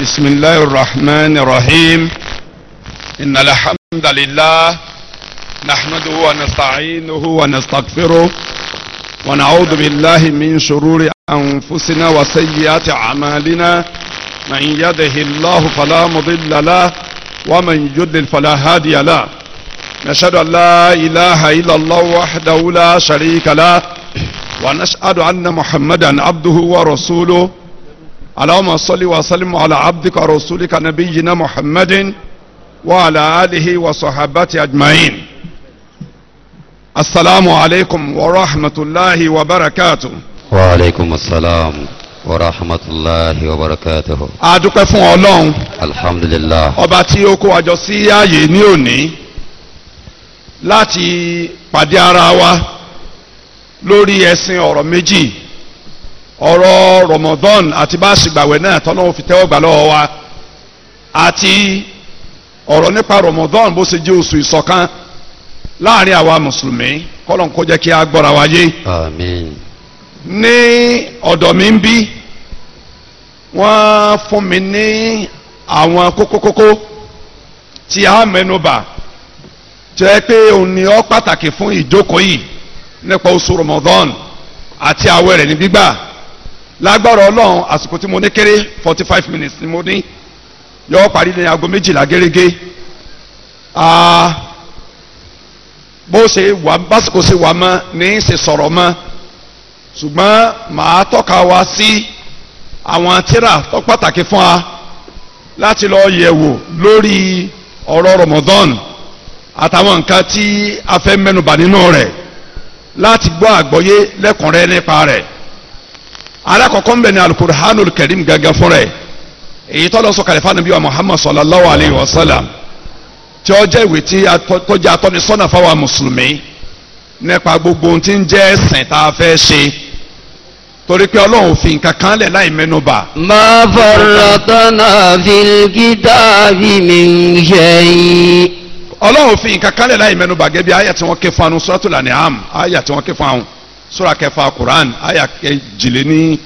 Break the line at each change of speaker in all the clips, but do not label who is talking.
بسم الله الرحمن الرحيم إن الحمد لله نحمده ونستعينه ونستغفره ونعوذ بالله من شرور أنفسنا وسيئات أعمالنا من يده الله فلا مضل له ومن يضلل فلا هادي له نشهد أن لا إله إلا الله وحده لا شريك له ونشهد أن محمدا عبده ورسوله اللهم صل وسلم على عبدك ورسولك نبينا محمد وعلى آله وصحابته أجمعين السلام عليكم ورحمة الله وبركاته
وعليكم السلام warahmatulahi wabarakatuhu.
a dúpẹ́ fún ọlọ́run.
alhamdulilah.
ọba tí ó kó àjọ sí ààyè ní òní láti pàdé ara wa lórí ẹ̀sìn ọ̀rọ̀ méjì ọ̀rọ̀ Ramadan àti bá a sì gbàwẹ̀ náà tọ́nà òfin tẹ́wọ́ gbà lọ́wọ́ wa àti ọ̀rọ̀ nípa Ramadan bó ṣe jẹ́ oṣù ìṣọ̀kan láàrin àwa mùsùlùmí kọ́lọ́n kó jẹ́ kí a gbọ́ra wa yé. Àmín. ní ọ̀dọ̀ mi ń bí wọ́n fún mi ní àwọn kókókókó tí a mẹ́nubà jẹ́ pé òun ni ó pàtàkì fún ìjókòó yìí nípa oṣù Ramadan àti àwẹ̀ rẹ̀ ní gbígbà lágbára ọlọ́run àsìkò tí mo ní kéré forty five minutes ni mo ní yọ parí ní aago méjìlá gẹ́gẹ́ bó ṣe wà básìkò ṣe wà mọ́ ní ṣe sọ̀rọ̀ mọ́ ṣùgbọ́n màá tọ́ka wa sí àwọn tírà tó pàtàkì fún wa láti lọ yẹ̀wò lórí ọ̀rọ̀ Ramadan àtàwọn nǹkan tí a fẹ́ mẹ́nubà nínú rẹ̀ láti gbọ́ àgbọ́yé lẹ́kùnrẹ́ nípa rẹ̀ alakọ̀kọ́ ń bẹ̀ ní alukur'anul karim gangan fúnra ẹ̀ èyí tọ́lọ́ sọ kàlẹ́fà nàbí wa muhammad sallallahu alayhi wa sallam tí ó jẹ́ ìwé tí tọ́jà atọ́nisọ́nà fáwọn mùsùlùmí nípa gbogbo ohun tí ń jẹ́ ẹ̀sìn tá a fẹ́ ṣe torí pé ọlọ́run fi nǹkan kan lẹ̀ láì mẹ́nubà. ma farratna fil kitabi min shay. ọlọ́run fi nǹkan kan lẹ̀ láì mẹ́nubà gẹ́gẹ́ bí àyà tí anu suratul an'am àyà tí wọ́n ké sura kẹfà quran aya kejìlé ní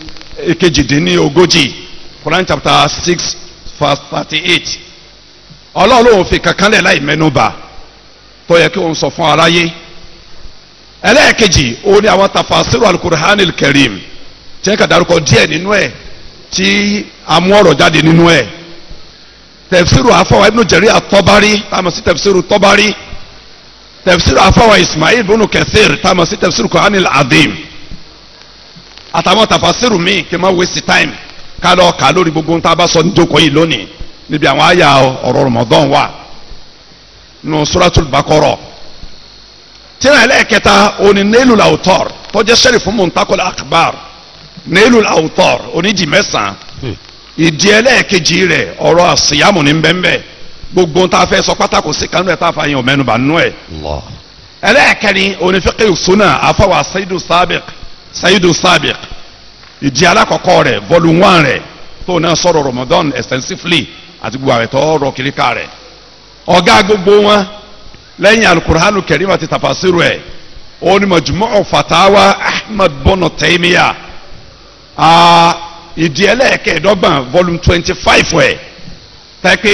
kejìdínní ogójì quran chapter six verse thirty eight ọlọ́run lòun fi kankan lẹ̀ láì mẹ́nuba tó yẹ kí òun sọ fún aráyé ẹlẹ́ẹ̀kejì òun ni àwọn tafasiru alukur'anil karim tí ẹ kà dárúkọ díẹ̀ nínú ẹ̀ tí amú ọ̀rọ̀ jáde nínú ẹ̀ tẹ̀fsiru afọwọ́ ibnu jẹ̀rí àtọ́bárí táwọn sì tẹ̀fsiru tọ́bárí tafsir afawa ismail bunu kathir tamọ sí tafsir kohanil adim àtàwọn tafasiru mi kì í má waste time ká lọ kà lórí gbogbo ń tá a bá sọ níjókòó yìí lónìí níbi àwọn àyà ọ̀rọ̀ rọmọdán wà nù suratul bakọrọ tíra ẹlẹ́ẹ̀kẹta òní nílùú àwùtọ́r tọ́jẹ́ sẹ́rì fún muntakol akbar nílùú àwùtọ́r oníjì mẹ́sàn-án ìdí ẹlẹ́ẹ̀kejì rẹ̀ gbogbo ta fẹ́ sọ pátákó sí kanú ẹ̀ tá a fa yẹn ò mẹ́nuba nú ẹ̀. ẹlẹ́ẹ̀kẹrin onífẹ́kẹ́ sunna afọwà sayidu sabiq sayidu sabiq ìdí alákọ̀ọ́kọ́ rẹ̀ volume one rẹ̀ tó náà sọ̀rọ̀ ramadan extensively àti gbogbo àwẹ̀ tó rọ kiriká rẹ̀ ọ̀gá gbogbo wọn lẹ́yìn alukurhanu kẹrìmà ti tafasiru ẹ̀ onímọ̀jùmọ́ fatawa ahmed bono taimiya ìdí ẹlẹ́ẹ̀kẹ́ dọ́gbọ̀n volume twenty five rẹ̀ tẹ́ pé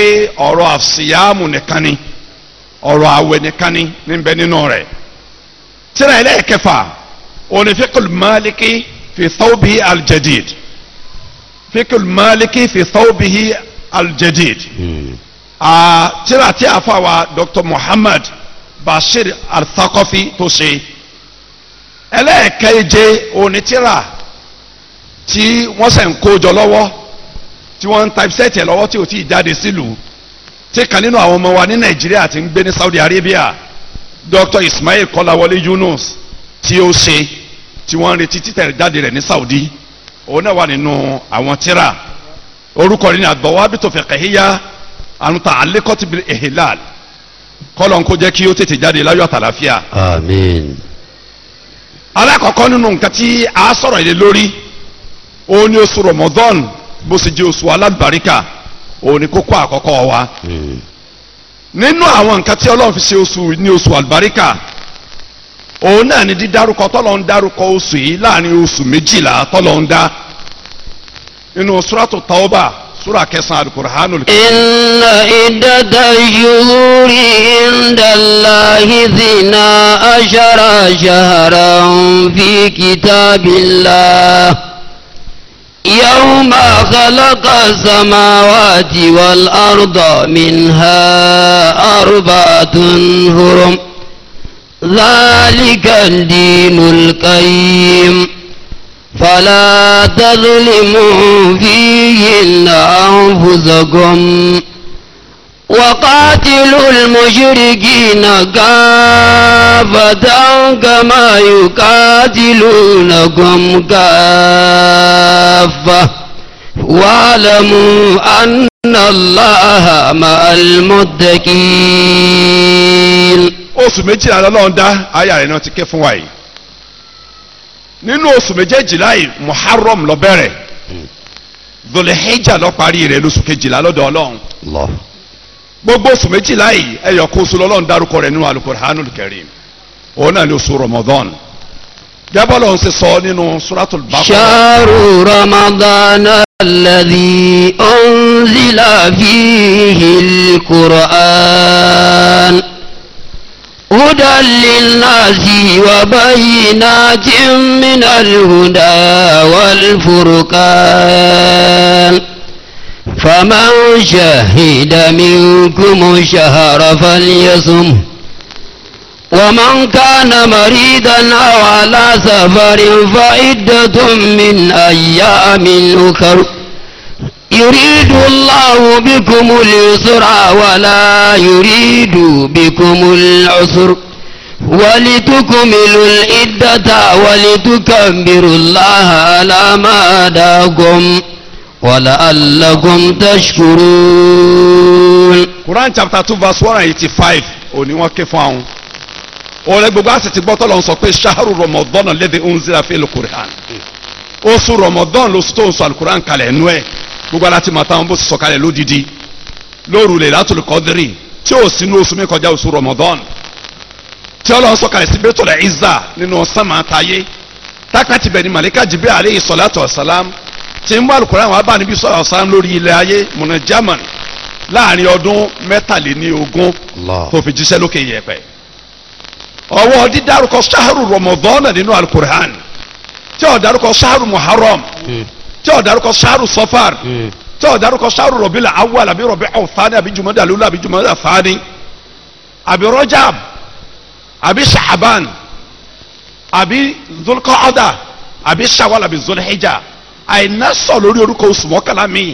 ọ̀rọ̀ àṣìyàmù nìkan ni ọ̀rọ̀ àwẹ̀ nìkan ni níbẹ̀ nínú rẹ̀ tíra ẹlẹ́ẹ̀kẹfà onífíkùl máàlìkì fi thawbihi aljadid fíkùl máàlìkì fi thawbihi aljadid hmm. tíra tí a fà wá Dr. Muhammad Bashir al tó ṣe ẹlẹ́ẹ̀kẹje onítìrà tí wọ́n sẹ̀ ń kó jọ lọ́wọ́ tí wọ́n ń typeset ẹ̀ lọ́wọ́ tí ò tí ì jáde sílùú tí kan nínú àwọn ọmọ wa ní nàìjíríà ti ń gbé ní saudi arabia dr ismail kọ́láwọlé yunus tí ó ṣe tí wọ́n ń retí títẹ̀ jáde rẹ̀ ní saudi òun náà wà nínú àwọn tíra orúkọ rẹ̀ ní àgbọ̀wábìtò fẹ̀kẹ̀híyá àrùn tà alẹ́kọ́tìbìlì ehilal kọ́lọ̀ ń kó jẹ́ kí ó tètè jáde láyọ̀ àtàlàfíà.
àmín.
alákọ̀ọ́kọ́ nínú nǹkan tí a sọ̀rọ̀ ilé lórí òun ni oṣù ramadan bó ṣe jẹ́ oṣù alábàríkà òun ni kókó àkọ́kọ́ wa hmm. nínú àwọn nǹkan tí ọlọ́run fi ṣe oṣù ní oṣù àlùbáríkà òun náà ni dídárúkọ tọ́lọ́ dárúkọ oṣù yìí láàrin oṣù méjìlá tọ́lọ́ dá nínú suratu tauba sura kẹsàn-án alukur'anul. inna iddata yuhuri indallahi
zina ashara shaharan fi kitabillah. يوم خلق السماوات والأرض منها أربعة هرم ذلك الدين القيم فلا تظلموا فيهن أنفسكم وقاتلوا المشركين كافة كما يقاتلونكم كافة واعلموا أن
الله مع المتقين oṣù méjìlá lọ́lọ́run dá àyà rẹ̀ náà ti ké fún wa yìí nínú oṣù méjèèjìlá yìí muharram ló bẹ̀rẹ̀ hmm. dhul hijja ló parí rẹ̀ lóṣù kejìlá lọ́dọ̀ ọlọ́run gbogbo oṣù méjìlá yìí ẹyọ kó oṣù lọ́lọ́run dárúkọ rẹ̀ nínú Al-Qur'anul Karim òun náà ni oṣù Ramadan jábọ́lọ̀ ń ṣe sọ nínú suratul Baqarah. Shahru
Ramadana alladhi
unzila
fihil Qur'an hudan lin-nasi wa bayyinatin minal فمن شهد منكم الشهر فليصم ومن كان مريضا أو على سفر فعدة من أيام أخر يريد الله بكم اليسر ولا يريد بكم العسر ولتكملوا العدة ولتكبروا الله على ما هداكم ولعلكم
تشكرون Quran chapter two verse one hundred eighty five òní wọ́n ké fún àwọn ọ̀rẹ́ gbogbo àti ti gbọ́tọ̀ lọ́n sọ pé ṣáàrù rọmọdọ́nà lẹ́dẹ̀ ń zira fẹ́ lè Quran oṣù rọmọdọ́nà lóṣù tó ń sọ alukuran kalẹ̀ nú ẹ̀ gbogbo aláti máa táwọn bó ṣe sọ kalẹ̀ lódìdí lóru lè látòlù kọ́dírì tí ò sínú oṣù mi kọjá oṣù rọmọdọ́nà tí ọlọ́run sọ kalẹ̀ sí bẹ́tọ̀lẹ̀ ìzà nínú sánmà táyé tákàtì bẹ̀ ni màlíkà jìbẹ́ àlẹ́ ìsọ̀látọ̀ tí ń wá alukóran wà bá níbi sọ̀rọ̀ sàn lórí ilẹ̀ ayé mọ̀nà german láàrin ọdún mẹ́tàléníogún tó fi jíṣẹ́ lókè yẹ̀pẹ̀ ọwọ́ dídárúkọ ṣáhàrù rọmọdọ́nà nínú alukóran tí ó dárúkọ ṣáhàrù muharram hmm. tí ó dárúkọ ṣáhàrù sọfàr hmm. tí ó dárúkọ ṣáhàrù rọbìlà awwal àbí rọbì ọ̀fáàní àbí jùmọ̀dà lólu àbí jùmọ̀dà fáàní àbí rọjab àbí ṣàbàn àbí zulkọ́ọ̀dà àbí ṣàwàl àbí zulhijja àìná sọ lórí orúkọ oṣù mọ́kànlá mi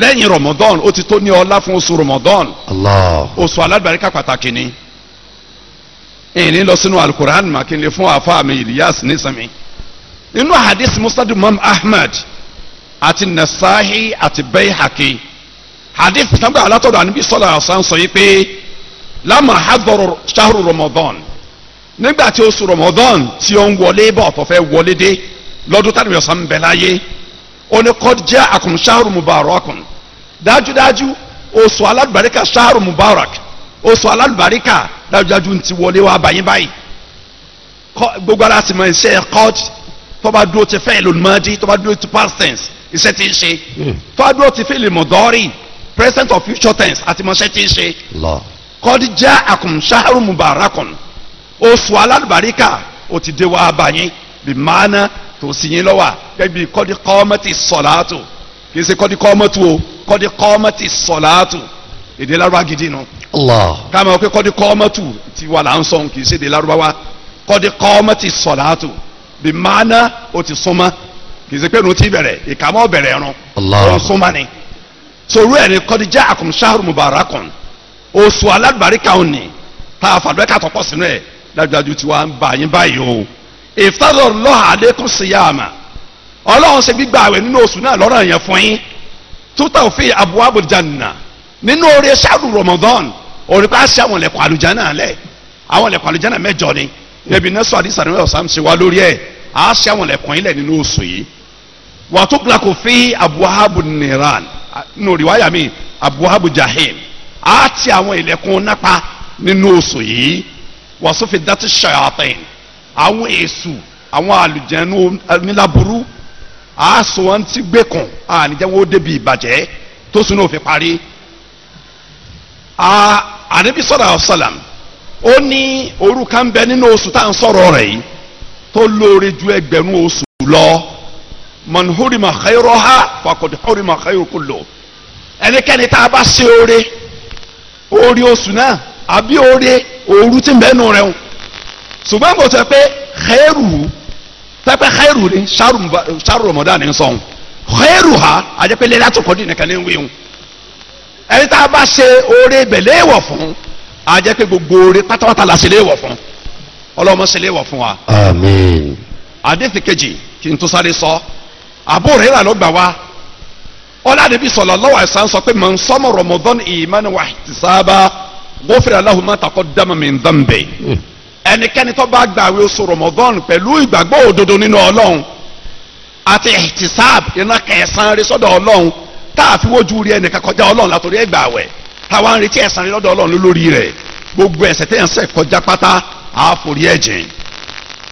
lẹ́yìn rọmọdán ó ti tó ní ọlá fún oṣù rọmọdán oṣù alábàríkà pàtàkì ni ìní lọ sínú alukur'an mà kí n lè fún àfa mi Ilyas nísàmì nínú hadith musnad imam ahmed àti nasahi àti bayhaki hadith tàbí alátọ̀dọ̀ àníbi sọ́lá ọ̀sán sọ yìí pé lámà hadọ̀rọ̀ ṣahru rọmọdán nígbà tí oṣù rọmọdán tí ó ń wọlé bọ̀ tó fẹ́ wọlé dé lọ́dún tàbí ọ̀sán ń bẹ láyé oni kọjá akun ṣaharu mubarakun dájúdájú oṣù alábàríkà ṣaharu mubarak oṣù alábàríkà dájúdájú ti wọlé wa báyìí báyìí gbogbo ara sì mọ iṣẹ́ kọ́t tọ́ba dúró ti fẹ́ lónìmọ́dí tọ́ba dúró ti past tense iṣẹ́ ti ń ṣe hmm. tọ́ba ti fẹ́ lèmọ̀dọ́rì present of future tense àti mọ̀ṣẹ́ ti ń ṣe kọ́díjà akun ṣaharu mubarakun oṣù alábàríkà ó ti dé wa báyìí bí màánà tó sì yín lọ́wà gẹ́gẹ́ kọ́dí kọ́mọ́tì sọ̀láàtù kì í ṣe kọ́dí kọ́mọ́tù o kọ́dí kọ́mọ́tì sọ̀láàtù èdè lárúbá gidi nu. káàmù pé kọ́dí kọ́mọ́tù ti wà là ń sọ̀n kì í ṣe èdè lárúbá wa kọ́dí kọ́mọ́tì sọ̀láàtù bí mánà o ti súnmọ́ kì í ṣe pé nu ti bẹ̀rẹ̀ ìkàmọ́ bẹ̀rẹ̀ ẹ̀rùn ó ń súnmọ́ ni. sòrú ẹ̀ ni kọ́dí já àkùn ṣáàrù mubarakun oṣù aládùbáríkà òní tá a fàdúrà kàtọ́pọ̀ sínú ìfitadọ̀ lọ́hà àlékún síyáàmà ọlọ́run ṣe gbígbà àwẹ̀ nínú oṣù náà lọ́rọ̀ yẹn fún yín tútà òfin abuwabu janna nínú oore ṣáàrù Ramadan òrìkọ́ àṣẹ àwọn ilẹ̀kùn àlùjánà lẹ̀ àwọn ilẹ̀kùn àlùjánà mẹ́jọ ni ẹbí nẹ́sọ̀ àdìsá ni wọ́n sàm ṣe wá lórí ẹ̀ àṣẹ àwọn ilẹ̀kùn yín lẹ̀ nínú oṣù yìí wà tó kila kò fi abuwabu niran nínú àwọn èṣù àwọn àlùjẹnu onílàbúrú àásùn wọn ti gbé kàn àníjẹ́ wọn ó débi ìbàjẹ́ tó sunu òfin parí. ànábi sọ̀rọ̀ ọ̀sálàm ó ní òru kan bẹ nínú oṣù tá à ń sọ̀rọ̀ rẹ̀ yìí tó lóore ju ẹgbẹ̀rún oṣù lọ man hurima khayraha faqad hurima khayru kullu ẹnikẹ́ni tá a bá ṣe oore oore oṣù náà àbí oore òru tí bẹ́ẹ̀ nù rẹ̀ ń ṣùgbọ́n kò sọ pé xeeru pẹpẹ xeeru ni ṣaaru ramadan ń sọ̀n xeeru ha àjẹpẹ́ lẹ́yìn àtọkọ́dún nìkan ní wíwọ́n ẹni tá a bá ṣe oore bẹ̀lẹ́ wọ̀ fún àjẹpẹ́ gbogbo oore pátápátá la ṣe lé wọ̀ fún ọlọ́mọ ṣe lé wọ̀ fún wa.
àmín.
àdéhùn kejì kí n tó sáré sọ àbúrò rẹ̀ rà lọ́gbà wa ọlọ́dẹ̀bí sọ̀lọ̀ lọ́wọ́ àìsàn sọ pé màá sọ́mọ̀ rọmọdán ìmánu wà sábà gbófinra aláhùn má takọ́ dámàmì ẹnikẹ́ni tó bá gbàwé oṣù Ramadan pẹ̀lú ìgbàgbọ́ òdodo nínú Ọlọ́run àti ihtisab iná kẹsàn-án rí sọ́dọ̀ Ọlọ́run tá a fi wójú rí ẹnìkan kọjá Ọlọ́run látòrí ẹgbàwẹ̀ táwa ń retí ẹ̀san rí lọ́dọ̀ Ọlọ́run lórí rẹ̀ gbogbo ẹ̀ṣẹ̀ tẹ́yàn ṣẹ̀ kọjá pátá àáforí ẹ̀jìn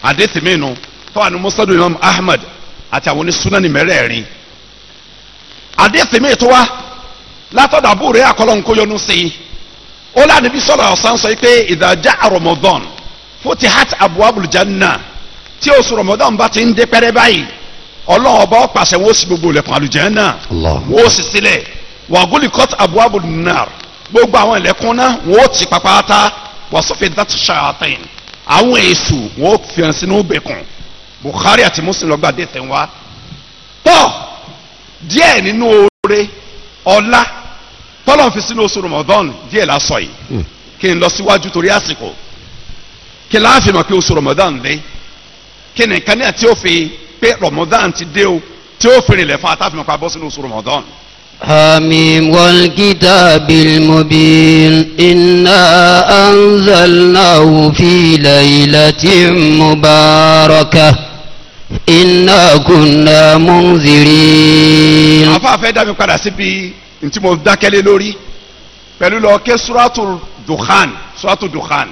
àdètìmínú tọ́wà ní musnadu Imam Ahmad àti àwọn mẹ́rẹ̀ẹ̀rin tó wá látọ̀dọ̀ àbúrò ẹ̀ sí ó bí ọ̀sán sọ pé ìdájà futihat abuabul janna tí oṣù rọmọdán bá ti ń dé pẹ́rẹ́ báyìí ọlọ́run ọba ọ̀pàṣẹ wọn ó sì gbogbo ilẹ̀kùn àlùjànnà wọn ó sì sílẹ̀ wàgùlìkọ́t abuabul nar gbogbo àwọn ilẹ̀kùn náà wọn ó ti pàpàtà wàsófin dàtú ṣàtẹ̀yìn àwọn èṣù wọn ó fìhàn sínú bẹ̀kùn Bukhari àti Muslim lọ́gbà dé tẹ̀ wá tọ́ díẹ̀ nínú oore ọlá tọ́lọ̀ fi sínú oṣù rọmọdán díẹ̀ lásọ yìí hmm. kí n lọ síwájú torí àsìkò kí láàfin mọ̀ pé oṣù Ramadan dé kí nìkan náà tí ó fi pé Ramadan ti dé o tí ó fi rìnlẹ̀ fún atáfin mọ̀ pé a bọ́ sínú oṣù Ramadan. حميم
والكتاب المبين إنا أنزلناه في ليلة مباركة إنا
كنا منذرين àfáà fẹ́ dá mi padà síbi ntí mo dákẹ́lé lórí pẹ̀lú lọ ké suratu dukhan suratu dukhan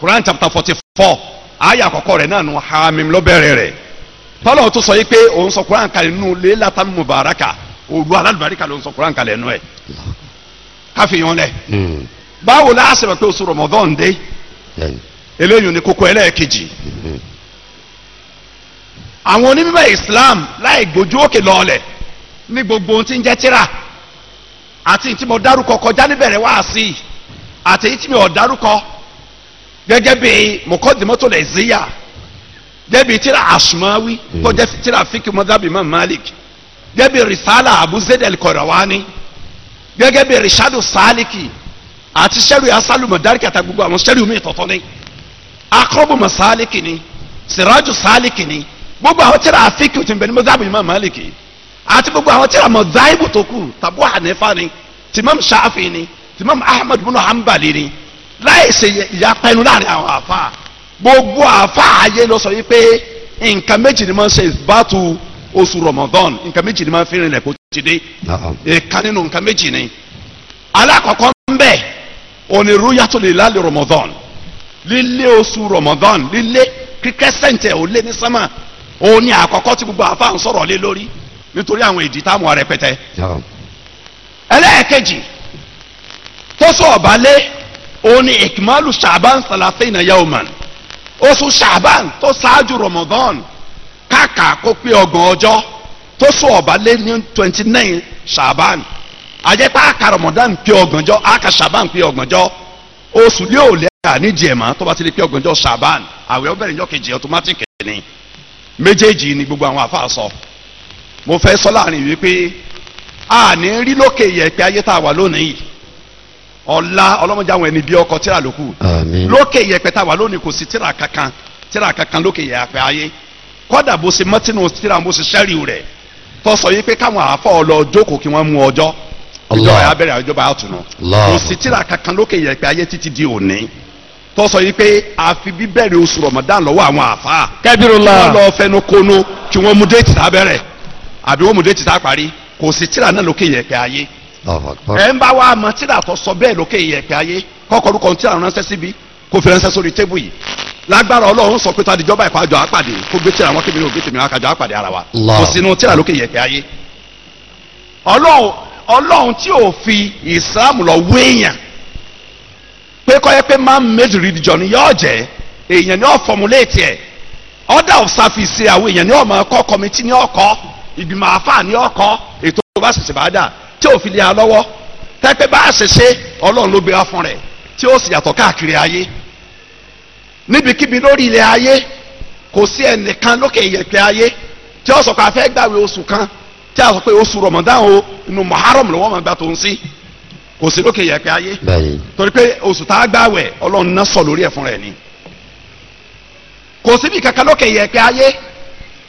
Quran chapter forty four àyà àkọ́kọ́ rẹ̀ náà nù hamim lọ́bẹ̀rẹ̀ rẹ̀ tọ́lọ̀ tó sọ yìí pé òun sọ Quran kalẹ̀ nù lélata mubaraka òru alábàríkà ló ń sọ Quran kalẹ̀ nù ẹ̀ káfíyàn lẹ̀ hmm. báwo la ṣe osoro pé oṣù Ramadan dé hmm. eléyìí ni kókó ẹlẹ́ẹ̀kejì hmm. àwọn onímọ̀ Islam láì gbójú òkè lọ́ọ̀lẹ̀ ní gbogbo ohun ń jẹ́ tíra àti kọjá níbẹ̀rẹ̀ wá sí gẹ́gẹ́ bí mọ̀kọ́dìmọ́tò lè zíyà gẹ́bí tíra àsùmáwí hmm. tó jẹ́ tíra fíkì mọ́dábì mọ́ malik gẹ́bí risala abu zedel kọ̀rọ̀wání gẹ́gẹ́ bí rishadu saliki àti sẹ́rù asalu mọ̀dárìkì àti gbogbo àwọn sẹ́rù mi tọ̀tọ̀ ni akọ́bù mọ̀ saliki ni siraju saliki ni gbogbo àwọn tíra fíkì tí bẹ ní mọ́dábì mọ́ malik àti gbogbo àwọn tíra mọ̀dáìbù tó kù tàbú hanifa ni tìmọ̀m shafi ni tìmọ̀m ahmed bunu hanbali ni láìsè ìyapa ẹnu láàrin àwọn àfa gbogbo àfa ayé lọ sọ wípé nǹkan méjì ni máa ń ṣe ìbátu oṣù Ramadan nǹkan méjì ni máa ń fi rinlẹ̀ kó ti dé ìka nínú nǹkan méjì ni alákọ̀ọ́kọ́ ń bẹ̀ onírú yàtọ̀ lè lálẹ́ Ramadan lílé oṣù Ramadan lílé kíkẹ́sẹ̀ǹtẹ̀ ò lé ní sánmà òun ni àkọ́kọ́ tí gbogbo àfa ń sọ̀rọ̀ lé lórí nítorí àwọn ìdí táwọn arẹpẹtẹ ẹlẹ́ẹ̀kejì tó sọ̀ ọ̀bálẹ́ ó ni ìkìmálù ṣàbán sàlàfínà yauman oṣù ṣàbán tó ṣáájú ramadan káàkà kó pé ọgbọ̀n ọjọ́ tó sún lé ní twenty nine ṣàbán àjẹpá àka ramadan pé ọgbọ̀njọ́ àka ṣàbán pé ọgbọ̀njọ́ oṣù lé òlẹ́ àníjì ẹ̀mọ́ tó bá ti lè pé ọgbọ̀njọ́ ṣàbán àwẹ̀ ọbẹ̀rẹ̀ ìjọ kejì automatic ni méjèèjì gbogbo àwọn àfa sọ mo fẹ́ sọ a rí lókè ayé tá a wà lónìí ọ̀la ọlọ́mọdé àwọn ẹni bí ọkọ tíra lóku lókè yẹpẹ tá a wà lónìí kò sí tíra kankan tíra kankan lókè yẹpẹ ayé kọ́dà bó ṣe mọ́tínú tíra bó ṣe sẹ́ríù rẹ̀ tó sọ yìí pé káwọn àáfọ̀ lọ jókòó kí wọ́n mú ọjọ́ ìjọba yà bẹ̀rẹ̀ ìjọba yà tùnú kò sí tíra kankan lókè yẹpẹ ayé títí di òní tó sọ yìí pé àfi bíbẹ̀rẹ̀ oṣù Ramadan lọ́wọ́ àwọn àfa kẹ́bírùlá wọ́n lọ fẹnu kónú kí ẹ ń bá wa mọ tíra tó sọ bẹ́ẹ̀ lókè ìyẹ̀pẹ̀ ayé kọkọrúkọ tíra ránṣẹ́ síbi kó fi ránṣẹ́ sórí tébù yìí lágbára Ọlọ́run sọ pé tá a di jọba ìpàjọ àpàdé kó gbé tíra wọn kébìrì ògbé tèmi àkàjọ àpàdé ara wa kò sínú tíra lókè ìyẹ̀pẹ̀ ayé Ọlọ́run Ọlọ́run tí ò fi ìsìlámù lọ wéèyàn pé kọ́ yẹ pé man made religion yóò jẹ́ èèyàn ni ó formulate ẹ̀ order of service àwọn èèyàn ni ó máa kọ́ committee ni ó kọ́ ìgbìmọ̀ àfáà ni ó kọ́ ètò tó bá ṣẹ̀ṣẹ̀ bá dà tí ò fi lé a lọ́wọ́ tẹ́pẹ́ bá ṣẹ̀ṣẹ̀ ọlọ́run ló gbé wá fún rẹ̀ tí ó sì yàtọ̀ káàkiri ayé níbikíbi lórí ilẹ̀ ayé kò sí ẹnìkan lókè ìyẹ̀pẹ̀ ayé tí ó sọ pé a fẹ́ gbàwé oṣù kan tí a sọ pé oṣù Ramadan o inú Muharram lọ́wọ́ máa gbà tó ń sí kò sí lókè ìyẹ̀pẹ̀ ayé torí pé oṣù tá a gbàwẹ̀ ọlọ́run náà sọ lórí ẹ̀ fún rẹ̀ ni kò síbi kankan lókè ìyẹ̀pẹ̀ ayé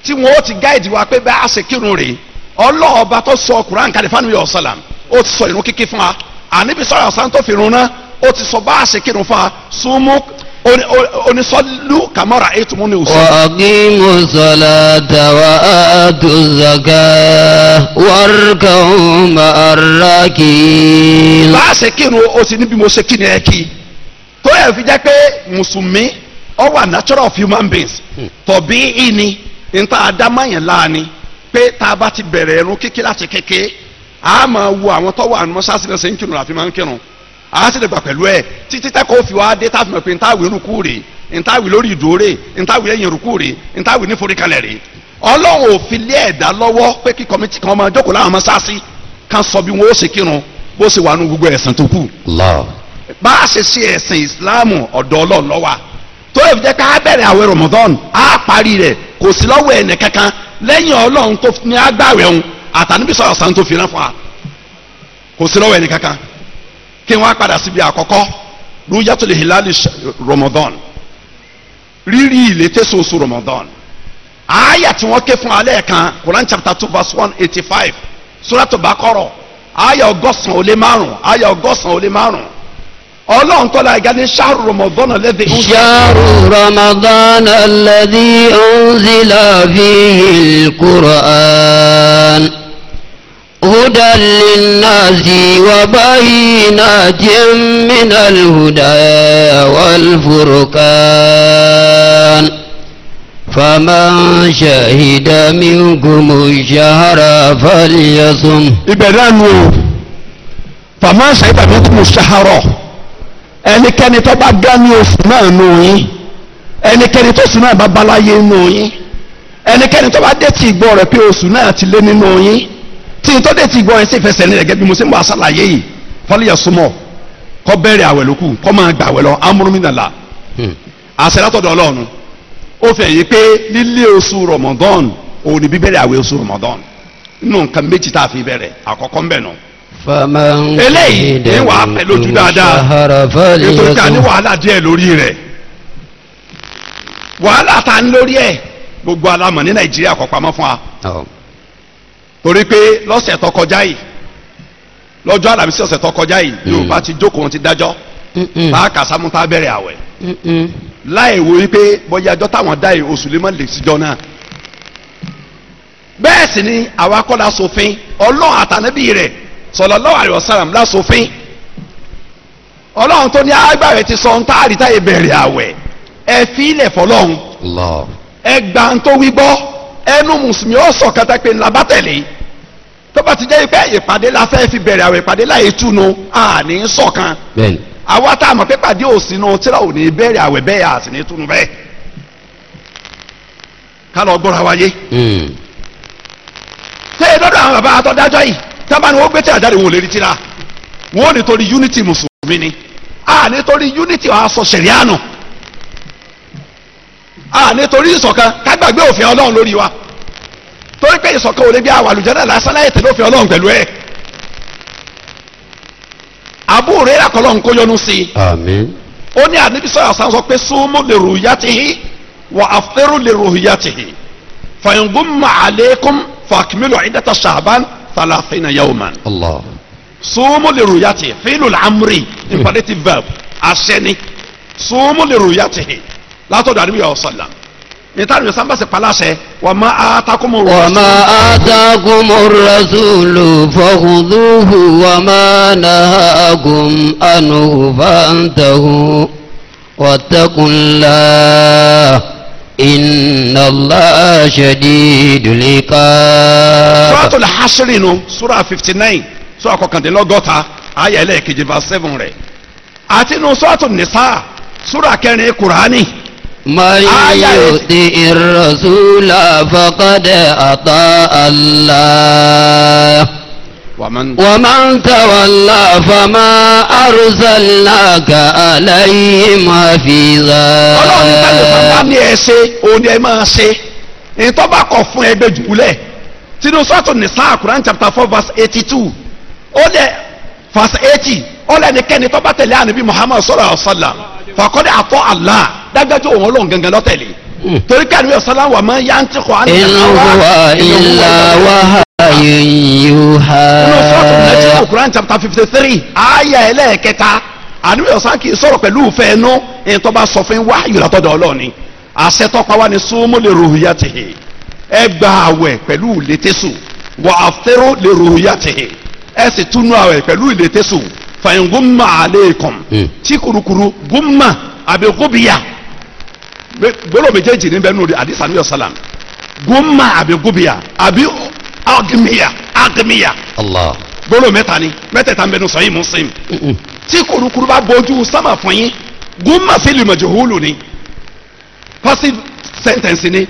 tí wọn ó ti gáìdì wa pé bá a ṣe kírun rèé ọlọ́ọ̀ba tó sọ kuran kalẹ̀ fanu yọ sàlám ó ti sọ irun kíkí fún wa àníbi sọ̀rọ̀ àṣà tó fi irun náà ó ti sọ bá kírun fún wa súnmú onisọlu kamara etumu ni usu. wàhí musala tawa atu
zaka warkaun maaraki.
bá kírun o sì níbi mo ṣe kí ni ẹ kí tó yẹ fi jẹ́ pé mùsùlùmí ọ wà natural of human beings hmm. tọ̀bí ìní níta àdámáyẹ̀ láàánú pé tá a bá ti bẹ̀rẹ̀ ẹ̀rún kíkí láti kéke a máa wo àwọn tó wà ànumọ́ sáà sílẹ̀ sẹ́yìn kírun àfi máa ń kírun a sì lè gbà pẹ̀lú ẹ̀ títí tẹ́kọ̀ọ́ fi wá dé táfi mọ̀ pé ntàwé rúkú rè ntàwé lórí ìdúró rè ntàwé ẹ̀yìn rúkú rè ntàwé níforíkalẹ̀ rè ọlọ́run ò fi lé ẹ̀dá lọ́wọ́ pé kí kọ́mítì kan máa jókòó láwọn mọ́sáàsì kan sọ bí wọn ó ṣe kírun bó ṣe wà nù gbogbo ẹ̀sìn tó kù. bá a ṣe ṣe ẹ̀sìn ìsìláàmù ọ̀dọ̀ ọlọ́run ló wà tó ẹ̀ kò sí lọ́wọ́ ẹnì kankan lẹ́yìn ọlọ́run tó ní agbáwẹ̀ òun àtàníbi sọ̀rọ̀ sàn tó fi rán fún wa kò sí lọ́wọ́ ẹnì kankan kí wọ́n á padà síbi àkọ́kọ́ rúyàtò lè hilali Ramadan rírí ìlétésòsò Ramadan àáyà tí wọ́n ké fún alẹ́ kan Quran chapter two verse one eighty five Suratul bakoro àáyà ọgọ́sàn ó lé márùn àáyà ọgọ́sàn ó lé márùn ọlọ́run tọ́lá ẹ̀gá ní ṣáàrù rọmọdọ́nà lẹ́dí. ṣáàrù
rọmọdọ́nà lẹ́dí ọ̀nzìlá fi ìkúrọ̀ án. هدى للناس وبينات من الهدى والفرقان فمن شهد منكم الشهر فليصم. ìbẹ̀rẹ̀ àná o fàmà
ṣàyẹ̀dà mi kú ṣahara ẹnikẹ́ni tó bá gán ní oṣù náà nù yín ẹnikẹ́ni tó oṣù náà bá balaye nù yín ẹnikẹ́ni tó bá dé ti ìgbọ́ rẹ̀ pé oṣù náà ti lé nínú yín tí n tó dé ti ìgbọ́ yẹn sì fẹsẹ̀ nílẹ̀ gẹ́gẹ́ bí mo ṣe ń bá aṣàlàyé yìí fọlíyà súnmọ́ kọ́ bẹ̀rẹ̀ àwẹ̀ lókù kọ́ máa gbà wẹ̀ lọ amúrúmínàlà hmm. àṣẹ látọ̀dọ̀ ọlọ́run ó fẹ̀ yí pé lílé oṣù rọmọdán òun ni bíbẹ̀rẹ̀ àwẹ̀ oṣù rọmọdán nínú nǹkan méjì tá a fi bẹ̀rẹ̀ àkọ́kọ́ ń
eléyìí ní wàá fẹ́ lójú dáadáa
nítorí ká ní wàhálà díẹ̀ lórí rẹ̀ wàhálà ta ń lórí ẹ̀ gbogbo alamọ̀ ní nàìjíríà kọ́ pamọ́ fún wa oh. torí pé lọ́sẹ̀ tó kọjá yìí lọ́jọ́ àlàmísì ọ̀sẹ̀ tó kọjá yìí yorùbá ti jókòó wọn ti dájọ́ tá a kà sámú tá a bẹ̀rẹ̀ àwẹ̀ láì wo wípé bóyá ọjọ́ táwọn dá yìí oṣù lè má lè síjọ́ náà bẹ́ẹ̀ sì ni àwa kọ́ la ṣòfin ọlọ́run àtànábì sallallahu alaihi wasallam lásòfin ọlọ́run tó ní agbára ti sọ ntaari táyé bẹ̀rẹ̀ àwẹ̀ ẹ fi ilẹ̀ fọlọ́run ẹ gbà ń tó wí gbọ́ ẹnu mùsùlùmí ó sọ kata pé ńlá bá tẹ̀lé tó bá ti jẹ́ ipẹ́ ìpàdé lásán fi bẹ̀rẹ̀ àwẹ̀ ìpàdé láyé túnu àní sọ̀kan àwa tá a mọ̀ pé pàdé òsínú tíra ò ní bẹ̀rẹ̀ àwẹ̀ bẹ́ẹ̀ àti ní túnu bẹ́ẹ̀ ká lọ gbọ́ra wáyé. Hmm. ṣé ìdọ́dọ̀ àwọn bàbá àtọ́dájọ́ yìí tábà ni wọ́n gbé tíra jáde wọn ò lè rí tíra wọn ò nítorí unity mùsùlùmí ni a nítorí unity aṣọ sẹ̀ríánù a nítorí ìṣọ̀kan kágbàgbé òfin ọlọ́run lórí wa torí pé ìṣọ̀kan ò lè bí àwọn àlùjànnà lásán láyè tẹ̀lé òfin ọlọ́run pẹ̀lú ẹ̀ àbúrò rẹ̀ kọ́ lọ́run kó yọnu sí i ó ní àdébísọ̀rọ̀ àṣà sọ pé súnmù lè rò yá tìhí wà àfẹ́rù lè rò yá tìhí fàyìngùn màálẹ́kùn fàkìmílò ìdẹ́ta ṣàbán talaqina yawman. Allah. sọ́ọ́mù lè rò yàtì fílù làmúrì imperative verb àṣẹni sọ́ọ́mù lè rò yàtì látọ̀dọ̀ àdúgbò ọ̀sọ̀là nítàrí ìsàn bá sì paláṣẹ wà má a takumu rasulu. wà má
a takumu rasulu fakhudhuhu wà má nahakum anhu fantahu wattaqullaha inna Allah shadidul
iqab. suratul hasiri nu sura fifty nine sura kọkàndínlọ́gọ́ta ayé ẹlẹ́ẹ̀kejì verse seven rẹ̀ àti nu suratul nisa sura kẹrin kurani. من يطيع الرسول فقد أطاع
الله ومن ومن تولى فما أرسلناك عليهم حفيظا ọlọ́run ní tàbí bàbá ni
ẹ ṣe òní ẹ máa ṣe ní tó bá kọ̀ fún ẹgbẹ́ jùlẹ̀ tinú sọ́ọ̀tù nìsá Quran chapter four verse eighty two ó dẹ̀ verse eighty ó lẹ́ni kẹ́ni tó bá tẹ̀lé ànábì Muhammad sallallahu alaihi wasallam fàkọ́dé àtọ́ Allah dájọ́jọ́ òun ọlọ́run gangan lọ́tẹ̀lé hmm. torí kẹ́ni ọ̀sán láwọn máa yá ń tìkọ̀ àná. inú wa ìlà wàhálà yìí. والضحى inú sọ́ọ̀tù nàìjíríà Quran chapter fifty three ayé ẹlẹ́ẹ̀kẹta àníwèé ọ̀sán kì í sọ̀rọ̀ pẹ̀lú ìfẹ́ inú ẹni tó bá sọ fún wá ìrọ̀tọ̀dọ̀ ọlọ́ọ̀ni àṣẹ tó pa wá ní súnmọ́ lè ròhùn yá tìhì ẹ gba àwẹ̀ pẹ̀lú ìlétésù wà á fẹ́rọ̀ lè ròhùn yá tìhì ẹ sì túnú àwẹ̀ pẹ̀lú ìlétésù fàyín gúnmà àléèkàn hmm. tí kurukuru gúnmà àbí gúbìyà gbọ́dọ̀ méjèèjì agmiya agmiya. Allah. gbólóhùn mẹ́ta ni mẹ́tẹ̀ẹ̀ta ń bẹnu sọ́yìn muslim. tí kurukuru sama bójú sámà fún yín gúnmà sí lùmọ̀jòhólù ni passive sentence ni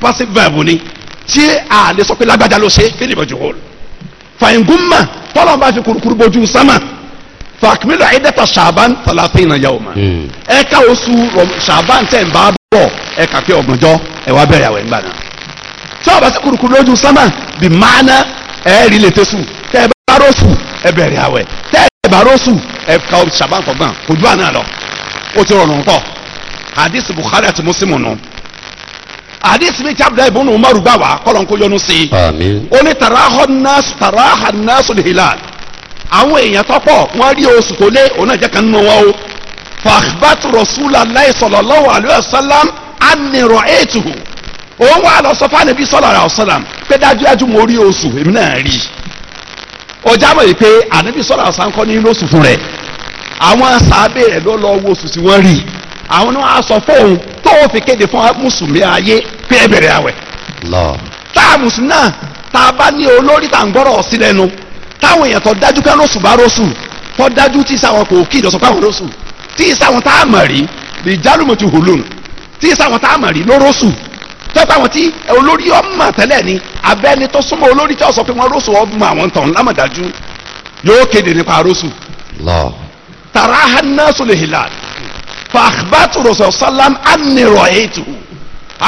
passive verb ni tí a lè sọ pé lágbájá ló ṣe fi lùmọ̀jòhólù. fàyìngúnmà tọ́lọ́ bá fi kurukuru bójú sámà fàkìmílò ẹ̀ẹ́dẹ́ta ṣàbán tàlàfínà yawma. Mm. ẹ̀ka oṣù ṣàbán tẹ̀ ń bá bọ̀ ẹ̀ka pé ọgbọ̀njọ́ ẹ̀ wá bẹ̀rẹ̀ àwẹ̀ ńgbà náà tí ọba sí kùrùkùrù lójú sánmà bí máná ẹ̀ẹ́rì lè tẹ́sù tẹ́ ẹ bá rọ́ọ̀sù ẹ bẹ̀rẹ̀ àwẹ̀ tẹ́ ẹ bá rọ́ọ̀sù ẹ ka ṣàbán kọ̀gbọ́n kò ju àná lọ ó ti rọrùn pọ̀ hadith Bukhari àti Muslim nù hadith mi tí abudulayi ibùnú umaru gbà wá kọ́lọ̀ ń kó yọnu sí i ó ní taraha nasu taraha nasu lihilal àwọn èèyàn tọ́pọ̀ wọ́n rí oṣù tó lé òun náà jẹ́ kan nínú wọn o fàkbàtú rasulullah sallallahu alaihi wasallam anni ra'aytuhu òun wà lọ sọ fáwọn ẹbí sọlá rà ọsọlám pé dájúdájú mo rí oṣù èmi náà rí ọjà mọ̀ yìí pé ànábì sọlá ọsàn kọ́ ní lóṣù fún rẹ̀ àwọn sàábẹ̀ rẹ̀ ló lọ wo oṣù tí wọ́n rí àwọn náà sọ fóun tó fi kéde fún mùsùlùmí ayé pé ẹ bẹ̀rẹ̀ àwẹ̀. tá a mùsùlùmí náà tá a bá ní olórí tá a ń gbọ́rọ̀ sí lẹ́nu táwọn èèyàn tó dájú ká lóṣù bá lóṣù tó dájú tí sáwọn kò kí ìjọsọ páwọn lóṣù tí sáwọn tá a mọ̀ rí lè jálùmọ̀tì hùlùn tí sáwọn tá a mọ̀ rí lóróṣù tọ́pọ̀ àwọn tí olórí ọmọ tẹ́lẹ̀ ni abẹ́ni tó súnmọ́ olórí tí wọ́n sọ pé wọ́n rọ́ọ̀sù ọmọ àwọn tán lámọ̀dájú yóò kéde nípa rọ́ọ̀sù. tàrà hanasu lè hilal fàkbàtù rọ̀sọ̀ sálám ànírọ̀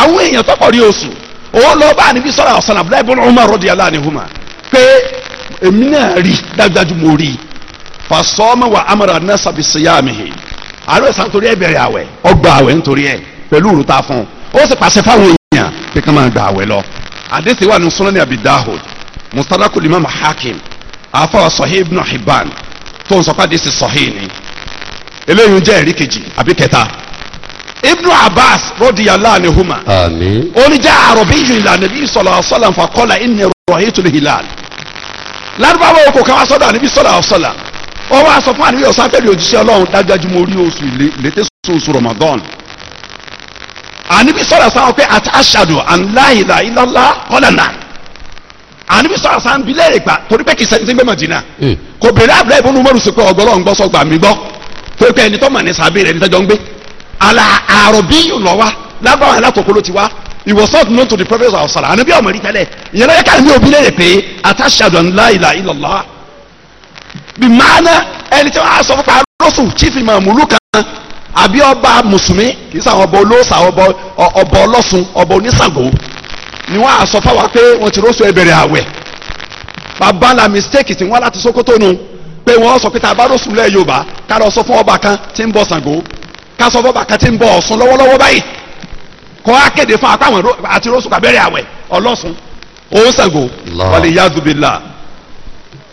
àwọn èèyàn tọ́pọ̀ rí oṣù òun lọ bá níbi sọ́ra ọ̀sán abdullahi ibn umar radiyallahu anhuma pé èmi náà rí dájúdájú mo rí fasọ́mọ́ wa amara nasa bi siyamihi àlọ́ ìsàn torí ẹ̀ bẹ̀rẹ̀ àwẹ̀ ọgbà àwẹ̀ nítorí ẹ̀ pẹ̀lú òrùta fún ó sì pàṣẹ fáwọn yàn pé ká máa gba àwẹ̀ lọ àdéhùn wà ní sunani abi dahud mustadrak imam hakim afawa sahih ibn hibban tó ń sọ pé àdéhùn sahih ni eléyìí jẹ́ ẹ̀rí kejì àbí kẹta ibn abbas radiyallahu anhuma àmín oníjà àròbíyù ila nabi sallallahu alaihi wasallam faqala inni rahitu al-hilal lárúbáwá oko kan wá sọ́dọ̀ àníbi sallallahu alaihi wasallam ó wá sọ fún àníbi ọ̀sán fẹ́ẹ́ di òjíṣẹ́ ọlọ́run dájú mo rí oṣù ìlétẹ́sọ̀ oṣù ramadan àníbi sọ̀rọ̀ sáwọn pé àti aṣáàdù àńláìlà ìlọ́lá ọ̀lànà àníbi sọ̀rọ̀ sáwọn bí lẹ́rìí gbà torí pé kì í sẹ́ni tí ń gbé Mádínà hmm. kò béèrè àbúrò ìbónú mọ́rù sí pé ọgbọ́rọ̀ ń gbọ́ sọ́gbà mi gbọ́ torí pé ẹni tó mọ̀ ní sàbí rẹ̀ ní tọ́jọ́ ń gbé àlà àròbí yìí lọ wá lágbára alákòókò ló ti wá he was not known to the prophet of sara àníbi ọmọ rí tẹ́lẹ̀ ìyẹn lọ́yẹ́ káàní òbí lè rè pé àtàṣàdù ńláìlà ìlọ́lá bí máa ná ẹni tí wọ́n á sọ fún pa rọ́sù chief imam olùkà àbí ọba mùsùlùmí kì í sàwọn ọba olóòsà ọba ọlọ́sùn ọba onísàngó ni wọ́n á sọ fáwa pé wọ́n ti rọ́ṣọ ẹbẹ̀rẹ̀ àwẹ̀ bàbá la mistake tí wọ́n láti Sókótó nu pé wọ́n sọ pé tá a bá rọ́ṣùn lẹ́ẹ̀ Yorùbá ká lọ sọ fún ọba kan tí ń bọ Ṣàngó ká sọ fún ọba kan tí ń bọ Ọ̀ṣun lọ́wọ́lọ́wọ́ báyìí kọ́ á kéde fún apá àwọn àti rọ́ṣùn kábẹ́rẹ́ àwẹ̀ ọlọ́sùn òun Ṣàngó wàlẹ̀ yadubila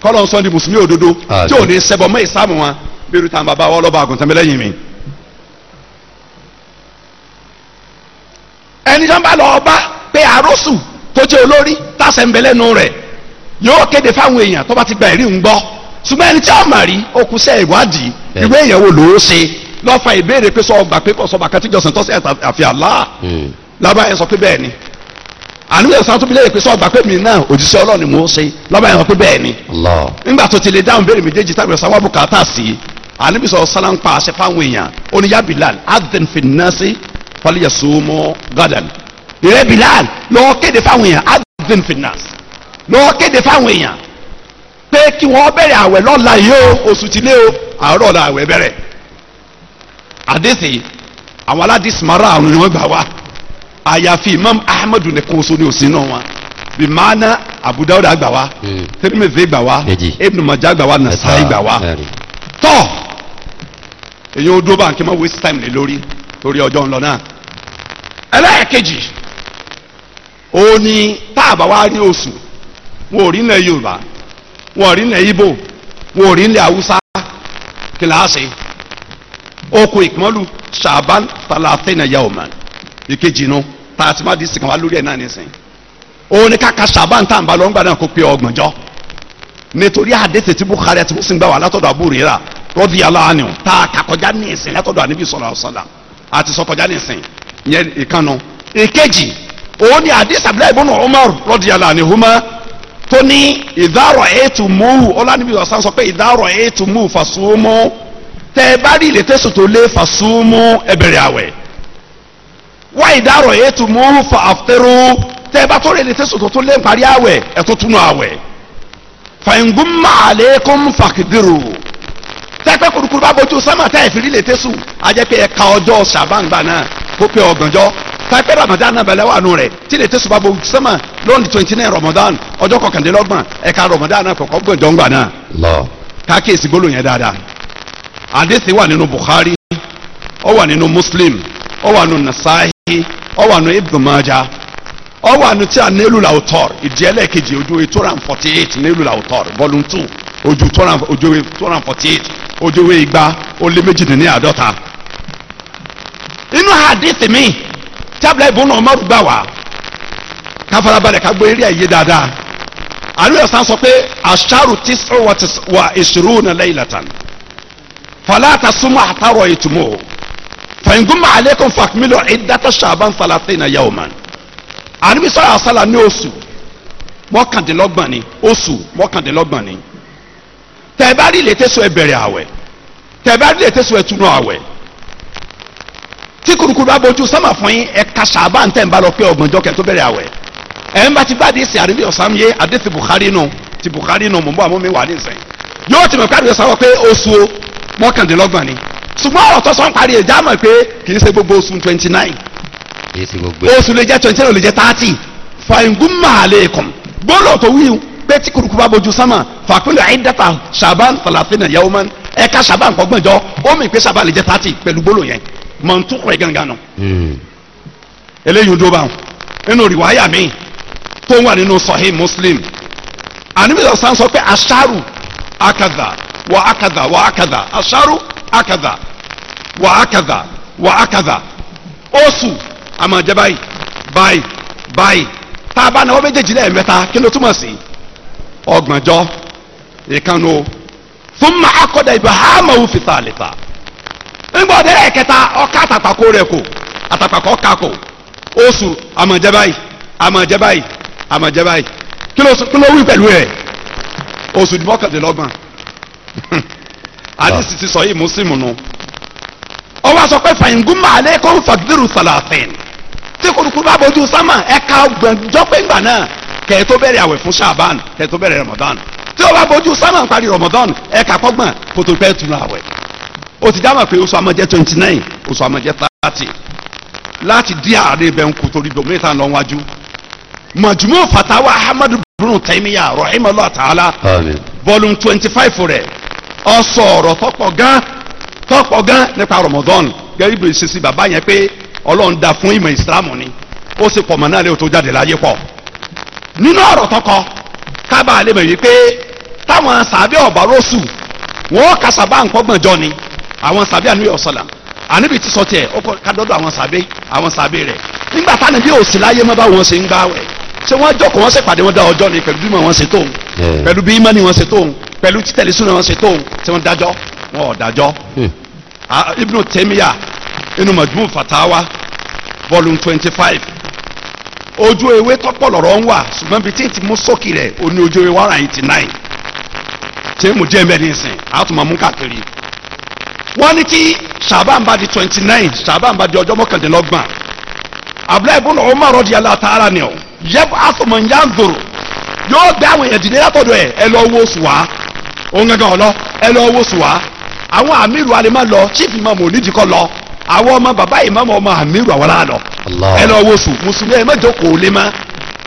kọ́lọ̀ ń sọ ní mùsùlùmí òdodo tí ò ní sẹ́bọ̀ mọ́ ìsáàmù wọn bí irú tá à ń bàbá wọ́ àgùntàn mi lẹ́yìn mi. ẹni tó ń bá lọ ọba pé àròsù tó jẹ́ olórí tàṣẹ ń bẹ lẹ́nu rẹ̀ yóò kéde fáwọn èèyàn tó bá ti gba ẹ̀rí ń gbọ́ ṣùgbọ́n ẹni tí ó mà rí okùnṣẹ́ ìwádìí ìwé èèyàn wo ló ṣe lọ́ fa ìbéèrè pé sọ ọgbà pé kò sọ bàkàtí jọ̀sìn tọ́sí àfi Allah hmm. lábàá yẹn sọ pé bẹ́ẹ̀ ni àníwèé sàn tó bi pé sọ ọgbà pé mi náà òjíṣẹ́ Ọlọ́run ni mò ń ṣe lábàá yẹn sọ pé bẹ́ẹ̀ ni nígbà tó ti lè dáhùn béèrè méjèèjì tábìlì sáwá bùkátà sí àníbi sọ sálá ń pa àṣẹ fáwọn èèyàn oníyàbílà adẹnfẹ̀nàṣẹ́ fọlíyà sọmọ gàdàn ìrẹ́ bilal lọ́ọ́ kéde fáwọn èèyàn adùn finance lọ́ọ́ kéde fáwọn èèyàn pé kí wọ́n bẹ̀rẹ̀ àwẹ̀ lọ́la yìí o oṣù tí lé o àárọ̀ la àwẹ̀ bẹ̀rẹ̀ àdéhìí àwọn aládìsí mara àrùn ni wọ́n gbà wá àyàfi imam ahmed nìkan oṣù ni òsín náà wọn bí maana abu dawud gbà wá hmm. tirimezi gbà wá ibn maja gbà wá nasai gbà wá tọ́ èyí ó dúró bá nkẹ́ máa waste time lé lórí torí ọjọ́ ńlọ náà ẹlẹ́ẹ̀kejì ó ní tá a bá wá rí oṣù wọn ò rí ilẹ̀ yorùbá wọn ò rí ilẹ̀ ibo wọn ò rí ilẹ̀ haúsá kìláàsì oko ìkmọ́lù ṣàbán talatina yawman ìkejì nu tààtì má di sìkàn wá lórí ẹ̀ náà nìsín ó ní kàkà ṣàbán tá à ń bá lọ ńgbà náà kó pé ọgbọ̀njọ́ nítorí àdéhùn tí Bukhari àti Muslim gbà wà látọ̀dọ̀ àbúrò yìí rà radiyallahu anhu tá a kàkọjá ní ìsìn látọ̀dọ̀ àníbi sallallahu alaihi wasallam àti sọkọjá nìsín yẹn ìkànnà ìkejì òun ni àdìs abdullahi ibn umar radiyallahu anhuma tó ní ìdárọ̀ ètò mú ọlánibí ọ̀sán sọ pé ìdárọ̀ ètò mú fàṣúmú tẹ ẹ bá rí ìlétẹ́sù tó lé fàṣúmú ẹbẹ̀rẹ̀ àwẹ̀ wá ìdárọ̀ ètò mú fa àfẹ́rù tẹ ẹ bá tó rí ìlétẹ́sù tó tó lé parí àwẹ̀ ẹ̀ tó túnú tẹ́pẹ́ kurukuru bá bojú sánmà tẹ́ ìfìrí lè tẹ́sù ajẹ́pẹ́ ẹ̀ka ọjọ́ ṣàbáǹgbà náà kó pé ọ̀gànjọ́ tẹ́pẹ́ ramadan náà bẹ̀lẹ́ wà nù rẹ̀ tí lè tẹ́sù bá bojú sánmà lónìí twenty nine ramadan ọjọ́ kọkàndínlọ́gbọ̀n ẹ̀ka ramadan náà kọ̀kọ́ gbọ̀njọ́ ńgbà náà. lọ kákíyèsí gbólóhùn yẹn dáadáa àdéhìí wà nínú Bukhari ó wà nínú Muslim ó wà nínú Nasa'i ó wà nínú Ibn Majah ọwọ́ ànútí ànélù làwùtọ́r ìdí ẹlẹ́ẹ̀kejì ojú two hundred and forty eight nílù làwùtọ́r volume two ojú two hundred and forty eight ojú igba ó lé méjìdínláàdọ́ta. inú hadith mi tábìlẹ̀ ìbùnú ọmọrù gbà wá ká farabalẹ̀ ká gbé eré ẹ̀yẹ dáadáa àlùyẹ̀ sàn sọ pé aṣáàrù tí wà ìṣòro náà lẹ́yìn lẹ́tàn fàlàtà súnmọ́ àtàrọ̀ ìtumọ̀ fàyìngúnmọ́ àlékún fàkmílò ìdátà ṣàbán náà yà ó àníbi sọ́yà sálà ní oṣù mọ́kàndínlọ́gbọ̀n ni oṣù mọ́kàndínlọ́gbọ̀n ni tẹ̀bárí lè tẹ̀sọ̀ ẹ bẹ̀rẹ̀ àwẹ̀ tẹ̀bárí lè tẹ̀sọ̀ ẹ túnú àwẹ̀ tí kurukuru bá bójú sọ́mà fún yín ẹ ka ṣàbá ntẹ̀ ń bá lọ pé ọgbọ̀njọ́ kẹ́ tó bẹ̀rẹ̀ àwẹ̀ ẹ̀ ń bá ti bá di ìsìn àríwí ọ̀sán yé adé ti Bukhari nù ti Bukhari nù mọ̀ bọ́ àmú mi wà ní ìsìn yóò ti mọ̀ pé àdìsá wọ pé oṣù mọ́kàndínlọ́gbọ̀n ni ṣùgbọ́n ọ̀rọ̀ parí ẹ̀ já mọ̀ pé kì í ṣe gbogbo oṣù twenty nine
kìí ṣe gbogbo ẹ̀.
oṣù lè jẹ́ twenty seven lè jẹ́ thirty fàyìngún màálè kàn gbọ́dọ̀ tó wíwù pé tí kùrùkù bá bojú sánmà fàkúlẹ̀ àìdáta ṣàbán fàlàfínà yawman ẹ̀ka ṣàbán kọ́gbọ́njọ́ ó mì pé ṣàbán lè jẹ́ thirty pẹ̀lú gbólóhùn yẹn mọ̀ntúkọ̀ ẹ̀ gangan nù. Hmm. eléyìí ojú ó bá wọn nínú rìwáyà mi tó wà nínú sahih muslim àníbísọ̀ sàn sọ pé aṣáàrù akadà wà akadà wà akadà aṣáàrù akadà wà akadà wà akadà oṣù a máa jẹ́ báyìí báyìí báyìí tá a bá náwó méjèèjì lẹ́ẹ̀mẹ́ta kí ló túmọ̀ sí ọgbọ̀njọ́ ìkànnù o fún ma akọ́dà ibahama òfin sàlẹ̀ta nígbà ọdẹ ẹ̀kẹta ọkà àtàpàkò rẹ̀ kò àtàpàkò ọkà kò oṣù a máa jẹ́ báyìí a máa jẹ́ báyìí a máa jẹ́ báyìí kí ló kí ló wí pẹ̀lú ẹ̀ oṣù mọ́kàndínlọ́gbọ̀n àdìsí ti sọ yìí mùsùlùmù nù ọwọ́ sọ pé fàyíngùn màálẹ́ kọ́ fàgídìrú sàlàfẹ́ni tí kurukuru bá bójú sánmà ẹ ka gbẹ̀jọ́ pé ńgbà náà kẹ́ bẹ̀rẹ̀ àwẹ̀ fún ṣàbán kẹ́ bẹ̀rẹ̀ ramadan tí o bá bójú sánmà parí ramadan ẹ kà kọ́gbọ̀n kó tó pẹ́ tunu àwẹ̀ o ti dá pé oṣù amọ̀jẹ́ twenty nine oṣù amọ̀jẹ́ thirty láti dí àárẹ̀ bẹ́ẹ̀ ń kú torí dòmínítà lọ wájú mọ̀jùmọ́ fatawa ahmadu bunu taimiya rahimahullah ta'ala volume twenty five rẹ̀ ọ sọ ọ̀rọ̀ tọ́pọ̀ gan tọ́pọ̀ gan nípa ramadan gẹ́gẹ́ bí ṣe sí bàbá yẹn pé ọlọ́run da fún ìmọ̀ ìsìlámù ni ó sì pọ̀ mọ́ náà lè tó jáde láyé pọ̀ nínú ọ̀rọ̀ tọkọ kábàá lè mọ̀ wípé táwọn sàbẹ̀ ọ̀bà rọ́ṣù wọ́n kà sábà ń pọ́gbọ̀njọ́ ni àwọn sàbẹ̀ àníyàn ọ̀sọ̀là àníbi ti sọ tiẹ̀ ọkọ̀ kádọ́dọ̀ àwọn sàbẹ̀ àwọn sàbẹ̀ rẹ̀ nígbà táwọn ẹbí ò sí láyé mọ́ báwọn ṣe ń gbá wẹ̀ ṣé wọ́n jọkọ̀ wọ́n ṣe pàdé wọn dá ọjọ́ ni pẹ̀lú bí wọn ṣe tóun pẹ̀lú bí imani wọn ṣe tóun pẹ̀lú títẹ̀lẹ́sùn wọn ṣe tóun tí wọ́n dájọ́ wọn ò dájọ́ hmm. Ibn Taymiyyah inú majmu fatawa volume twenty five ojú ewé tọpọ lọrọ ń wà ṣùgbọ́n bíi tí n ti sókè rẹ̀ ó ní ojú ewé one ninety nine tí mo jẹ́ mẹ́rin sìn á mú káàkiri wọ́n ní tí di twenty nine ṣàbàn bá di ọjọ́ mọ́kàndínlọ́gbọ̀n abúlé ibùn ni ọ yẹ́bù asọ̀mọ̀ ń yá ń zòrò yóò gbé àwọn èèyàn dìde látọ̀dọ̀ ẹ̀ ẹ lọ wo lọ wá àwọn àmì ìlú alẹ́ máa lọ chief imam àwọn ọmọ bàbá ìmáàmù ọmọ àmírù àwọn aláàlọ́ ẹ lọ wo sùn mùsùlùmí ẹ má jókòó lé má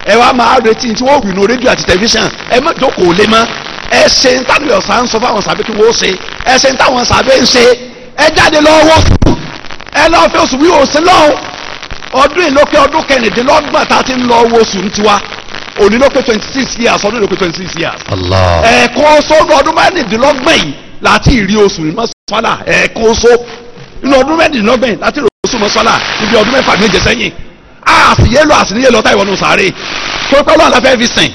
ẹ wá máa retí tí wọ́n wì nù rédíò àti tẹlifíṣàn ẹ má jókòó lé má ẹ ṣe ń tàbí ọ̀sán ń sọ fáwọn sàbẹ̀ kí wọ́n ṣe ẹ ṣe ń táwọn sàbẹ̀ ń ṣe ẹ jáde lọ wọ́ sùn ẹ lọ fẹ́ oṣù wí òsín lọ́hùn ọdún ìlókè ọdún kẹrìndínlọ́gbọ̀n tá a ti ń lọ wọ́ tiwa òní lókè twenty six years ọdún lókè twenty six years. ẹ̀ẹ̀kan oṣù ọdún mẹ́rìndínlọ́gbọ̀n yìí láti ìrí oṣù ní mọ́sálà ẹ̀ẹ̀kan oṣù inú ọdún mẹ́rìndínlọ́gbẹ̀n láti rò ó súnmọ́ sọ́là níbi ọdún mẹ́fà méje sẹ́yìn àsìyé lọ àsìyé lọ táyọ̀ nù sàárè tó pẹ́ lọ́wọ́ àlàfẹ́ fi sìn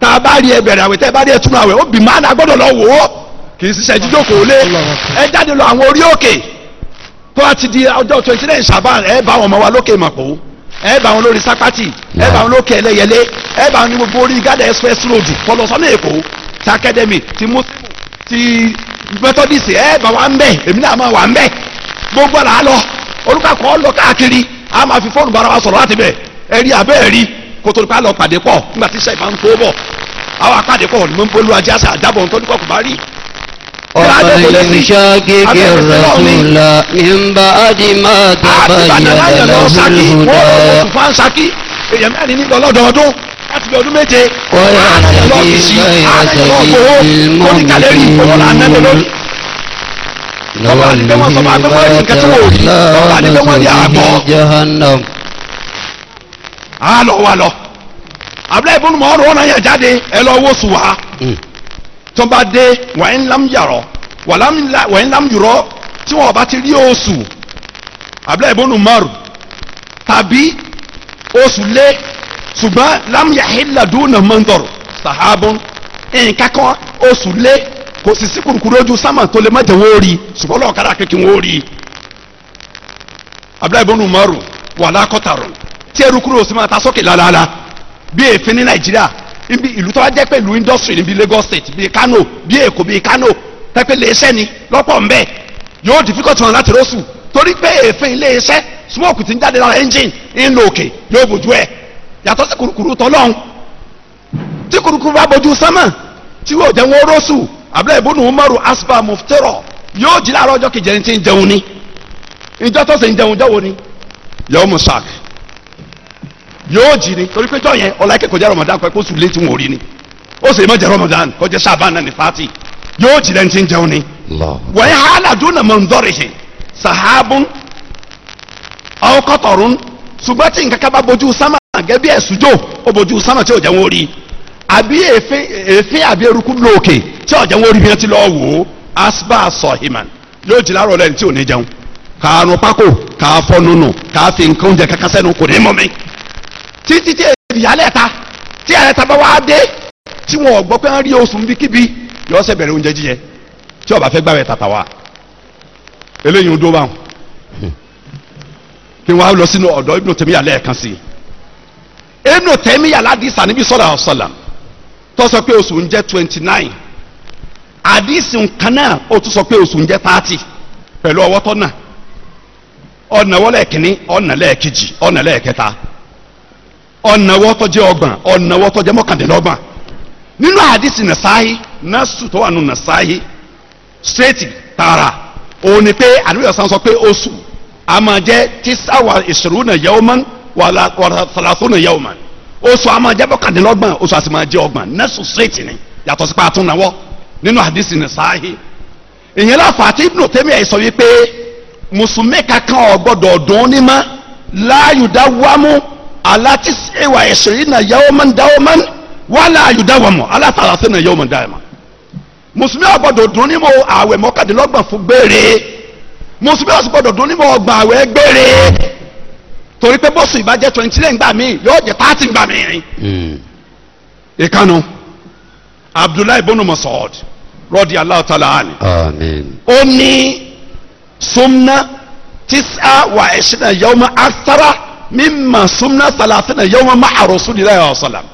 tá a bá rí ẹ bẹ̀rẹ̀ àwẹ̀ tẹ́ ẹ bá rí ẹ túnú àwẹ̀ ó bì máa nà gbọ́dọ̀ lọ wò ó kì í ṣiṣẹ́ jíjókòó lé ẹ jáde lọ àwọn orí òkè tó a ti di ọjọ́ twenty nine Ṣàbán ẹ bá wọn ọmọ wa lókè Màpó ẹ bá wọn lórí Sápátì ẹ bá wọn lókè Ẹlẹ́yẹlé ẹ bá wọn ní gbogbo orí gada express road kọlọsọ́nà Èkó ti academy ti muslim ti methodist ẹ bá wọn bẹ́ẹ̀ èmi náà ń bẹ́ẹ̀ gbogbo là á lọ olùkàkọ́ lọ káàkiri a máa fi fóònù bara wa sọ̀rọ̀ láti bẹ̀ ẹ̀rí abẹ́ ẹ̀rí kótó nípa lọ pàdé pọ̀ nígbà tí sẹ́yìn máa ń kó bọ̀ àwọn apàdé pọ̀ ní mọ́ olú ajá sà dábọ̀ nítorí pọ̀ kò bá rí. ọ̀pọ̀ ìṣàkíkì rọ̀túnla nígbà àdìmá tàbáyà lọ́hùn láti bí ọdún méje wọ́n yà á lọ́ọ́ fi sí àárẹ̀ lọ́ọ́ gbowó oníkàlẹ́rì ìfowópamọ́ àmẹ́lẹ́lórí tọ́ba àdìgbẹ́ wọn sọ máa fẹ́ wọ́n rí nǹkan tí wọ́n rí tọ́ba àdìgbẹ́ wọn rí àgbọ̀. a lọ wa lọ abúlé ìbónú mọ́ ọ̀rọ̀ ọ̀nà yẹn jáde ẹ lọ wó sùn wá tọ́ba dé wàá ńlá ń yàrọ̀ wàá ńlá ń yùrọ̀ tí wọn bá ti rí oṣù abúlé ìbónú mọ́rù tàbí oṣù lé ṣùgbọ́n lámúyàhílà dúnà mọ́ndọ̀rọ̀ sàhábùn nǹkan kan oṣù kò sì sí kùrùkùrù ojú sámà tó lè má jẹ́ wọ́n rí ṣùgbọ́n lọ́wọ́ kára kékeré wọ́n rí abdullahi bonu umaru wà lákọ̀tàrọ̀ tí ẹrú kúrò sí máa ta sókè lálaalá bí èéfín ní nàìjíríà ibi ìlú tó wá jẹ́ pẹ̀lú industry níbi lagos state bíi kano bíi èkó bíi kano pẹ́pẹ́ iléeṣẹ́ ni lọ́pọ̀ ńbẹ́ yóò difficult wọn láti rọ́ọ̀sù torí pé èéfín iléeṣẹ́ smoke ti ń jáde lára engine ń lo òkè yóò bójú ẹ̀ yàtọ̀ sí kùrùkùrù tọ́lọ́hún tí kùrùkùrù bá bójú sánmà tí yóò jẹ́ wọn rọ́ọ̀sù abdullahi ibùnú umaru asba muftero yóò jí láàárọ̀ ọjọ́ kejì ẹni tí ń jẹun ní ìjọ tó sì ń jẹun jẹ́wọ́ ni yọ ọmọ sáàk yóò jí ni torí pé jọyẹn ọláìkẹ́ kọjá ramadan kọ́ sùn létí wọn ò rí ni ó sì mọ̀jẹ̀ ramadan kọjá sábà náà ní pati yóò jí lẹ́ni tí ń jẹun ni wọ́n yà á làdún nà mọ̀ ń dọ́rẹ̀ hì sàhábùn ọkọ̀tọ̀rún ṣùgbọ́n tí nǹkan ká bá sámà gẹ́gẹ́ bí ẹ̀sùjò ó bojú sámà tí ò jẹun ó rí àbí èéfín àbí eruku lóòkè tí ọ̀jẹ̀ wọn orí fi lọ wò ó asba sọ̀hìmàn yóò jí láàárọ̀ lẹ́yìn tí ò ní jẹun kàánú pákó kàáfọ́ nùnù kàáfi nǹkan oúnjẹ kankan sẹ́nu kò ní mọ́ mi títí tí ìyálẹ̀ ta tí ìyálẹ̀ ta bá wá dé tí wọn ò gbọ́ pé wọ́n rí oṣù níbikíbi yọ ọsẹ bẹ̀rẹ̀ oúnjẹ jíjẹ tí ó bá fẹ́ tàtà wa eléyìí ń dó báwọn kí wọ́n á lọ sínú ọ̀dọ̀ Ibn Taymiyyah lẹ́ẹ̀kan sí i Ibn ládìsá níbi sọ́lá ọ̀sọ́làm tó sọ pé oṣù ń jẹ́ twenty nine àdìsí nǹkan náà ó tún sọ pé oṣù ń jẹ́ thirty pẹ̀lú ọwọ́ tó nà ọ̀nàwọ́ lẹ́ẹ̀kínní ọ̀nà lẹ́ẹ̀kejì ọ̀nà lẹ́ẹ̀kẹta ọ̀nàwọ́ tó jẹ́ ọgbọ̀n ọ̀nàwọ́ tó jẹ́ mọ́kàndínlọ́gbọ̀n nínú àdìsí nàṣáyé násù tó wà nù nàṣáyé straight tààrà òun ni pé àdúgbò sàn sọ pé oṣù àmọ́ jẹ́ tíṣà ìṣòro nà yẹ́wọ́mọ́ wà sàlàsó nà yẹ́wọ́mọ́ oṣù àmọ́ jẹ́ bọ́kàndínlọ́gbọ̀n oṣù àti máa jẹ́ ọgbọ̀n nẹ́sùn straight ni yàtọ̀ sí pa àtúnáwọ́ nínú àdìsí ní sáàhì ìyẹn láfa àti ibùdó tẹ́mi ẹ̀ sọ wípé mùsùlùmí kankan ọ̀gbọ́dọ̀ ọ̀dún ní mọ́ láàyò dá wámú aláti ìwà ẹ̀sìn yìí nà yàwó mọ́ dáwó mọ́ wà láàyò dá wámú alátàlá sí nà yàwó mọ́ dáwó mọ́ mùsùlùmí ọ̀gbọ́dọ̀ ọ̀dún ní mọ́ àwẹ̀ mọ́kàndínlọ́gbọ̀n fún gbére mùsùlùmí ọ̀gbọ́dọ̀ ọ̀dún ní mọ́ ọgbọ̀n àwẹ̀ gbére torí pé bóṣù ìbàjẹ́ twenty lẹ́yìn gbà mí yóò jẹ́ thirty gbà mí rin. Hmm. ìkànnù abdullahi bonu masoud rọ́ọ̀dì aláwọ̀ tala
ali.
ó ní sumna tisa wa ishirina yawma asara mimma sumna salatina yawma ma'a rasulillahi wa sallam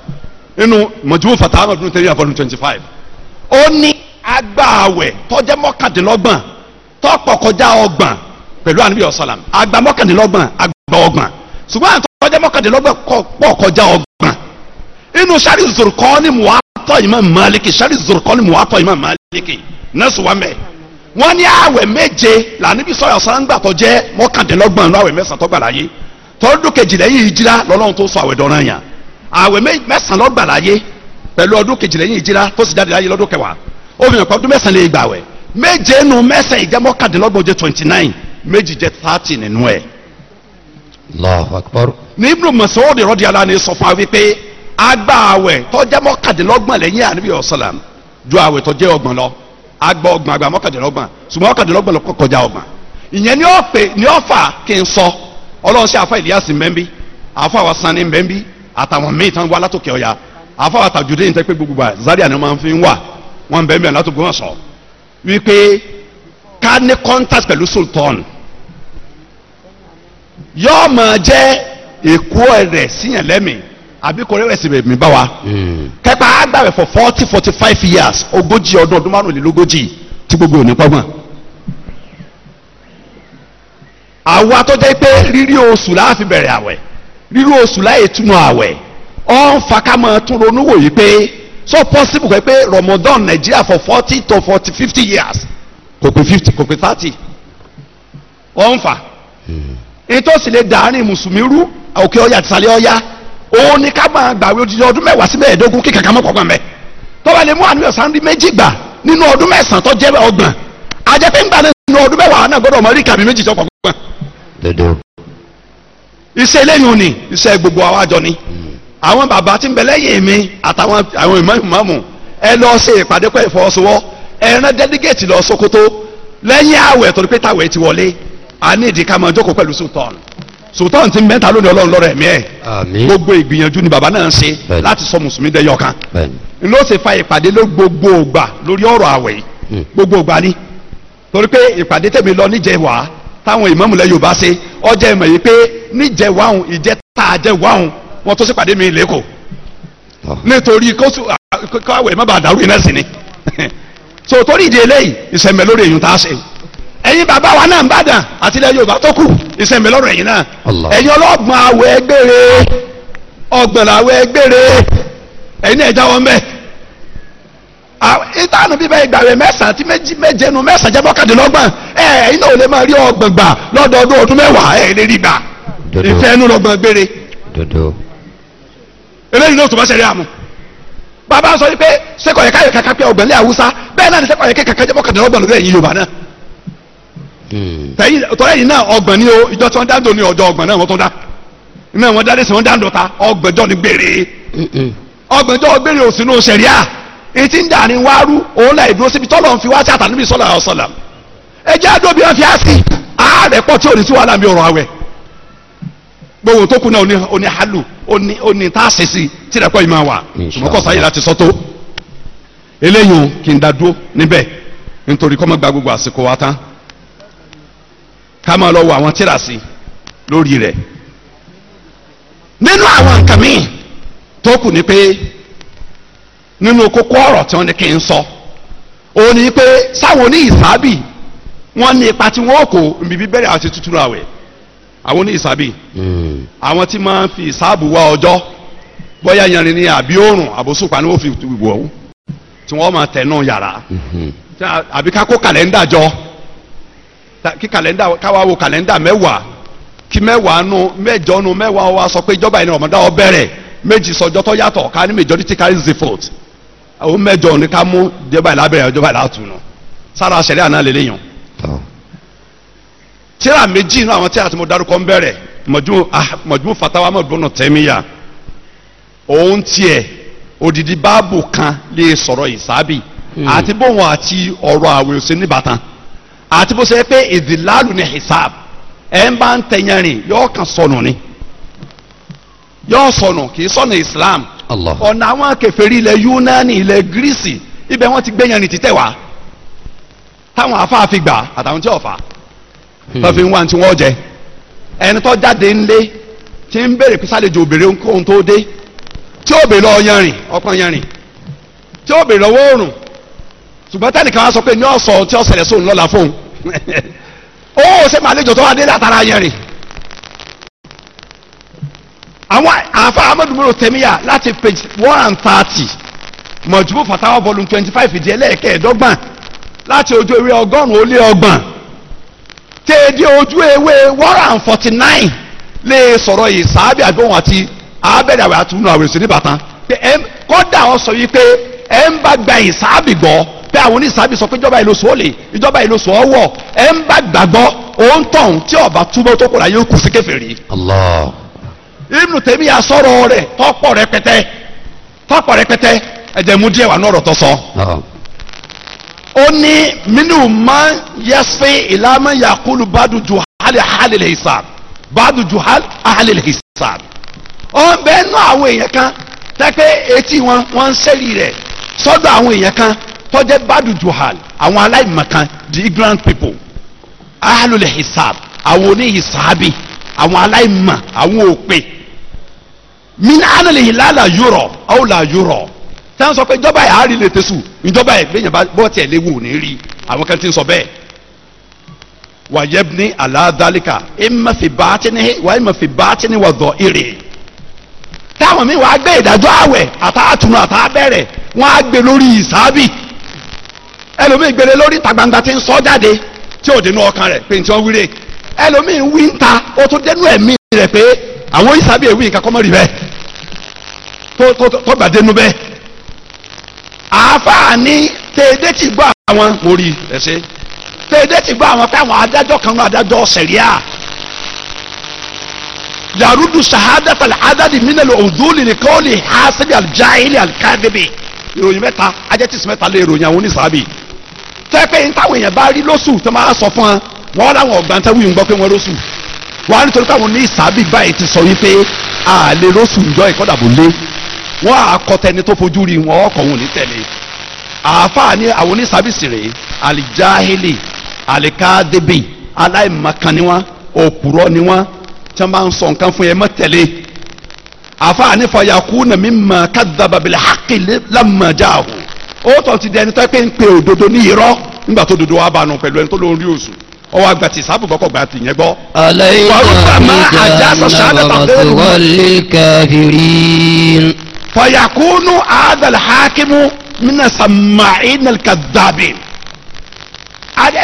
nínú mọ̀júwò fatahama ọdún tẹ̀lé àfọ̀dún twenty five ó ní agbáwẹ̀ tọ́jẹ́ mọ́kàndínlọ́gbọ̀n tọ́pọ̀ kọjá ọgbọ̀n pẹ̀lú àníbi ọ̀sálàm àgbà mọ́kàndínlọ́gbọ̀n àgbà ọgbọ̀n ṣùgbọ́n àtọ́jẹ́ mọ́kàndínlọ́gbọ̀n pọ̀ kọjá ọgbọ̀n inú sari zorokọ́ ni muwatọ́ Imam Maliki sari zorokọ́ ni muwatọ́ Imam Maliki nẹ́sù wa mẹ́ wọ́n ní àwẹ̀ méje làníbi sọ̀rọ̀ sàǹgbà tó jẹ́ mọ́kàndínlọ́gbọ̀n lọ́wọ́ àwẹ̀ mẹ́sàn-án tó gbà láyé tọ́dún kejìlẹ́yìn ìjìlá lọ́lọ́run tó sọ àwẹ̀ dọ̀ràn yàn àwẹ̀ mẹ́sàn-án ló gbà láyé pẹ̀lú ọdún kejìlẹ́yìn ìjìlá tó sì jáde láyé lọ́dún kẹwàá ó fi hàn pé ọdún mẹ́sàn-án lè gbà wẹ̀ méje nu mẹ́sàn twenty nine méjì jẹ́ thirty nínú ẹ̀. Allahu Akbar. ní Ibnu Mas'ud radiyallahu ni sọ fún wa wípé agbá àwẹ̀ tọ́jẹ́ mọ́kàdínlọ́gbọ̀n lẹ́yìn ànábì ọ̀sálàm ju àwẹ̀ tọ́jẹ́ ọgbọ̀n lọ agbá ọgbọ̀n àgbà mọ́kàdínlọ́gbọ̀n ṣùgbọ́n mọ́kàdínlọ́gbọ̀n lọ kọjá ọgbọ̀n ìyẹn ni ó pè ni ó fà kí n sọ ọlọ́run ṣe àfa ìlíyàsí mbẹ́mbí àfa wa sani mbẹ́mbí àtàwọn míì tán wá látòkè ọ̀yà àfa wa tàjùdé yìí tẹ́ pé gbogbo Zaria ni wọ́n fi ń wà wọ́n mbẹ́mbí àlátòkè wọn sọ wípé ká ní contact pẹ̀lú sultan yóò máa jẹ́ èkó rẹ̀ síyàn lẹ́mìí àbí kò rẹ́rẹ́ sí mi bá wa. Hmm. kẹ́pà á gbàwẹ̀ for forty forty five years ogójì ọdún ọdún márùnlélógójì tí gbogbo ò ní pọ́gbọ́n. àwa tó jẹ́ pé rírí oṣù láàfin bẹ̀rẹ̀ àwẹ̀ rírí oṣù láàyè túnú àwẹ̀ ọ̀ ń fakamọ́ tún ronú wòye pé so possible kẹ́ pé Ramadan Nigeria for forty to forty fifty years kò pé fifty kò pé thirty ọ̀ ń fà. Mm. ìtòsí lè mùsùlùmí rú òkè ọ̀yà àtìsàlẹ̀ ọ̀yà òun ni ká máa gbàwé odidi ọdún mẹ́wàá sí mẹ́ẹ̀ẹ́dógún kí kankan mọ́kọ́ gbọ̀n mẹ́ tọ́ba lè mú àníyàn sáńdí méjì gbà nínú ọdún mẹ́sàn-án tó jẹ́ ọgbọ̀n àjẹpẹ́ ń gbà nínú ọdún mẹ́wàá náà gbọ́dọ̀ kàbí méjì tó iṣẹ́ eléyìí ò ní iṣẹ́ gbogbo àwa ni àwọn bàbá ẹ lọ a ní ìdí ká máa jókòó pẹ̀lú sultan sultan ti mẹ́ta lónìí ọlọ́run lọ́rọ̀ ẹ̀mí ẹ̀ gbogbo ìgbìyànjú ni bàbá náà ṣe láti sọ mùsùlùmí dẹ́yọ̀ kan ló ṣe fa ìpàdé ló gbogbo ògbà lórí ọ̀rọ̀ àwẹ̀ yìí hmm. gbogbo ògbà ni torí pé ìpàdé tèmi lọ níjẹ̀wá táwọn ìmọ̀mùlẹ̀ yorùbá ṣe ọjọ́ ìmọ̀ yìí pé níjẹ̀wá òun ìjẹ́ta àjẹwà òun wọn tó ṣèpàdé mi lẹ́kọ̀ọ́ nítorí káwẹ̀ má bàa dàrú iná sí ni so torí ìdí eléyìí ìṣẹ̀mẹ̀ lórí èyí tá a ṣe ẹ̀yin bàbá wa náà ń bàdàn àti ilẹ̀ yorùbá tó kù ìsẹ̀mí lọ́rọ̀ ẹ̀yin náà ẹ̀yin ọlọ́gbọ̀n àwẹ̀ gbére ọgbọ̀n làwẹ̀ gbére ẹ̀yin náà jáwọ́ mbẹ́ ìtànù bíbẹ́ ìgbàwẹ̀ mẹ́sàn-án tí méje nu mẹ́sàn-án jẹ́ mọ́kàndínlọ́gbọ̀n ẹ̀yin náà ò lè máa rí ọgbọ̀n gbà lọ́dọọdún ọdún mẹ́wàá ẹ̀ lè rí gbà ìfẹ́ ẹnu yẹ káyọ̀ kàkà pé ọgbọ̀n àwùsá bẹ́ẹ̀ náà ni sẹ́kọ̀ọ́ yẹ kàkà jẹ́ mọ́kàndínlọ́gbọ̀n lórí ẹ̀yin yorùbá náà Hmm. tọ́lẹ́yìn náà ọgbọ̀n ni o ìjọ tí wọ́n dá dòní ọjọ ọgbọ̀n náà wọ́n tún dá iná wọn dáadé sí wọn dáadọ̀ ta ni gbére hmm. ọgbẹ̀jọ́ gbére òsínú sẹ̀ríà etí ń dàní wárú òun láì dúró síbi tọ́lọ̀ ń fi wá sí sọ́lá ẹjẹ́ fi á sí ààrẹ pọ̀ tí ò ní sí wàhálà mi ọ̀rọ̀ gbogbo tó kù náà oní halu oní tá a ṣe sí tí ìdàpọ̀ yìí máa ká máa lọ wọ àwọn tíra sí lórí rẹ̀ nínú àwọn nǹkan míì tó kù ni pé nínú kókó ọ̀rọ̀ tí wọ́n ní kí n sọ òun ni pé sáwọn oní ìsábì wọ́n ní ipa tí wọ́n kò níbi bíbẹ̀rẹ̀ àti tútúrú àwẹ̀ àwọn oní ìsábì hmm. àwọn tí máa ń fi ìsáàbù wá ọjọ́ bóyá yanrin ni àbí òòrùn àbòsùpá ni wọ́n fi wọ̀ ọ́ tí wọ́n máa tẹ̀ náà yàrá hmm. àbí ká kó kàlẹ́ńdà jọ kí kàlẹ́ndà káwá wo kàlẹ́ndà mẹ́wàá kí mẹ́wàá nu mẹ́jọ nu mẹ́wàá wa sọ pé ìjọba ìní ọ̀mọ̀dá ọ bẹ̀rẹ̀ méjì sọjọ́ tó yàtọ̀ ká ní majority carries the vote àwọn mẹ́jọ ní ká mú ìjọba ìlábẹ̀rẹ̀ ìjọba ìlàtúnú sára àṣẹlẹ̀ àná lélẹ́yìn tíra méjì inú àwọn tíra tí mo darúkọ ń bẹ̀rẹ̀ mọ̀jú ah, mọ̀jú fatawa mọ̀dúnú tẹ́míyà òun tiẹ̀ odidi báàbù kan lè sọ̀rọ̀ ìsábì hmm. àti bóun àti ọ̀rọ̀ àwòrán sí níbàtàn. àti bó ṣe pé ìdìláàlù ní hisab ẹ̀ ń bá ń tẹ̀yàn rìn yóò kàn sọnù ni yóò sọnù kì í sọnù Islam ọ̀nà àwọn ilẹ̀ Yunani ilẹ̀ Gírísì ibẹ̀ wọ́n ti gbe rìn títẹ̀ wá táwọn afáàfin gbà àtàwọn tí ọ̀fà hmm. fi ń wá tí wọ́n jẹ ẹni tó jáde ńlé tí ń béèrè ohun tó dé tí lọ ṣùgbọ́n tẹ́nìkan wá sọ pé ní ọ̀sọ̀ tí ọ̀sẹ̀lẹ̀ sóun lọ́la fóun ó ṣe máa lẹ́jọ́ tó wá dé látara yẹn rè àwọn àfa amẹ́dùmúrò tẹ̀míyà láti page one and thirty mọ̀júbù fatawa volume twenty five ìdí ẹlẹ́ẹ̀kẹ́ẹ̀dọ́gbọ̀n láti ojú ewé ọgọ́rùn-ún ó lé ọgbọ̀n tẹ̀ẹ̀dí ojú ewé one and forty nine lè sọ̀rọ̀ yìí sàábì àgbọ̀n àti abẹ́rẹ́ àwẹ̀ àtúnú àwẹ̀ òsì níbàtàn kọ́dà wọn sọ yìí pé ẹ̀ ń bá gba ìsàábì gbọ́ pé àwọn oníṣàbí sọ pé ìjọba ìlòsùn ó lè ìjọba ìlòsùn ó wọ̀ ẹ̀ ń bá gbàgbọ́ òun tí ọba túbọ̀ tó kọ̀ láyé kù sí kèfèrí. Allah. Ibn Taymiyyah rẹ̀ tọ́pọ̀ rẹpẹtẹ tọ́pọ̀ rẹpẹtẹ ẹ̀jẹ̀ mú díẹ̀ wà ní ọ̀rọ̀ tó sọ. ó ní minnu máa yasfe ìlànà yakulu badu ju hali hali badu ju hali le hisab. ó bẹ́ẹ̀ nú àwọn èèyàn kan tẹ́pẹ́ etí wọn wọ́n ń sẹ́rí tọ́jẹ́ badu juhal àwọn aláìmọ̀kan the ignorant people ahalul hisab àwọn oníhisabi àwọn aláìmọ̀ àwọn òpin min anali hilala yúrọ̀ ọ̀la yúrọ̀ tẹ́ ń sọ pé ìjọba yà á rí lẹ́tẹ̀sù ìjọba yà gbẹ̀yìn bọ́ tiẹ̀ léwu ò ní rí àwọn kan ti ń sọ bẹ́ẹ̀ wàyẹ́bni aláàdálíkà ìmọ̀fìbátínì wàyẹ́mọ̀fìbátínì wàdọ̀ ìrè táwọn míì wàá gbé ìdájọ́ àwẹ̀ àtàtúnú àtàbẹ̀rẹ̀ wọ́n á gbé lórí ìsábì ẹlòmíì gbèrè lórí ìta gbangba ti ń sọ jáde tí ò dénú ọkàn rẹ̀ pé nǹkan wíre ẹlòmíì ń wí ń ta ó tún dénú ẹ̀mí rẹ̀ pé àwọn ìsàbí èwì nǹkan kọ́mọ́rì bẹ́ẹ̀ tó gbà dénú bẹ́ẹ̀ àáfàá ní tèédé ti gbọ́ àwọn mo rí ẹsẹ̀ tèédé ti gbọ́ àwọn pé àwọn adájọ́ kan náà adájọ́ sẹ̀ríà yarudu shahadata al-adadi min al-udul li qawli hasib al-jahil al-kadhibi ìròyìn mẹ́ta ajẹ́tìsí mẹ́ta lé ìròyìn àwọn onísàbí tẹ́pẹ́ táwọn èèyàn bá rí lóṣù tó máa sọ fún wọn wọn láwọn ọ̀gbà tẹ́wù yìí ń gbọ́ pé wọ́n lóṣù wọn á nítorí táwọn ní ìsàbí báyìí ti sọ wípé àlè lóṣù ìjọ ìkọ́dàbò lé wọn àkọtẹni tó fojú rí wọn ọkọ̀ wọn ò ní tẹ̀lé àáfàá ni àwọn onísàbísì rèé àlìjáhìlì àlìkádébì aláìmọ̀kan ni wọn òpùrọ̀ ni wọn tí wọn bá ń sọ nǹkan fún yẹn mọ́ tẹ̀lé àáfàá ni fàyàkú nàmí mọ̀ kádàbàbìlì ó tọ̀ ti dẹni tọ́ pé ń pe òdodo ní irọ́ nígbà tó dodo wa bá nu pẹ̀lú ẹni tó lóun rí oṣù ọwọ́ àgbà tí sábù kọ́kọ́ gbà tì yẹn gbọ́. fayakunu adal hakimu mina sama'in al-kadhabin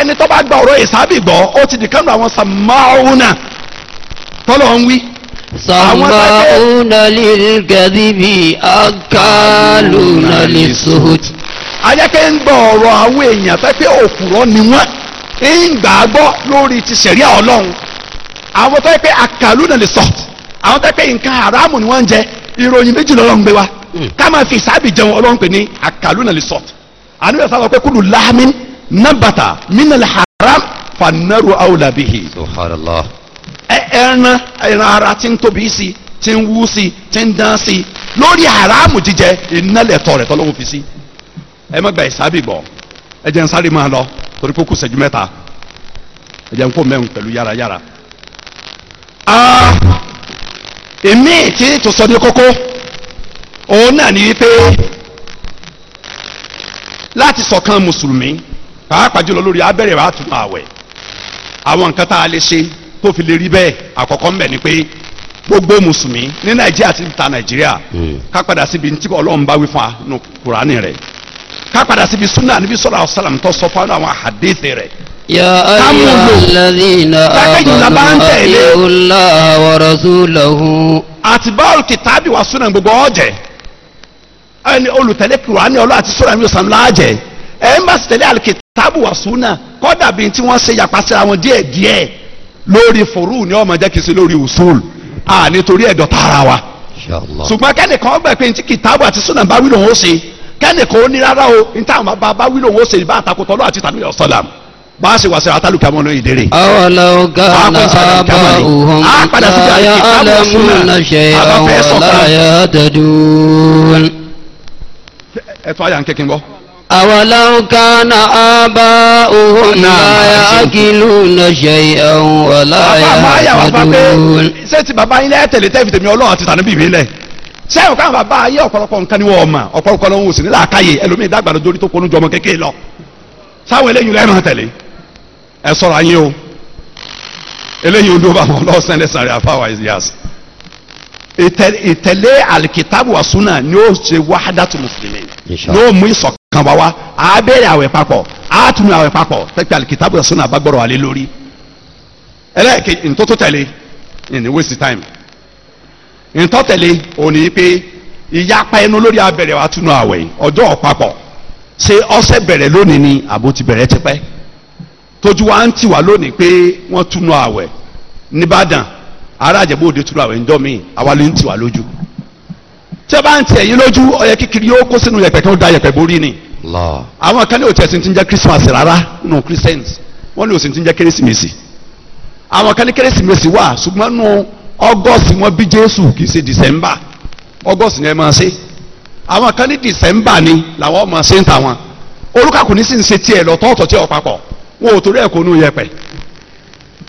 ẹni tó bá gba ọ̀rọ̀ ìsábì gbọ́ ó ti dìkan lọ àwọn sama'una tọ́lọ̀ ń wí sàmàúnà lílgàdìbì àkàlùnà lè ajẹ́pẹ́ ń gbọ́ ọ̀rọ̀ àwọn èèyàn pẹ́pẹ́ òkùrọ̀ ni wọ́n ń gbà á gbọ́ lórí ti ṣẹ̀ríà ọlọ́run àwọn tó yẹ pé àkàlù náà lè sọ àwọn tó yẹ pé nǹkan haramu ni wọ́n ń jẹ ìròyìn méjì lọ́lọ́run gbé wa hmm. ká máa fi ìsáàbì jẹun ọlọ́run pè ní àkàlù náà lè sọ àníbẹ̀ sábà pé kúlù láàmín nàbàtà mínàlẹ̀ haram fanaru awulabihi.
subhanallah.
ẹ ẹran ẹran ara ti ń tóbi sí i ti ń wú sí ti ń dán sí lórí haramu jíjẹ ìnálẹ̀ tọ̀ rẹ̀ tọ́lọ́wọ́ fi sí ẹ má gba ìsábì bọ̀ ẹ jẹ́ ń sáré máa lọ torí kó kù sẹ́jú mẹ́ta ẹ jẹ́ ń kó mẹ́rin pẹ̀lú yára yára. èmi tí tó sọ ní kókó òun náà ni wípé láti ṣọ̀kan mùsùlùmí pàápàá jùlọ lórí abẹ́rẹ́ wa tún àwẹ̀ àwọn nǹkan tá a lè ṣe tó fi lè rí bẹ́ẹ̀ àkọ́kọ́ ń bẹ̀ ni pé gbogbo mùsùlùmí ní nàìjíríà ti ta nàìjíríà hmm. ká padà síbi tí ọlọ́run bá wí fún wa nù kúránì rẹ̀ ká síbi sunna níbi sọ̀rọ̀ àwòsàlám tó sọ fún àwọn àhàdéètè rẹ̀. يا أيها الذين آمنوا أطيعوا
الله ورسوله
أتباع الكتاب والسنة gbogbo ọjẹ ẹni olùtẹ̀lé kùránì ọlọ́ àti sọ́ra mi sàn láàjẹ ẹ̀ńbàsì tẹ̀lé alikitaabu wa sunna kọ́dà bíi tí wọ́n ṣe yapa síra wọn díẹ̀ díẹ̀ lórí fòrú ni ọmọ jẹ́ kìí ṣe lórí usul à nítorí ẹ̀dọ̀ tààrà wa ṣùgbọ́n kẹ́nìkan ọgbà pé ní ti àti sunna bá wí lòun ó ṣe kẹ́nìkan ó ní rárá o ní táwọn bá bá wí lòun ó ṣe ìbá àtakùtọ̀ lọ́wọ́ àti tàbí ọ̀sọ́làm bá a ṣe wà sí àtàlùkẹ́ ọmọ náà ìdérè. ọ̀làwọ̀ gánà bá òhun láyà alámúnà ṣe àwọn láyà tẹ̀dún. ẹ̀tọ́ àyà ń kékin bọ́.
أولو كان آباؤهم لا
يأكلون شيئا ولا يعقلون. ṣé ti bàbá yín lẹ́tẹ̀lé tẹ́fì tèmi ọlọ́run àti tànúbì mi lẹ̀ sẹ́yìn ọ̀kan bàbá ayé ọ̀pọ̀lọpọ̀ nǹkan ni wọ́n mọ̀ ọ̀pọ̀lọpọ̀ ló ń wò sí nílà káyè ẹlòmíì dàgbà lójó tó kọnu jọmọ kékeré lọ sáwọn eléyìí lẹ́ẹ̀ máa tẹ̀lé ẹ sọ̀rọ̀ ayé o eléyìí odò bá wọn lọ́sẹ̀ lẹ́sàn rẹ̀ afáwà yas ìtẹ̀lé alikitabu wa sunna ni ó ṣe wahadatu muslimin ni ó mú ìṣọ̀kan wá wá a bẹ̀rẹ̀ àwẹ̀ papọ̀ a tún àwẹ̀ papọ̀ tẹ́pẹ́ alikitabu wa sunna bá gbọ́dọ̀ wà lé lórí ẹlẹ́ẹ̀kejì ntótó tẹ̀lé in the waste time ntọ́tẹ̀lé òní pé ìyapa ẹnu lórí abẹ̀rẹ̀ wa túnú àwẹ̀ ọjọ́ ọ̀pápọ̀ ṣé ọ̀sẹ̀ bẹ̀rẹ̀ lónìí ni àbó ti bẹ̀rẹ̀ tipẹ́ tójú wa ń tì wá lónìí pé wọ́n túnú àwẹ̀ nìbàdàn ará àjẹbó òde túnú àwẹ̀ ńjọ́ mi ń tì wá lójú tí a bá ń tì ẹ̀yìn lójú ọyẹ kíkiri yóò kó sínú yẹ̀pẹ̀ kí da yẹ̀pẹ̀ borí ni àwọn kan ní òtí ẹ̀sìn ti ń jẹ́ Christmas rárá nù Christians wọ́n ní òsì ti ń jẹ́ kérésìmesì àwọn kan ní kérésìmesì wà ṣùgbọ́n nù August wọ́n bí Jésù kì í ṣe December August ni ẹ máa ṣe àwọn kan ní December ni làwọn máa ṣe ń ta wọn olùkàkùn ní sì ń ṣe tiẹ̀ lọ́tọ̀ọ̀tọ̀ tí ọ̀ papọ̀ wọn ò torí ẹ̀ kó nù yẹpẹ̀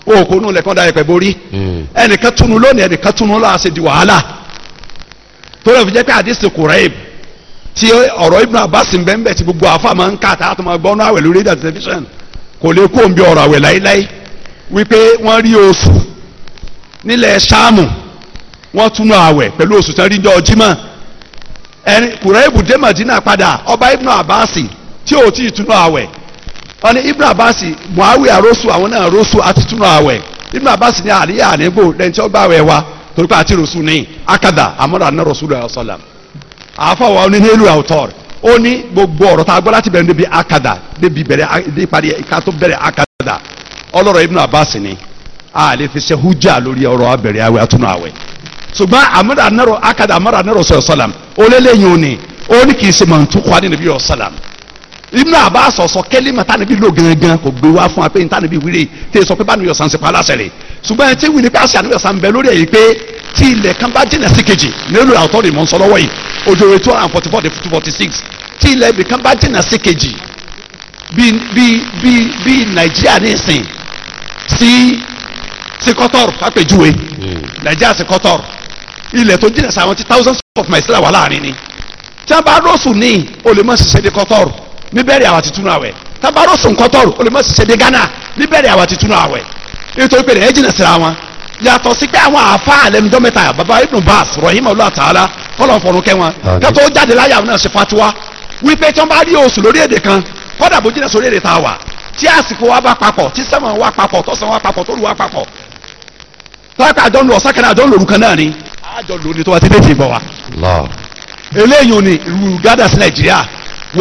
wọn ò kó nù lẹ̀kọ́ da yẹpẹ̀ borí hmm. ẹnìkan túnú lónìí ẹnìkan túnú lọ́wọ́ àṣẹ di wàhálà torí ẹ̀ fi jẹ́ pé àdìsí Kurayb tí ọ̀rọ̀ Ibn Abbas ń bẹ́ẹ̀ tí gbogbo àfa máa ń kà tá tó máa gbọ́ náà àwẹ̀ lórí rédíò tẹlifíṣàn kò lè kó òun ọ̀rọ̀ àwẹ̀ láíláí wípé wọ́n rí oṣù nílẹ̀ sáàmù wọ́n túnú àwẹ̀ pẹ̀lú oṣù tán ríjọ jímọ̀ ẹni kùrẹ́ẹ̀bù dé Mádínà padà ọba Ibn Abbas tí ò tí ì túnú àwẹ̀ wọ́n ní Ibn Abbas Muawiya rosu àwọn náà rosu àti túnú àwẹ̀ Ibn Abbas ní àríyá àníbò lẹ́yìn tí ó gbà wẹ̀ wa torí pé àti rosu ní akada amọ́ra náà Rasulullah sallam àfọwọ́ ní nílùú àwùtọ́ rẹ̀ ó ní gbogbo ọ̀rọ̀ tá a gbọ́ láti bẹ̀rẹ̀ níbi akada níbi bẹ̀rẹ̀ nípa ká tó bẹ̀rẹ̀ akada ọlọ́rọ̀ Ibn abasi ni a lè fi ṣe hujja lórí ọ̀rọ̀ abẹ̀rẹ̀ awẹ́ atúnú awẹ́ ṣùgbọ́n amara anaro akada amara anaro sọ sọlam olólẹ́yìn òní òní kì í ṣe màá tún kọ́ níbi yọ sọlam ibùdó àbá sọ̀sọ̀ kẹ́límà tánibí lò gangan kò gbé wá fún wa pé n tánibí wílé tẹ sọ pé bánu yọ̀sán ṣe pa aláṣẹ rẹ̀ ṣùgbọ́n ẹ ti wí ni pé àṣẹ àníyàn sàn bẹ lórí èyí pé tí ilẹ̀ kan bá jìnà sí kejì nílò àwòtọ́ rẹ̀ mọ́ ń sọ lọ́wọ́ yìí òjòwé two hundred and forty four to two forty six tí ilẹ̀ ibì kan bá jìnà sí kejì bí bí bí bí Nàìjíríà ní ìsìn sí sí kọ́tọ́rù lápèjúwe nàìjíríà sí kọ́tọ́rù ilẹ̀ tó jìnnà sáwọn tí thousands of miles là wà láàrin ni tí a bá rọ́ọ̀sù ní o lè má ṣiṣẹ́ dé kọ́tọ́rù níbẹ̀rẹ̀ àwọn àtitúnú àwẹ̀ tí a bá rọ́ọ̀sù kọ́tọ́rù o lè má ṣiṣẹ́ dé Ghana níbẹ̀rẹ̀ àwọn àtitúnú àwẹ̀ nítorí pé ẹ̀ jìnnà síra wọn yàtọ̀ sí pé àwọn àáfàá lẹ́nudọ́ mẹ́ta baba Ibn Baz rahim Allah ta'ala kọ́lọ̀ fọ̀run kẹ́ wọn kẹ́tọ́ jáde láyà náà ṣe fatiwa wípé tí wọ́n bá rí oṣù lórí èdè kan kọ́dà bó jìnnà sórí èdè tá a wà tí àsìkò wa bá papọ̀ tí sẹ́wọ̀n wa papọ̀ tọ́sán wa papọ̀ tó lù wa papọ̀ tọ́ka àjọ ń lọ ọ̀sán àjọ ń olùkan náà ni àjọ lò ní tó wá sí létí ìbọn wa. eléyìí ni ìlú gádà sí nàìjíríà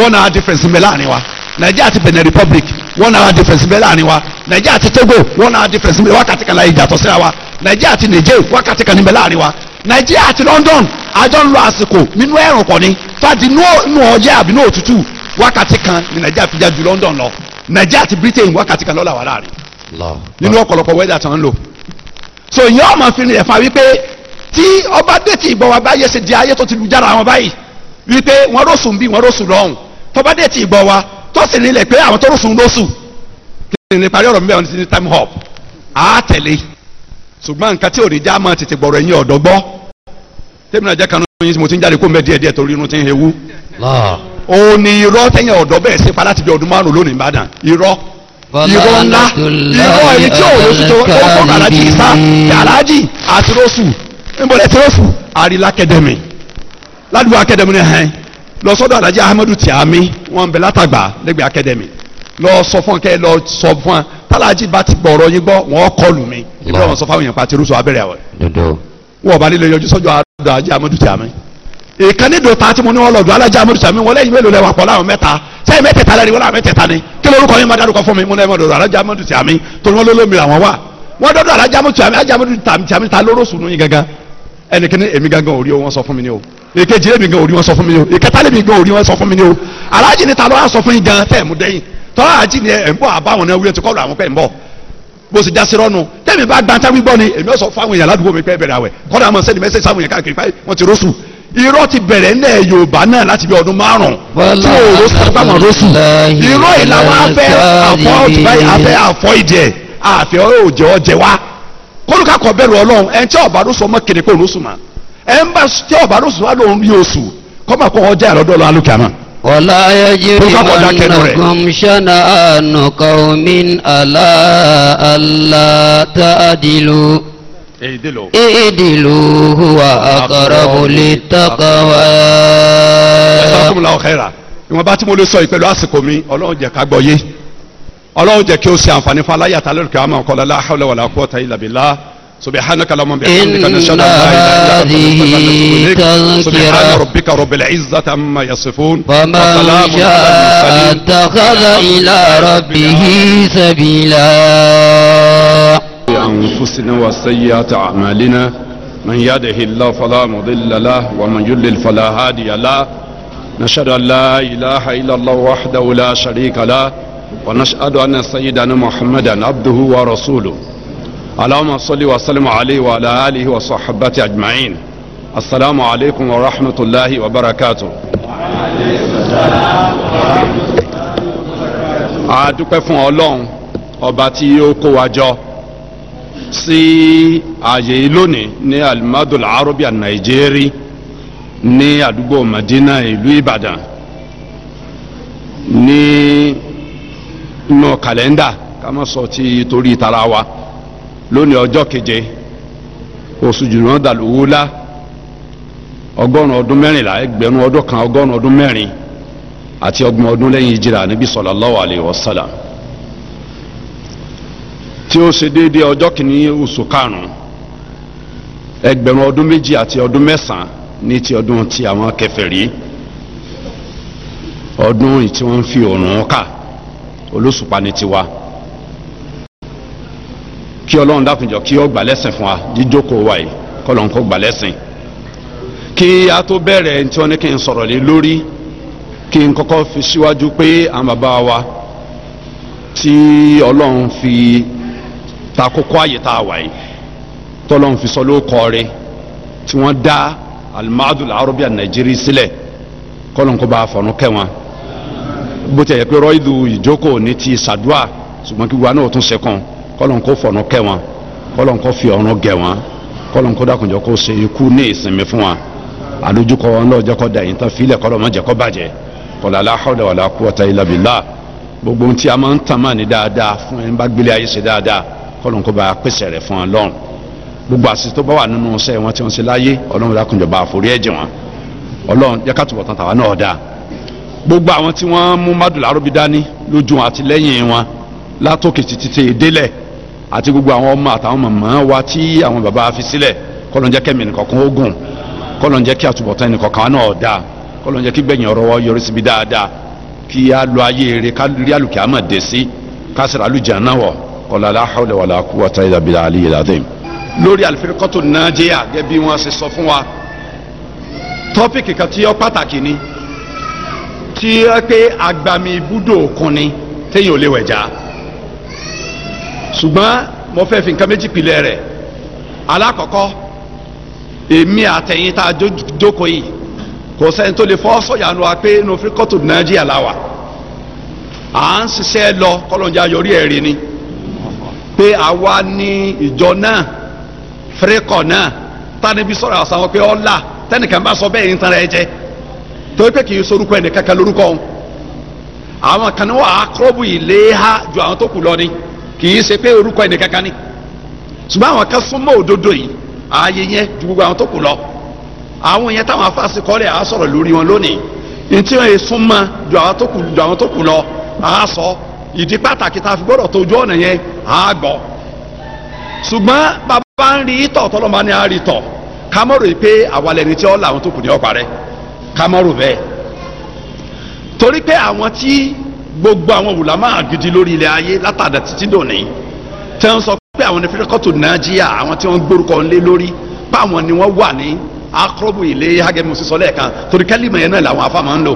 one hour difference ń bẹ láàrin wa nàìjíríà ti benin republic one hour difference ń bẹ láàrin wa nàìjíríà ti togo one hour difference ń bẹ wákàtí kan láàyè ìjàtọ̀ síra wa nàìjíríà ti niger wákàtí kan ń bẹ láàrin wa nàìjíríà àti london àjọ ń lo àsìkò nínú ẹ̀rùn kọ́ ni fàdí nù ọjẹ́ àbí nù òtútù wákàtí kan ní nàìjíríà fi já ju london lọ nàìjíríà àti britain wákàtí kan lọ́la wà láàrin nínú ọ̀pọ̀lọpọ̀ wẹ́dà tán ń lò so ìyẹn ọmọ fi rìn ẹ̀fà wípé tí ọba déètì ìgbọ̀wọ́ abáyé ṣe di ayé tó ti lu jára wọn báyìí wípé wọn rọ̀sùn bí wọn rọ̀sùn lọ́hùn tọba déètì ìgbọ̀wọ́ tó sì nílẹ̀ pé àwọn tó rọ̀sùn lọ́sùn kí ni parí ọ̀rọ̀ mi bẹ́ẹ̀ ní time hop á tẹ̀lé ṣùgbọ́n nǹkan tí ò ní já máa tètè gbọ̀rọ̀ ẹ̀yìn ọ̀dọ́ gbọ́ tẹ́mi náà jẹ́ kanú yín tí mo ti ń jáde kó mẹ́ díẹ̀ díẹ̀ hewu. ó ní irọ́ tẹ́yìn ọ̀dọ́ bẹ́ẹ̀ ṣe pa láti bí ọdún márùn-ún irọ́ ńlá irọ́ ẹni tí òun lóṣù tó ó fọ́n alájì ìsá alájì àti rọ́ṣù níbọ̀lẹ̀ tí rọ́ṣù àrílá akẹ́dẹ̀mì ládùúgbò akẹ́dẹ̀mì ni hẹ́n lọ sọ́dọ̀ alájì ahmadu tìámi wọn bẹ látàgbà lẹ́gbẹ̀ẹ́ akẹ́dẹ̀mì lọ sọ fún kẹ́ lọ sọ fún wa tálájì bá ti gbọ̀rọ̀ yín gbọ́ wọn kọlù mi ìbí wọn sọ fáwọn èèyàn pa ti rọ́ṣù abẹ́rẹ́ àwẹ̀ wọn ò bá nílò yọjú sọ́jọ́ alájì ahmadu tìámi ìkànnì dòta tí mo ní wọn lọ dùn alájà amadu sami wọn lẹ́yìn mélòó lẹwà pọ láwọn mẹ́ta sẹ́yìn mẹ́tẹ̀ẹ̀ta lẹni wọn làwọn mẹ́tẹ̀ẹ̀ta ni kí lórúkọ yín má dárúkọ fún mi mo lẹ́yìn dòdò alájà amadu sami torí wọn lólómi làwọn wà wọn dọdọ alájà amadu sami ta lóró sùn yín gangan ẹnikẹ́ni èmi gangan ò rí wọn sọ fún mi ni o èkejì èmi gan ò rí wọn sọ fún mi ni o ìkẹta lèmi gan ò rí wọn sọ fún mi ni o alájì ni ta ló wá sọ fún yín gan tẹ́ ẹ̀ mú dẹ́yìn tọ́lá àjì ni ẹ̀ ń bọ̀ àbáwọn náà wíyẹn ti kọ́ lọ àwọn pẹ́ ń bọ̀ bó sì jásí rọ́nu tẹ́mi bá gbantá wígbọ́ ni èmi ò sọ fún àwọn èèyàn ládùúgbò mi pẹ́ bẹ̀rẹ̀ àwẹ̀ kọ́dà àmọ́ sẹ́ni mẹ́sẹ̀ sáwọn èèyàn káàkiri báyìí wọ́n ti rósù irọ́ ti bẹ̀rẹ̀ ńlẹ̀ yorùbá náà láti bí ọdún márùn-ún tí òòró sọgbàmọ̀ lóṣù irọ́ ìlànà afẹ́ àfọ́ ọ̀tùbáyé afẹ́ àfọ́ ìdí ẹ̀ àfẹ́ òòjẹ́ ọ̀jẹ̀ wa kólúkà kọ bẹ̀rù ọlọ́run ẹ̀ ń tí ọ̀bá lóṣù ọmọ kéde pé lóṣù mà ẹ̀ ń bá tí ọ̀bá lóṣù wa lòún rí oṣù kọ́mà kó ọjà ìrọ̀dọ́ lọ alùkà náà. wọ́lá ayájú ìmọ̀
nàkọ́m ìdìlò
huwa aqrabu littaqwa. jazakumullahu khaira ìwọ̀n bá tí mo lè sọ ìpẹ̀lú àsìkò mi ọlọ́run jẹ́ ká gbọ́ yé ọlọ́run jẹ́ kí o ṣe àǹfààní fún aláyàtà lórí kìámà ọ̀kọ́lá la hawla wala quwwata illa billah subhanaka lahumma bihamdika nashhadu an la ilaha أنفسنا وسيئات أعمالنا من يده الله فلا مضل له ومن يضلل فلا هادي له نشهد أن لا إله إلا الله وحده لا شريك له ونشهد أن سيدنا محمدا عبده ورسوله اللهم صل وسلم عليه وعلى آله وصحبه أجمعين السلام عليكم ورحمة الله وبركاته a dúpẹ́ fún ọlọ́run ọba tí ó kó wa jọ sí ààyè lónìí ní alimadul arabi nàìjírí ní àdúgbò madina ìlú ìbàdàn ní inú kàlẹ́ndà ká má sọ ti torí tara wa lónìí ọjọ́ keje oṣù jùlọ dàlúwúlá ọgọ́rùn ọdún mẹ́rìnlá ẹgbẹ̀rún ọdún kan ọgọ́rùn ọdún mẹ́rin àti ọgbọ̀n ọdún lẹ́yìn ìjìrà níbi sallallahu alaihi wasallam tí ó ṣe déédéé ọjọ́ kìíní oṣù karùn-ún ẹgbẹ̀rún ọdún méjì àti ọdún mẹ́sàn-án ní ti ọdún ti àwọn kèfèrí ọdún tí wọ́n ń fi òòrùn ká olóṣùpá ní tiwa kí ọlọ́run dákunjọ kí ó gbà lẹ́sìn fún wa jíjókòó wa yìí kọ́lọ́n kó gbà lẹ́sìn kí a tó bẹ̀rẹ̀ tí wọ́n ní kí n sọ̀rọ̀ lé lórí kí n kọ́kọ́ fi síwájú pé àwọn bàbá wa tí ọlọ́run fi ta kókó àyè tá a wà yìí tọ́lọ́n fi sọ lóko rẹ tí wọ́n dá alimadul arabiya nàìjíríà sílẹ̀ kọ́lọ́n kó bá a fọ̀nù kẹ́ wọn bó ti yẹ pé rọ́ìdù ìjókòó ní ti sàdúà ṣùgbọ́n kí wa náà tún ṣe kàn kọ́lọ́n kó fọ̀nù kẹ́ kọ́lọ́n kó fi ọ̀run gẹ̀ wọn kọ́lọ́n kó dákunjọ kó ṣe ikú ní ìsinmi fún wọn àdójúkọ ọlọ́ọ̀jẹ́ kọ́ da yìí tán fílẹ̀ kọ́lọ́n má jẹ́ kó bàjẹ́ kọ́lá la hawla billah gbogbo ohun tí a máa ń tàn kọ́lọ́n kó bá pèsè rẹ̀ fún wọn lọ́rùn gbogbo àṣìṣe tó bá wà nínú iṣẹ́ wọn tí wọ́n ṣe láyé ọlọ́run lákùnjọba àforí ẹ̀jẹ̀ wọn ọlọ́run jẹ́ ká túbọ̀ tán tàwa náà dáa gbogbo àwọn tí wọ́n mú mádùlá rúbi dání lójú wọn àti lẹ́yìn wọn látòkè títí tẹ délẹ̀ àti gbogbo àwọn ọmọ àtàwọn màmá wa tí àwọn bàbá fi sílẹ̀ kọ́lọ́n jẹ́ kẹ́mi nìkọ̀kan ogun kọ́lọ́n jẹ́ kí àtúbọ̀tán nìkọ̀kan náà dáa kọ́lọ́n jẹ́ kí gbẹ̀yìn ọ̀rọ̀ wọ yọrí síbi dáadáa kí á lọ ayé eré ká rí àlùkìá mọ̀ dé sí ká sẹ̀rẹ̀ àlùjá náà wọ̀ kọ́lá la hawla wala quwwata illa bil aliyyil azim lórí al-firqatu najiya gẹ́gẹ́ bí wọ́n ṣe sọ fún wa tọ́pìkì kan tí ó pàtàkì ni tí ó pé agbami ibùdó òkun ni téèyàn ò lè wẹ̀já ṣùgbọ́n mo fẹ́ fi nǹkan méjì pilẹ̀ rẹ̀ alákọ̀ọ́kọ́ èmi àtẹ̀yìn tá a jókòó yìí kò sẹ́ni tó lè fọ́ sọ̀yà wa pé inú firqatu najiya la à ń ṣiṣẹ́ lọ kọ́lọ́njà yọrí ẹ̀rí ni pé àwa ní ìjọ náà fẹ́rẹ́kọ̀ náà tánibí sọ̀rọ̀ àṣà wọn pé ọ̀la tẹnìkan bá sọ bẹ́ẹ̀ yìí ń tanra ẹ jẹ torí pé kì í sorúkọ ẹnì kankan lórúkọ ọ̀hún àwọn kan ní wọn àkọ́bù ilé ha ju àwọn tó kù lọ ni kì í ṣe pé orúkọ ẹnì kankan ni ṣùgbọ́n àwọn kan súnmọ́ òdodo yìí ààyè yẹn ju gbogbo àwọn tó kù lọ àwọn yẹn táwọn afáàsì kọ́lẹ̀ àá sọ̀rọ̀ lórí wọn lónìí ntí wọn yẹn súnmọ́ ju àwọn tó kù lọ àá sọ ìdí pàtàkì tá a fi gbọ́dọ̀ tójú ọ̀nà yẹn á gbọ́ ṣùgbọ́n bàbá ń rí tọ̀ tọ́lọ́mọ ni a rí tọ̀ kámọ́rò yìí pé àwa lẹni tí ó là àwọn tó kù ní ọ̀pá rẹ̀ kámọ́rò bẹ́ẹ̀ torí pé àwọn tí gbogbo àwọn wùlámà gidi lórí ilẹ̀ ayé látàdà títí dòní tẹ́ ń sọ pé àwọn nìfẹ́kọ́tò nàìjíríà àwọn tí wọ́n gbórúkọ ńlẹ̀ lórí páwọn ni wọ́n wà ní akọ́rọ́bù ilé hagemu sísọ lẹ́ẹ̀kan torí kẹ́lí mọ̀ yẹn náà làwọn afá máa ń lò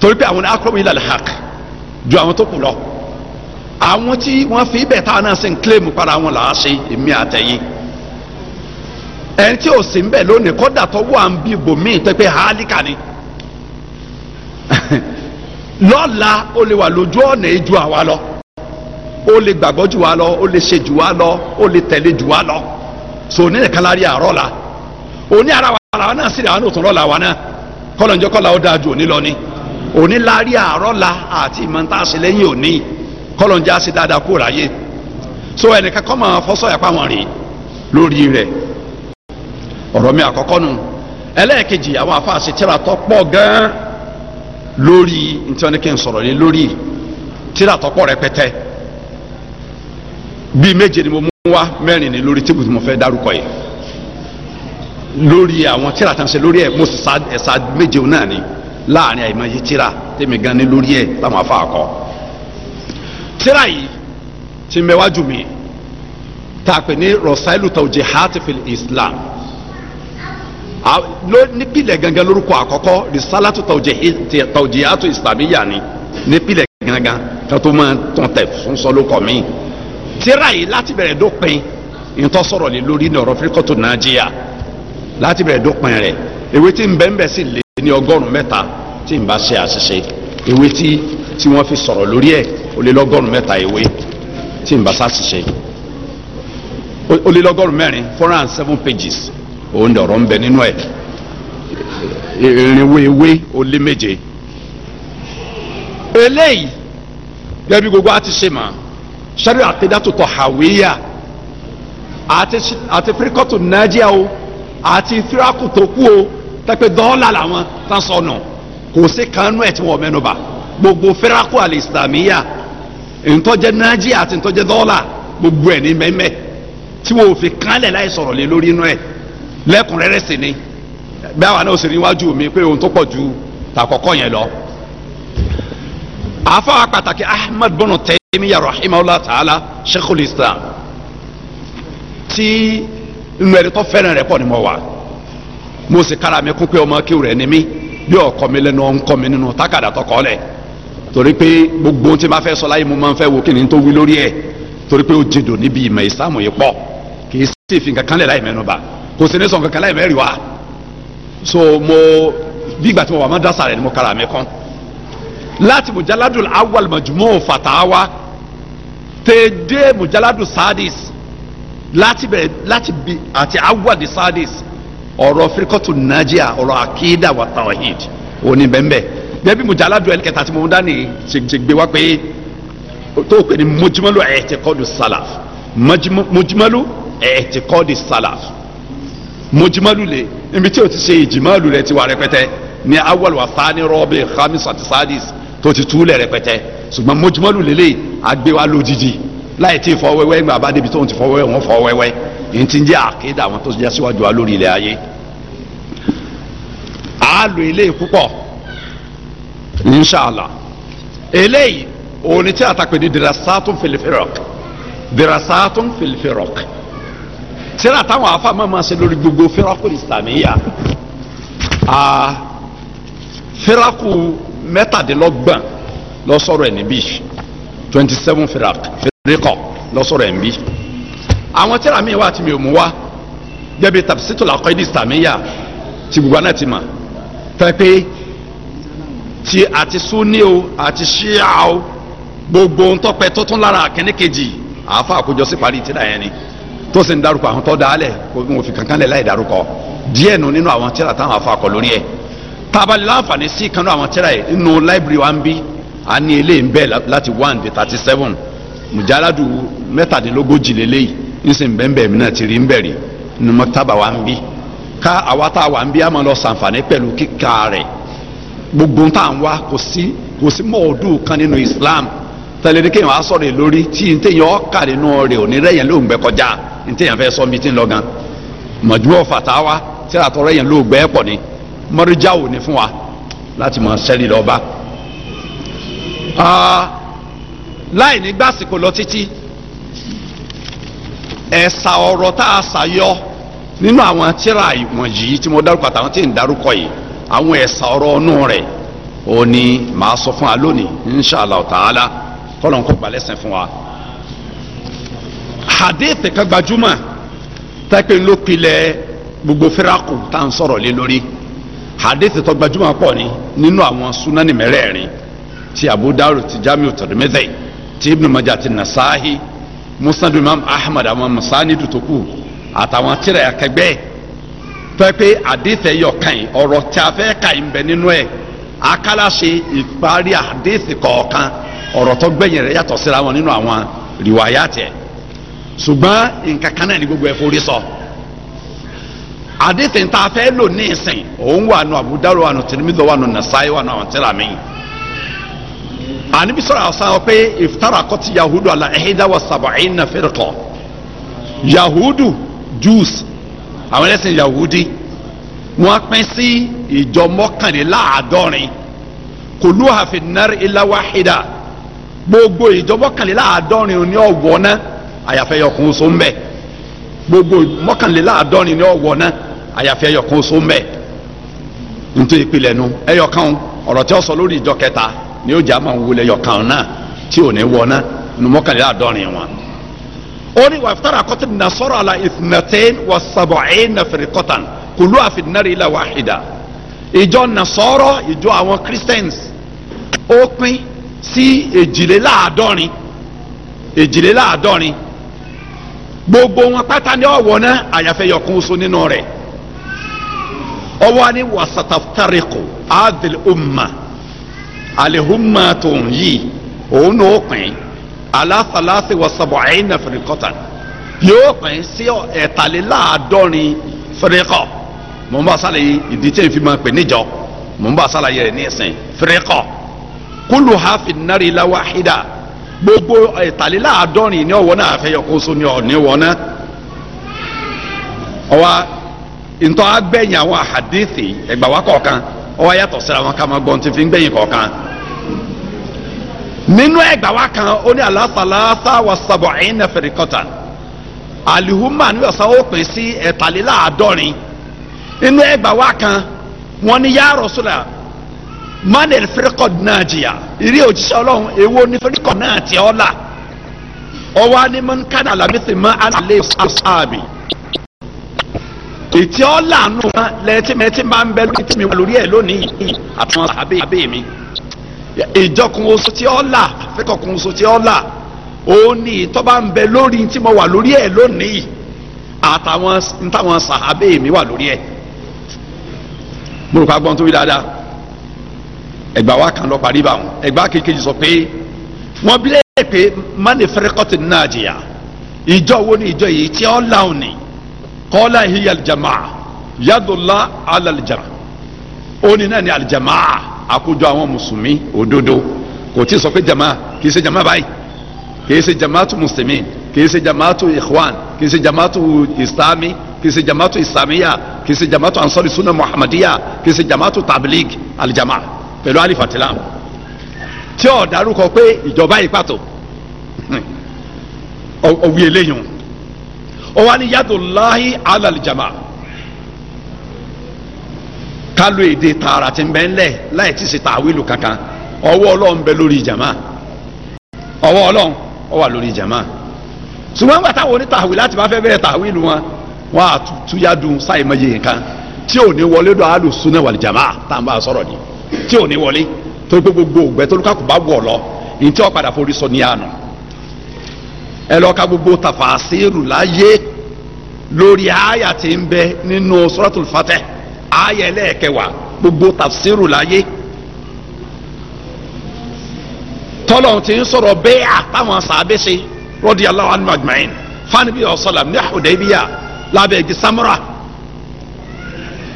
torí pé àwọn akọ́rọ́bù ilé alhaq ju àwọn tó kù lọ àwọn tí wọ́n fi ibẹ̀ tá a náà sì ń kílèmù para wọn là á ṣe èmi àtẹ̀yìn ẹni tí ò sí ń bẹ̀ lónìí kọ́dà tó wà ń bí ibòmíì tó pé hálíkà ni lọ́la ó lè wà lójú ọ̀nà ìju àwa lọ ó lè gbàgbọ́ jù wá lọ ó lè ṣe jù wá lọ ó lè tẹ̀lé jù wá lọ so ní nìkan la rí àárọ̀ la òní ara wa náà sì rí àwọn òtún lọ́la wa náà kọ́lọ̀ ń jẹ́ kọ́la ó dáa ju òní lọ ni òní la rí àárọ̀ la àti ìmọ̀ntàṣe lẹ́yìn òní kọ́lọ́njẹ́ àṣẹ dáadáa kúrò láyé so ẹnìkan kọ́ máa fọ́sọ̀ yà pa wọn rìn lórí rẹ̀ ọ̀rọ̀ mi àkọ́kọ́ nu ẹlẹ́ẹ̀kejì àwọn afáàṣẹ tíra tó pọ̀ gan-an lórí ntí wọn ní kí n sọ̀rọ̀ lé lórí tíra pọ̀ rẹpẹtẹ bíi méje ni mo mú wá mẹ́rin ni lórí tíbù tí mo fẹ́ dárúkọ yìí lórí àwọn tíra ṣe lórí ẹ̀ mo sì sa ẹ̀sà méje náà ni láàrin àìmọye tíra tèmi gan ni lórí ẹ táwọn afa kọ tíra yìí ti mẹwájú mi tá pè ní rọsáìlù tawjihati fil islam nípìlẹ̀ gangan lórúkọ àkọ́kọ́ risalatu tawjihatu islamiyya ni nípìlẹ̀ gangan kátó máa tán tẹ̀ fún sọ́lókọ̀ mi tíra yìí láti bẹ̀rẹ̀ dópin ìtọ́ sọ̀rọ̀ lé lórí ní ọ̀rọ̀ fíríkọ́tò nàìjíríà láti bẹ̀rẹ̀ dópin rẹ̀ ewé tí ń bẹ́ẹ̀ bẹ́ẹ̀ sì lé ní ọgọ́rùn-ún mẹ́ta tí n bá ṣe àṣìṣe ewé tí tí wọ́n fi sọ̀rọ̀ lórí ẹ̀ ó mẹ́ta ewé tí n bá ṣàṣìṣe ó mẹ́rin four and seven pages òun ni ọ̀rọ̀ ń bẹ nínú ẹ̀ irinwó ewé ó lé méje eléyìí gẹ́gẹ́ bí gbogbo a ti ṣe mà sẹ́rí àtẹ̀dátòtò hàwíyà àti àti píríkọ́tù nájíà o àti fírákù tó kú o tẹ́pẹ́ dọ́ọ́là làwọn tán sọnù kò sí kanú ẹ̀ tí wọ́n mẹ́nuba gbogbo fẹ́rakù alìsàmíyà ntọ́jẹ́ nájí àti ntọ́jẹ́ dọ́ọ́là gbogbo ẹ̀ ní mẹ́mẹ́ tí wọ́n fi kánlẹ̀ láì sọ̀rọ̀ lé lórí inú ẹ̀ lẹ́kùnrẹ́rẹ́ sí ni bí àwọn náà sì rí iwájú mi pé ohun tó pọ̀ ju tàkọ́kọ́ yẹn lọ. àfọwọ́ pàtàkì ahmed bọ́nù tẹ́míyà rahimahullah ta'ala sheikhul islam tí nù tó fẹ́ràn rẹ̀ pọ̀ ni mo wà mo sì kára mi kún pé ọmọ kí rẹ̀ ni mí bí ọkọ mi lẹ́nu ọ̀nkọ́ mi nínú tákàdá tọkọ lẹ̀ torí pé gbogbo tí ma fẹ́ sọ láyé mo máa ń fẹ́ wo kí ni tó wí lórí ẹ̀ torí pé ó jìndò níbi ìmọ̀ ìsìlámù yìí pọ̀ kì í sì fi nǹkan kan lẹ̀ láì mẹ́nu bà kò sì ní sọ nǹkan kan láì mẹ́rin wa so mo bí ìgbà tí mo wà má dásà rẹ̀ ni mo kára mi kún láti mujaladul awal majmu fatawa tèdè mujaladul sadis láti bẹ̀rẹ̀ láti bi àti awal sadis ọ̀rọ̀ firikọ́tù nàjíà ọ̀rọ̀ àkídà wà tawhid òní bẹ́ẹ̀ bẹ́ẹ̀ bí mujalladu ẹlẹ́kẹta tí mo ń dání ṣe gbé wá pé tó o pè ní mujmalu ẹ̀ẹ́tẹ̀kọ́dù salaf mujmalu ẹ̀ẹ́tẹ̀kọ́dù salaf mujmalu le ibi tí o ti ṣe ìjìmọ́lù rẹ ti wà rẹpẹtẹ ní awal wa fani rọ́ọ̀bì khamis àti sadis tó ti túlẹ̀ rẹpẹtẹ ṣùgbọ́n mujmalu lélẹ̀ àgbéwá lójijì láì tí ì fọwọ́wẹ́ ní ti ń jẹ́ àkéèdà àwọn tó jẹ́ síwájú wa lórí ilẹ̀ ayé a lo eléyìí púpọ̀ inshàlá eléyìí òun ni tí a ta pè ní dirasatun filifirok dirasatun filifirok tíra táwọn afa máa ma ṣe lórí gbogbo firaku islamiyya a firaku mẹ́tàdínlọ́gbọ̀n lọ́sọ̀rọ̀ ẹ̀ níbí twenty seven firak firikọ lọ́sọ̀rọ̀ ẹ̀ níbí àwọn tírà mi wà tí mi ò mú wá gẹ́bí tafsitul aqaidi islamiya ti gbogbo aná ti mà fẹ́ pé ti àti sunni o àti shia o gbogbo ntọ́pẹ tuntun lára kẹ́nìkejì àáfà àkójọ sí parí tírà yẹn ni tó sì ń darúkọ àwọn tó dálẹ̀ kó wọn fi kankan lẹ̀ láì darúkọ díẹ̀ nù nínú àwọn tírà táwọn afa kọ lórí ẹ̀ tabali láǹfààní sí kanú àwọn tírà yìí nínú láìbírì wa ń bí a ní eléyìí ń bẹ́ẹ̀ láti one to thirty seven mùjáládù mẹ́tàdínlógójì lélẹ́yìí nsìn bẹ́ẹ̀nbẹ́ẹ̀ mi náà ti rí ń bẹ̀rì numu taba wa ń bí ká àwa tá a wà ń bí a máa lọ gbogbo tá à kò sí kò sí mọ̀ọ́dún kan nínú Islam tẹ̀lé ní kéèyàn á sọ̀rọ̀ lórí tí ntẹ̀yìn ọ̀kà nínú rẹ̀ òní rẹ̀ yẹn ló ń gbẹ kọjá ntẹ̀yìn fẹ́ sọ mi ti ń lọ gan mọ̀júwọ̀ fàtàwá tíra tọrọ yẹn ló gbẹ pọ̀ ni mọ́rìjà ò ní fún wa láti mọ̀ sẹ́rí lọ́ba. Ah, láì ní gbàsìkò lọ títí ẹ̀sà ọ̀rọ̀ tá a ṣàyọ nínú àwọn tíra ìwọ̀nyí tí mo dárúkọ àtàwọn tí ń dárúkọ yìí àwọn ẹ̀sà ọ̀rọ̀ ọ̀nù rẹ̀ ó ní màá sọ fún wa lónìí inshallah ta'ala kọ́lọ̀ ń kó gbalẹ̀ sẹ́ fún wa. hadith kan gbajúmọ̀ tẹ́pẹ́ ló pilẹ̀ gbogbo firaku tá à ń sọ̀rọ̀ lé lórí hadith tó gbajúmọ̀ pọ̀ ni nínú àwọn sunani ti Abu Dawud ti Jamiu Tirmidhi ti Ibn Majah ti Nasahi musnadu imam ahmad àwọn musanidu dutoku kù àtàwọn tírà akẹgbẹ́ pẹ́pẹ́ àdéfẹ́ yọkàn yìí ọ̀rọ̀ tí a fẹ́ kà ń bẹ nínú ẹ̀ akálàṣe ìparí àdéfẹ́ kọ̀ọ̀kan ọ̀rọ̀ tó gbẹ̀yìn rẹ̀ yàtọ̀ síra wọn nínú àwọn rìwáyà tẹ̀ ṣùgbọ́n nǹkan kan náà ni gbogbo ẹ̀ forí sọ àdéfẹ́ tá a fẹ́ lò ní ìsìn òun wà nù àbúdá wà nù tìrìmídọ̀ wà nù nàṣáyé wà nù àwọn tírà míì ànibi sọ̀rọ̀ àṣà wọn pé ìfitara kọ́tí yahudu ala ẹ̀hídà wa sàbàáyìn na fẹ́rẹ̀kọ́ yahudu jews àwọn ẹlẹ́sìn yahudi wọ́n pín sí ìjọ mọ́kànléláàádọ́rin kulluha fi nar illa wahida gbogbo ìjọ mọ́kànléláàádọ́rin ní ọ̀wọ́ náà àyàfẹ́ yọkùn so ń bẹ̀ gbogbo mọ́kànléláàádọ́rin ní ọ̀wọ́ náà àyàfẹ́ yọkùn so ń bẹ̀ nítorí ìpìlẹ̀ nu ẹ̀yọkàn ọ̀rọ̀ tí wọ́n sọ lórí ìjọ kẹta ni yóò já máa ń wulẹ̀ yọ̀kan náà tí ò ní wọ náà numọ́kànlélá dọ́rin wọn. ó ní wà fúnra kọ́tà nasọ́rọ̀ àlà ìfúnnatẹ́n wà sábọ̀ ẹ̀yìn nàfẹ̀rẹ̀ kọ́tàn kùlú àfìnnárì ilà wàhídà. ìjọ nasọ́rọ̀ ìjọ àwọn christians ó pín sí èjìléláàádọ́rin èjìléláàádọ́rin gbogbo wọn pátá ní ọ̀wọ́ náà àyàfẹ́ yọkùn oṣù nínú rẹ̀ ọwọ́ ni wàsàtàfẹ́rẹ́kù àdìl umma alihuma tó ń yí òun ó pín aláfàlásì wasabọ̀ ẹ̀yìn fìrìkọ́tà yóò pín sí ẹ̀tàléláàádọ́rin fìrìkọ́ mò ń bá sálàyé ìdí tí n fi máa pè níjọ mò ń bá sálàyé rẹ̀ ní ìsìn fìrìkọ́ kúlù hafi nari la wáhídà gbogbo ẹ̀tàléláàádọ́rin ní ọ̀wọ́ náà fẹ́ yọ kó so ní ọ̀ ní wọ́n náà ọwa ntọ́ agbẹ̀yìn àwọn àhàdìsì ẹgbàá wa kọ̀ọ̀kan yàtọ̀ síra wọn ká máa gbọ́n tí fi ń gbẹ̀yìn kọ̀ọ̀kan nínú ẹgbà wa kan ó ní aláṣàlásà wà sàbọ̀ ẹ̀yìn fẹ̀rẹ̀kọ́tà alihuma ní ọ̀sán ó pè sí ẹ̀tàléláàádọ́rin nínú ẹgbà wa kan wọ́n ní yá rọ̀ṣúlà manel fẹ́rẹ̀kọ́ náà jìyà ìrí òjíṣẹ́ ọlọ́run èwo ní fẹ́rẹ̀kọ́ náà tí ọ́ là ọwọ́ ni mo ń kádà lámísì mọ́ alẹ́ sáàbì lànà lẹ́tí mẹ́tí máa ń bẹ lórí mi lórí ẹ̀ lónìí àtúnṣe àbẹ́ mi ìjọkun oṣù tí ó là àfẹ́kọ̀kun oṣù tí ó là òun ni ìtọ́ bá ń bẹ lórí tí mo wà lórí ẹ̀ lónìí àtàwọn ntàwọn sàhábẹ́ mi wà lórí ẹ̀ mo rò pa gbọ́n tó rí dáadáa ẹgbà wa kan lọ parí bá wọn ẹgbà kékeré sọ pé wọn bí lẹ́yìn pé mani fẹ́rẹ́kọ́tì náà jìyà ìjọ wo ni ìjọ yìí tí ó là òní kọ́lá hiya aljama yadullah ala aljama òní náà ni aljama àkójọ àwọn mùsùlùmí òdodo kò tí ì sọ pé jama kì í ṣe jama báyìí kì í ṣe jamaatu muslimin kì í ṣe jamaatu ikhwan kì í ṣe jamaatu islami kì í ṣe jamaatu islamiya kì í ṣe jamaatu ansari sunna muhammadiya kì í ṣe jamaatu tabligh alijama pẹ̀lú alifatilam tí ọ̀ darúkọ pé ìjọba yìí pàtó ọ̀wí eléyìí ó wá ní yadullahi alalijama. ká lo èdè tààrà tí ń bẹ ńlẹ̀ láì tí ṣe kankan ọwọ́ ọlọ́run bẹ lórí jama ọwọ́ ọlọ́run ọ wà lórí jama ṣùgbọ́n gbàtà wo ní tàwí láti bá fẹ́ bẹ̀rẹ̀ tàwílù wọn wọn á túyádùn sa nǹkan tí ò ní wọlé dọ̀ àlù súnà jama tá à bá a sọ̀rọ̀ ni tí ò ní wọlé tó gbé gbogbo ògbẹ́ tó bá wọ̀ lọ ní tí forí sọ àyà ẹlẹ́ẹ̀kẹwàá gbogbo tafsiru láyé tọ́lọ̀ ti ń sọ̀rọ̀ bẹ́ẹ̀ àtàwọn sàbẹ̀sẹ̀ radiyallahu anhu ajma'in fanibi ọ̀sọ́làm ní Hudaybiya lábẹ́ igi samura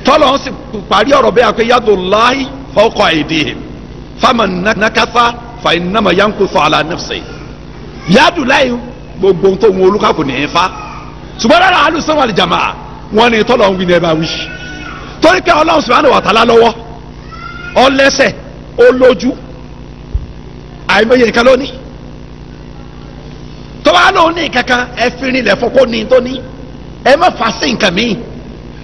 tọ́lọ̀ sì parí ọ̀rọ̀ bẹ́ẹ̀ pé yadullahi fawqa aydihim faman nakatha fa innama yankuthu ala nafsihi yadulayi gbogbo tó ń wọlú kákò ní ẹ̀fá ṣùgbọ́n lára alùsọ̀rọ̀ àlìjàmá wọn ni tọ́lọ̀ ń wí torí pé ọlọ́run subhanahu wa ta'ala lọ́wọ́ ọlẹ́sẹ̀ olójú àìmọye nǹkan lónìí tó lóun ní kankan ẹ fi rinlẹ̀ fún ní tó ní ẹ má fà sí nǹkan míì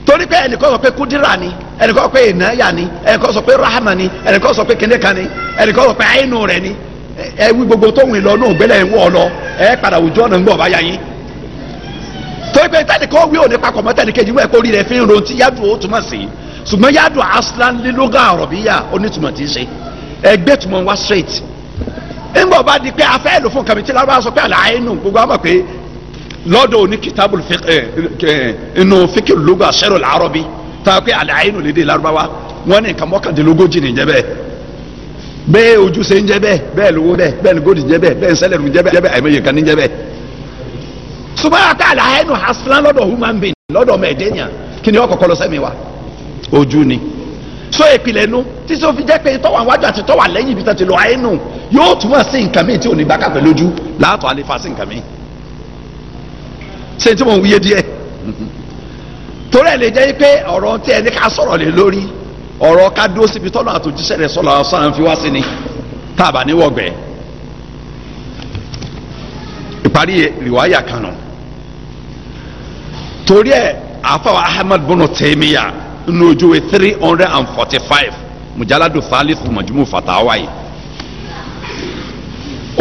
torí pé ẹnìkan sọ pé kúdírà ni ẹnìkan sọ pé ìnáyà ni ẹnìkan sọ pé rahama ni ẹnìkan sọ pé kìnìkan ni ẹnìkan sọ pé àìnù rẹ ni ẹ wí gbogbo tóun ìlọ náà gbẹlẹ ń wọ ọ lọ ẹ padà òjò ọ̀nà ń gbọ̀ bá yá yín torí pé tẹnìkan wí òní papọ̀ mọ́ tẹnìkejì mú ẹ̀kọ́ orí rẹ̀ fi ń ron tí yádùn ó túmọ̀ sí ṣùgbọ́n yádùn aslan lílógà àrọ̀bíyà onítùmọ̀ tí ń ṣe ẹgbẹ́ tùmọ̀ wá straight ńgbọ̀ bá di pé afẹ́ lò fún kàmìtì lárúbá sọ pé àlàyénu gbogbo àmọ̀ pé lọ́dọ̀ òní kìtàbù eh, eh, eh, inú fíkì lógà sẹ́rọ̀ làárọ̀ bí ta pé àlàyénu lédè lárúbáwá wọ́n ní nǹkan mọ́kàndínlógójì ní jẹ́bẹ̀ bẹ́ẹ̀ ojúṣe ń jẹ́bẹ̀ bẹ́ẹ̀ lówó bẹ́ẹ̀ bẹ́ẹ̀ ní góòdì jẹ́bẹ̀ bẹ́ẹ̀ ń sẹ́lẹ̀ ń sumaya tá a la ẹnu hasilan lọ́dọ̀ human being lọ́dọ̀ mẹdẹnya kí ni ọkọkọ lọ wa ojú ni so ìpìlẹ̀ nu tí so fi jẹ́ pé tọ́wà wájú àti tọ́wà lẹ́yìn ibi tàti lọ àyẹnu yóò túmọ̀ sí nǹkan mi tí ò ní bá kàpẹ́ lójú láàtọ̀ àlefa sí nǹkan mi ṣé tí mo ń wúyé díẹ̀ torí ẹ̀ lè jẹ́ pé ọ̀rọ̀ tí ẹni ká sọ̀rọ̀ lé lórí ọ̀rọ̀ ká dúró síbi tọ́nà àtòjíṣẹ́ rẹ̀ sọ̀rọ̀ sọ̀rọ̀ fi wá sí ni táàbà níwọ̀gbẹ́ ìparí rìwáyà kan náà torí ẹ àfàwọn ahmed bọ́nà tẹ̀míyà nínú ojúwe three hundred and forty five mujaladu thalith majumu fatawa yìí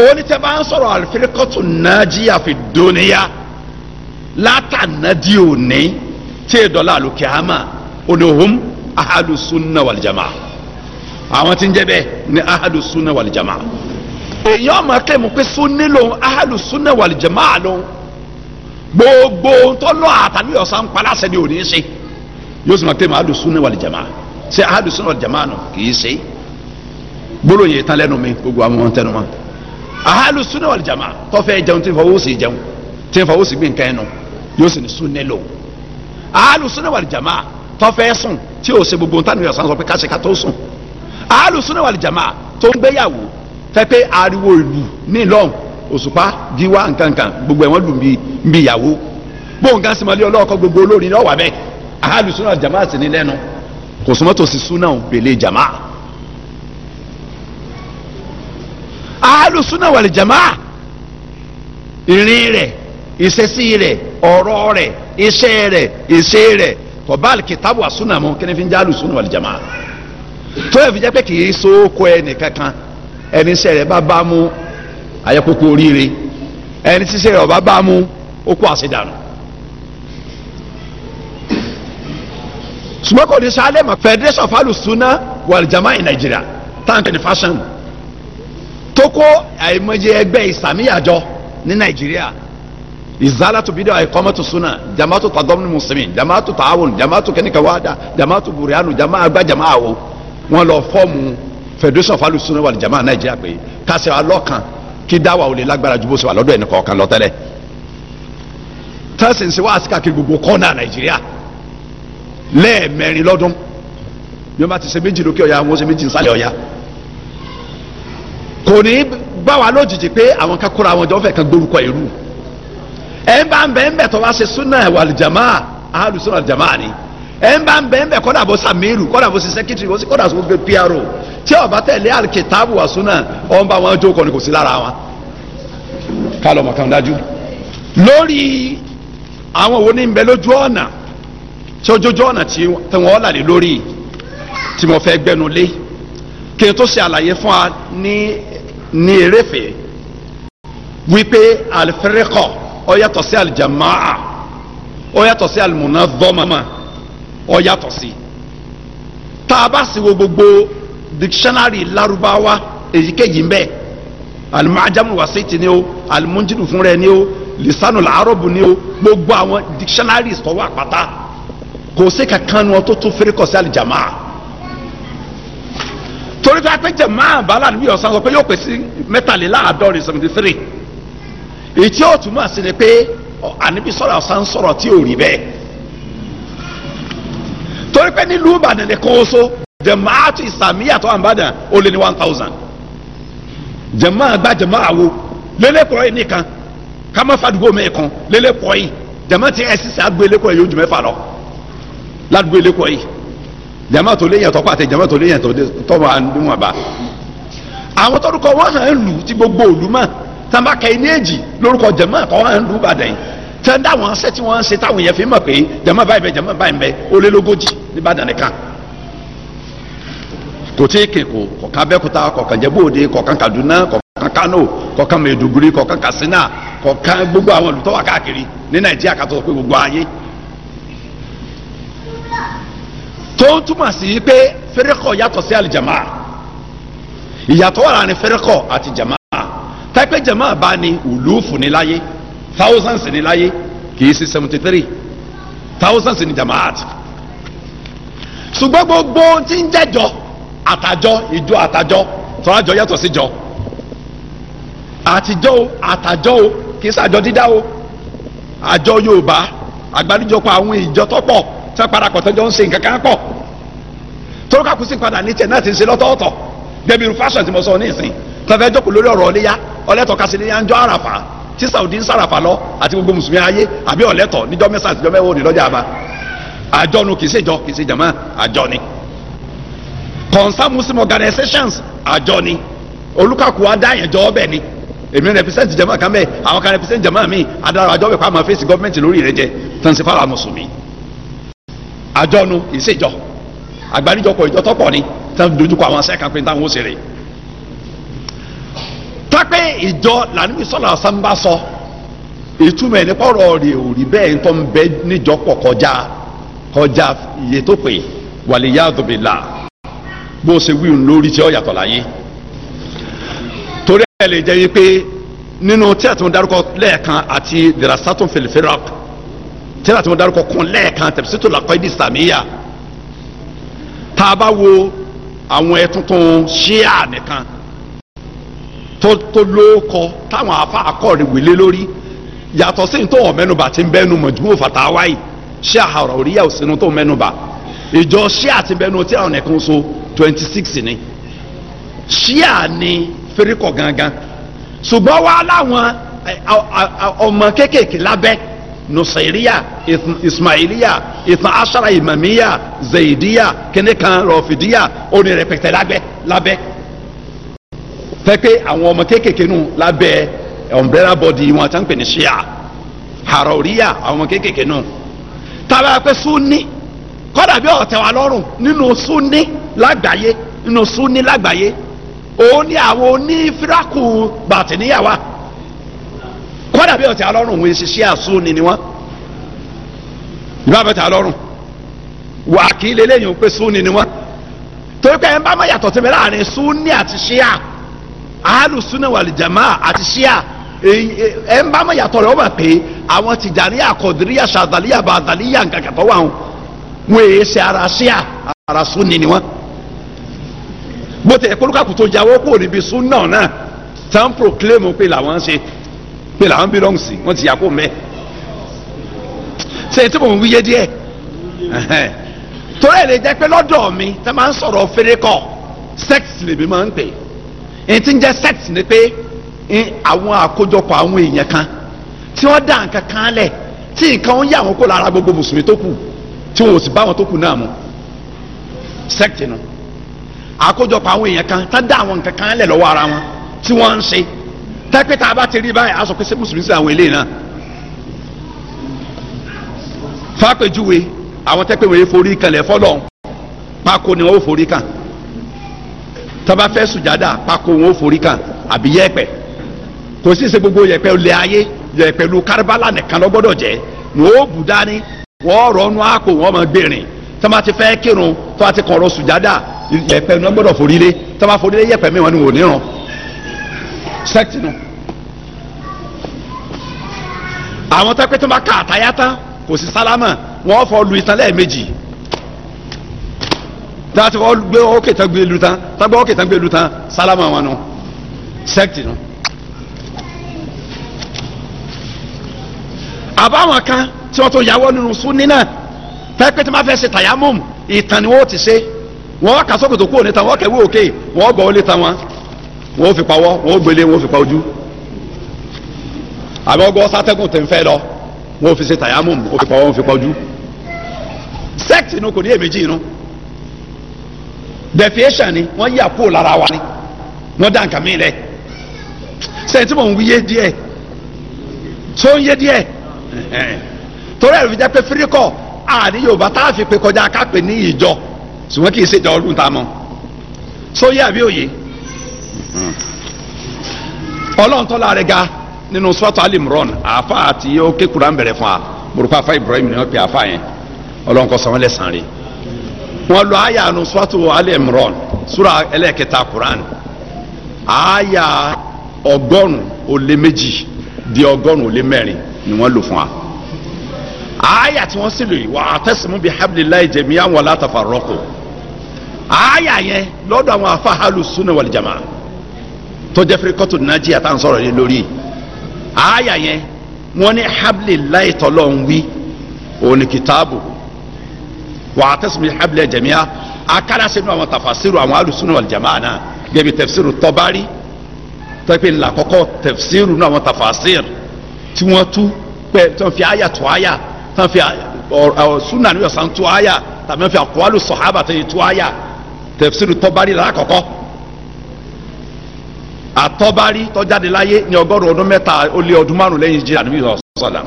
òní tẹ bá ń sọ̀rọ̀ àlùfẹ́rẹ́kọ́tù nàjíyà fi dóníyà látànádì òní tí èdọ́là àlùkìámà oníhùn ahalusunna walijama àwọn tí ń jẹ́ bẹ́ẹ̀ ni ahalusunna wàlìjàmà èyí ọmọ akẹ́mu pé sunni lòun ahalusunna wàlìjàmà lòun gbogbo tọ́lọ́ àtàlẹ́ ọ̀sán paláṣẹ ni ò ní ṣe yóò sì máa pè mọ́ alùsùnà wàlì jàmá ṣe alùsùnà wàlì jàmá nù kì í ṣe gbólóhùn yìí tán lẹ́nu mi gbogbo àwọn ọmọ tẹnu mọ́ alùsùnà wàlì jàmá tọ́fẹ́ jẹun tí fọwọ́ sì jẹun tí fọwọ́ sì gbé nǹkan ẹnu yóò sì ní súnẹ lò alùsùnà wàlì jàmá tọ́fẹ́ sùn tí ò ṣe gbogbo tánú ọ̀sán sọ pé káṣe ká tó sùn alùsùnà wàlì jàmá tó ń gbéyàwó fẹ́ pé ariwo ìlú ní ìlọ́hùn òṣùpá giwa nkankan gbogbo ẹ̀ wọ́n lù bí bí ìyàwó bóun kan sìnmọ́lé ọlọ́ọ̀kọ́ gbogbo olórin náà wà bẹ́ẹ̀ ahalu sunna jama sì ní lẹ́nu kò súnmọ́ tó sì sunna ò pèlè jama ahalu sunna wal jama ìrìn rẹ̀ ìṣesí rẹ̀ ọ̀rọ̀ rẹ̀ iṣẹ́ rẹ̀ ìṣe rẹ̀ kọ̀báàlì kìtàbù àsúnà mọ́ kí fi ń jáàlù sunna wal jama tó yẹ fi jẹ́ pé kì í so kó ẹnì kankan ẹni ayẹ́kókó oríire ẹni ṣíṣe ọ̀bá bá mú ó kó àṣedànù. ṣùgbọ́n kò ní sálẹ̀ mọ́ federation of alusuna walijama in Nigeria tank and fashion tó kó àìmọye ẹgbẹ́ ìsàmìyàjọ ní Nàìjíríà izalatu bidaa iqamatu sunna jamaatu tadamuni muslimin jamaatu taawun jamaatu kẹnìkan wáda jamaatu burianu jamaa agba jamaa wo wọn lọ fọọmù federation of alusuna wal jamaa Nàìjíríà pé kásìrò alọ́kan kí dáwà ò lè lágbára ju bó ṣe wà lọ́dọ̀ ẹnì kọ̀ọ̀kan lọ tẹ́lẹ̀ tẹ́sán ṣe wá àsìkàkiri gbogbo kọ́nà nàìjíríà lẹ́ẹ̀mẹrin lọ́dún bí wọ́n bá ti ṣe méjì lókè ọ̀yà wọ́n ṣe méjì nsàlẹ̀ ọ̀yà kò ní bá wa lójijì pé àwọn kan àwọn jọ fẹ́ kan gbórúkọ ìlú ẹ̀ ń bá ń bẹ̀ ń bẹ̀ tó wá ṣe súnà wàlìjàmá àhàlùsúnà àlìjàmá ni ẹ ń bá ń bẹ ń bẹ kọ́dà bó sàmírù kọ́dà bó sí sẹ́kítírì bó sí kọ́dà bó gbé pr tí ọba tẹ̀lé alikitaabu wasuna ọba wọn jó kọ́ni kò sí lára wọn. ká lọ́mọ kan dájú. lórí àwọn wo ni ń bẹ lójú ọ̀nà tí ojójú ọ̀nà tí wọ́n là lé lórí tí mo fẹ́ gbẹnu lé kí n tó ṣe àlàyé fún wa ní ní eréfè wípé alifẹ́rẹ́kọ̀ ó sí alijamaa ó yàtọ̀ sí alimunadọ́mọ́ ọ yàtọ̀ sí tá a bá sì wo gbogbo dictionary larubawa èyíkéyìí ń bẹ alimajamu wasiti ni o alimunjinu fúnra ni o lisanu laarobu ni o gbogbo àwọn dictionaries tó wà pátá kò sí kankan wọn tó tún feere kọ sí torí pé apẹ jamaa bala níbi ọsàn sọ pé yóò pèsè mẹ́tàléláàádọ́rin seventy three èyí tí yóò túmọ̀ sí ni pé àníbi ọ̀sán sọ̀rọ̀ tí ò rí bẹ́ẹ̀ torí pé nílùú ìbàdàn nìkan oṣù jamaatu islamiyya tó wà nìbàdàn ó lé ní one thousand jamaa gba jamaa wo lélẹ́kọ̀ọ́ yìí nìkan kama fadugbo mi kan lélẹ́kọ̀ọ́ yìí jamaa ti ẹ̀ sísè àdúgbò elékọ̀ọ́ yìí yóò jù mẹ́fà lọ ládùúgbò elékọ̀ọ́ yìí jama tó léyìn ọtọ pàtẹ jama tó léyìn tọ ma ń wọn bá àwọn tọdúkọ wọn hàn lù tí gbogbo òlù mọ tí wọ́n dáwọn ṣẹ́ tí wọ́n ń ṣe táwọn yẹn fi mọ̀ pé jama báyìí bẹ jama báyìí bẹ ó lé lógójì nìbàdàn nìkan kò tí kì kò kọ̀ọ̀kan abẹ́kúta kọ̀ọ̀kan jẹ́bóòde kọ̀ọ̀kan Kaduna kọ̀ọ̀kan Kano kọ̀ọ̀kan Maiduguri kọ̀ọ̀kan Katsina kọ̀ọ̀kan gbogbo àwọn olùtọ́wà káàkiri ní Nàìjíríà ká tó sọ pé gbogbo ayé tó ń túmọ̀ sí pé fẹ́rẹ́kọ̀ yàtọ̀ sí àlìjàmá ìyàtọ̀ wà láàrin fẹ́rẹ́kọ̀ àti jàmá táìpẹ́ jàmá bá ní ùlúùfù ní láyé thousands ní láyé kìí sí seventy three thousands ní jamaat ṣùgbọ́n gbogbo tí ń jẹ́jọ àtàjọ ìjọ àtàjọ tọ́lájọ yàtọ̀ sí jọ àtijọ́ o àtàjọ o kìí sàjọ dídá o àjọ Yorùbá àgbáríjọpọ̀ àwọn ìjọ tọ́pọ̀ tí wọ́n parapọ̀ tó jọ ń ṣe nǹkan kan pọ̀ tó kàkú sí padà ní tiẹ̀ náà ti ń ṣe lọ́tọ̀ọ̀tọ̀ débi irú fashion tí mo sọ ní ìsìn tọ́fẹ́ jókòó lórí ọ̀rọ̀ ọ̀lẹ́yà ọlẹ́tọ̀ọ́kasí ní yá ń jọ àràfà tí Saudi ń sàràfà lọ àti gbogbo mùsùlùmí ayé àbí ọ̀lẹ́tọ̀ níjọ́ mẹ́sàn àtijọ́ mẹ́wọ́ òní lọ́jà àbá àjọ nu kìí ṣèjọ kìí ṣe jàmá àjọ ni concerned muslim organizations àjọ ni olùkàkù adáyẹnjọ ọbẹ ni èmi represent jama kan bẹ àwọn kan represent jama mi adara àjọ bẹ kó a máa fèsì gọọmenti lórí rẹ jẹ tansi fara mùsùlùmí àjọ nu ìṣèjọ àgbáríjọpọ̀ ìjọ tọ́pọ̀ ni tán dojúkọ àwọn sẹ́ka pé táwọn ó ṣe rè é tọ́pẹ́ ìjọ lànàbí sọ́lá ọ̀sán bá sọ ìtumọ̀ ẹni pọ̀rọ̀ rẹ̀ ò rí bẹ́ẹ̀ ń tọ́ ń bẹ níjọ pọ̀ kọjá kọjá iye tó pè waliyadu billah bó ṣe wí ń lórí tí ó yàtọ̀ láyé torí ẹ̀ lè jẹ́ yín pé nínú tí àti wọn dárúkọ lẹ́ẹ̀kan àti dirasatun fil firaq tí àti wọn dárúkọ kún lẹ́ẹ̀kan tafsitul aqaid islamiyya tá a bá wo àwọn ẹ̀tuntun ṣíà nìkan tó tó lóókọ táwọn afa akọrin wèlé lórí yàtọ̀ sí ní tó wọn mẹ́nuba ti ń bẹ́nu mọ̀ jùmọ̀ fàtà wáyé ṣé àhàrọ̀ òríyá òsínú tó mẹ́nuba ìjọ ṣíà ti bẹ́nu tí àwọn ẹ̀kan so twenty six ni ṣíà ni fẹ́ríkọ̀ gangan ṣùgbọ́n wá láwọn ọmọ kéékèèké lábẹ́ nusayiriya ismailiya ìtàn asara imamiya zayidiya kẹ́nìkan rọ̀fìdíya onírẹ̀pẹ̀tẹ̀ lábẹ́ lábẹ́ tẹ́ pé àwọn ọmọ kéékèèké nù lábẹ́ umbrella body wọn àti àǹpẹ̀ ní ṣíà àròríyà àwọn ọmọ kéékèèké nù tàbí pé sunni kọ́dà bí ọ̀tẹ̀ wà lọ́rùn nínú sunni lágbàáyé nínú sunni lágbàáyé òun ni àwọn onífíráàkù bàtìníyàwá kọ́dà bí ọ̀tẹ̀ wà lọ́rùn òun ṣiṣẹ́ àsunni ni wọ́n ìbá bẹ̀tẹ̀ wà lọ́rùn wà kí lélẹ́yìn pé sunni ni wọ́n torí pé ẹ̀ ń bá má yàtọ̀ tẹ́mi láàrin sunni àti ṣíà. Ahalu wàlìjàmá àti ṣíà ẹ ń bá mọ̀ yàtọ̀ rẹ̀ wọ́n mọ̀ pé àwọn tìjàníyà kọ̀dìríyà ṣàdàlíyà bàdàlíyà nǹkankan tó wà wọn wọn ara ṣíà ara sunni ni wọn. bó tẹ̀ kólúkàkù tó jáwọ́ kó níbi sunna náà tán proclaim pé pe la pé làwọn belong sí wọn ti yà kó mẹ́. sẹ́yìn tí mò ń wíyé díẹ̀ torí ẹ̀ pé lọ́dọ̀ mi tẹ́ máa ń sọ̀rọ̀ fẹ́rẹ́kọ̀ sex lèmi máa ń pè é èyí ń jẹ́ sect ni pé àwọn àkójọpọ̀ àwọn èèyàn kan tí wọ́n dá nǹkan kan lẹ̀ tí nǹkan ń yà wọ́n kó lára gbogbo mùsùlùmí tó kù tí wọn ò sì bá wọn tó kù náà mu sect nu àkójọpọ̀ àwọn èèyàn kan tá dá àwọn nǹkan kan lẹ̀ lọ́wọ́ ara wọn tí wọ́n ń ṣe tẹ́pẹ́ bá ti rí báyìí a pé ṣé mùsùlùmí sí àwọn eléyìí náà fápẹ́júwe àwọn tẹ́pẹ́ wọ́n yẹ forí kan lẹ̀ fọ́lọ́ pákó ni wọ́n ó forí kan tọ́ba fẹ́ sùjádà pako wọn ò forí kan àbí yẹ̀pẹ̀ kò sí ṣe gbogbo yẹ̀pẹ̀ lé ayé yẹ̀pẹ̀ lu Karbala nìkan ló gbọ́dọ̀ jẹ́ wọn ò bù dání wọ́n rọ́nu àpò wọn mọ̀ gbèrìn tọ́ba ti fẹ́ kírun tọ́ba ti kọ̀rọ̀ sùjádà yẹ̀pẹ̀ wọn gbọ́dọ̀ forí lé tọ́ba forí lé yẹ̀pẹ̀ mi wọn ni wò ní ràn sẹ́kítì nù. àwọn tẹ́pẹ́ tó bá ká àtayá tán kò sí sálámà wọ́n fọ lu ìtàn lẹ́ẹ̀mejì tààtì ọ gbé ókè tán gbé lu tán tán gbé ókè tán gbé lu tán sálámà wọn nù sẹ́kìtì nù. àbáwọn kan tí wọ́n tó yàwọ́ nínú sunni náà pẹ́pẹ́ tí wọ́n fẹ́ ṣe tàyámùm ìtàn ni wọ́n ti ṣe wọ́n kà sókòtò kúrò níta wọ́n kẹ̀wé òkè wọ́n gbọ́ ọlé tán wọn wọ́n fi pawọ́ wọ́n gbélé wọ́n fi pa ojú àbí wọ́n gbọ́ sátẹ́gùn tẹ̀ ń fẹ́ lọ wọ́n fi ṣe tàyámùm wọ́n fi pawọ́ wọ́n fi pa ojú sẹ́kìtì nù kò ní èméjì nù. No? defiation ni wọ́n yà kó lára wa ni wọ́n dá nǹkan mi rẹ̀ sẹ́yìn tí mò ń wí yé díẹ̀ tó ń yé díẹ̀ torí ẹ̀rọ fi jẹ́ pé fíríkọ̀ àní yorùbá tá a fi pe kọjá ká pè ní ìjọ ṣùgbọ́n kì í ṣèjọ ọdún tá a mọ̀ sóyè àbí òye ọlọ́run tọ́lá rẹ̀ ga nínú sọ́tọ̀ alimron àáfàá àti ó kékùrà ń bẹ̀rẹ̀ fún wa mùrùkọ́ àfa Ibrahim ni wọ́n pe àfa yẹn ọlọ́run kọ́ sanwó-ẹlẹ́sàn rẹ̀ wọ́n lọ àyà nu suratu al-imran sura ẹlẹ́kẹta quran àyà ọgọ́rùn ó lé méjì di ọgọ́rùn ó lé mẹ́rin ni wọ́n lò fún wa àyà tí wọ́n sì lò yìí wa'tasimu bihablillahi jami'an wa la tafarraqu àyà yẹn lọ́dọ̀ àwọn afa ahlus sunna wal jamaa tó jẹ́ firqatu najiya yẹn lórí àyà yẹn wọ́n ní hablillahi tọ́lọ́ ń wí òun ni kìtàbù wa'tasimu bihablillahi jami'a akala sínú àwọn tafasiru àwọn alùsùnà wal jama'a náà gẹ́gẹ́ tafsiru Tabari tẹ́pẹ́ ńlá kọ́kọ́ tafsiru náà àwọn tafasir tí wọ́n tú pẹ́ tí wọ́n fi àyà tó àyà tí wọ́n fi sunna ní ọ̀sán tó àyà tàbí wọ́n fi àkọ́wálù sọ̀hábà tó yẹ tó àyà tafsiru Tabari lára kọ́kọ́ àtọ́bárí tọ́jáde láyé ní ọgọ́rùn ọdún mẹ́ta ó lé ọdún márùn lẹ́yìn jíra níbi sọ̀sọ̀lá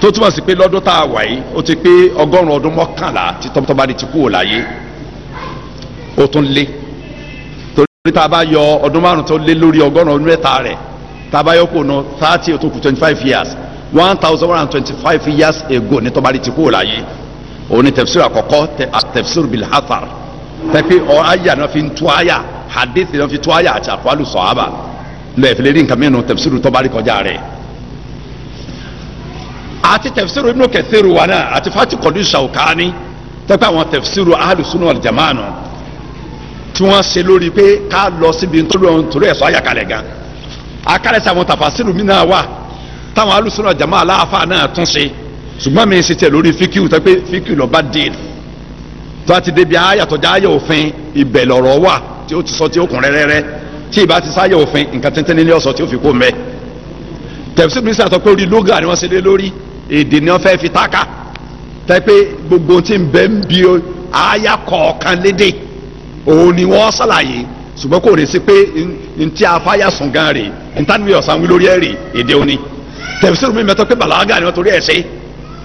tó túmọ̀ sí pé lọ́dún tá a wà yìí ó ti pé ọgọ́rùn-ún ọdún mọ́kànlá tí tọ́mọtọ́ba ti kú ò láyé ó tún lé torí tá a bá yọ ọdún márùn-ún tó lé lórí ọgọ́rùn ọdún mẹ́ta rẹ̀ tá a bá yọ kó nu thirty ó twenty five years one thousand one hundred twenty five years ago ní tọ́mọtọ́ba ti kú ò láyé òun ni tẹ̀fsir àkọ́kọ́ tẹ̀fsir bil hathar tẹ́pẹ́ ọ àyà náà fi ń tú àyà hadith náà fi tú àyà àti àkọ́lù àti tẹ̀fisiru ibnu kẹsìrù wa náà àti fati kọ̀dú ṣàwùkání tẹ́pẹ́ àwọn tẹ̀fisiru alùsùnú ọ̀lùjàmá nù tí wọ́n ṣe lórí pé ká lọ síbi nítorí ẹ̀sọ́ àyàkálẹ̀ gan akálẹ̀sẹ̀ àwọn tàfàṣírù mi náà wà táwọn alùsùnú ọ̀lùjàmá aláàfáà náà tún ṣe ṣùgbọ́n mi ṣe tiẹ̀ lórí fíkìú tẹ́pẹ́ fíkìú lọ́ba dín tó a ti débi ayàtọ̀já ayà òfin ibẹ̀ lọ̀rọ̀ wà tí ó ti sọ tí ó kún rẹ́rẹ́rẹ́ tí ìbá ti sáyà òfin nǹkan tẹ́ntẹ́n nílé ọ̀sọ̀ tí ó fi kó mẹ́ tẹ̀síbírísà sọ pé orí lóga ni wọ́n ṣe lé lórí èdè ni wọ́n fẹ́ fi táka tẹ́pẹ́ gbogbo tí ń bẹ́ ń bi àyà kọ̀ọ̀kan lédè òun ni wọ́n ṣàlàyé ṣùgbọ́n kò rèé sí pé ntí afáyà sùn gan rè ntánúwì ọ̀sán wí lórí ẹ̀ rè èdè òní tẹ̀síwò mi mẹ́tọ́ pé bàlágà ni wọ́n torí ẹ̀ ṣe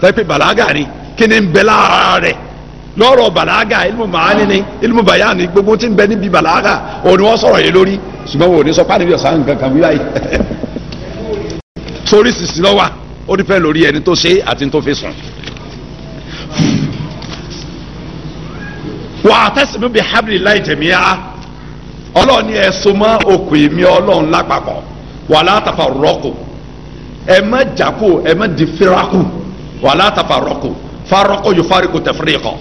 tẹ́pẹ́ bàlágà ni kí ni ń bẹ lára rẹ̀ lọ́rọ̀ bàlágà ilmu màání ni ilmu bàyá ni gbogbo tí ń bẹ níbi bàlágà òun ni wọ́n sọ̀rọ̀ yìí lórí ṣùgbọ́n òun ni sọ pánìwì ọ̀sán nǹkan kan wíwáyé sórí sísí lọ́wọ́ ó dúpẹ́ lórí ẹni tó ṣe àti tó fi sùn. wà á tẹ̀sìmí bí hablillahi jami'a ọlọ́run ni ẹ so mọ́ okùn ìmí ọlọ́run lápapọ̀ wala tafarraqu ẹ má jàkó ẹ má di firaku wala tafarraqu farraqu yufariqu tafriqa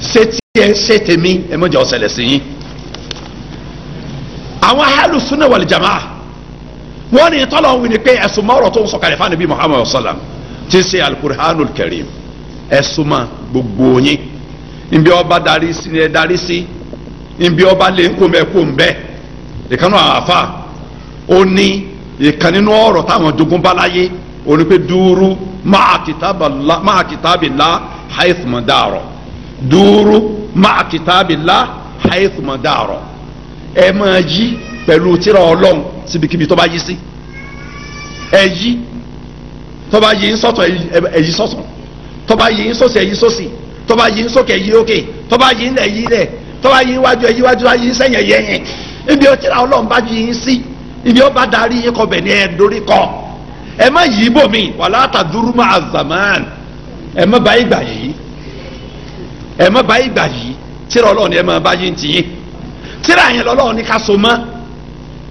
ṣé tí ẹ ṣe tèmi ẹ má jẹ́ ọ̀sẹ̀ lẹ́sìn yín àwọn ahlu sunna wal jama'a wọ́n ní tọ́lọ̀ ń wí ni pé ẹ̀sùn mọ́ ọ̀rọ̀ tó ń sọ̀kalẹ̀ fún anabi muhammadu sallam ti ṣe alukur'anul karim ẹ̀sùn mọ́ gbogbo yín nbí ọba darí sí ẹ darí sí nbí ọba lè ń kó mẹ́ kó ń bẹ́ ìkànnì àfa ó ní ìkànnì nínú ọ̀rọ̀ táwọn jogun bá láyé ó ní pé dúró máa kìtàbìlá haithuma dàrọ̀ dúró máa kìtàbìlá haithuma dàrọ̀ ẹ máa yí pẹ̀lú tírà ọlọ́run síbikíbi tó bá yí sí ẹ̀yí tó bá yí sọ̀tọ̀ ẹ̀yí sọ̀tọ̀ tó bá yí sọ̀sì ẹ̀yí sọ̀sì tó bá yí sókè ẹ̀yí òkè tó bá yí lẹ̀ ẹ̀yí lẹ̀ tó bá yí wájú ẹ̀yí wájú ayé sẹ́yìn ẹ̀yẹ yẹn ibi ó tírà ọlọ́run bá yí sí ibi ó bá darí yín kọbẹ̀ ní ẹ̀ẹ́dórí kọ ẹ má yí bòmí wàlá tàdúrúmọ́ àzàmán ẹ má bá ìgbà yìí ẹ má bá ìgbà yìí yín tiyín yẹn lọ́lọ́run ní ká so mọ́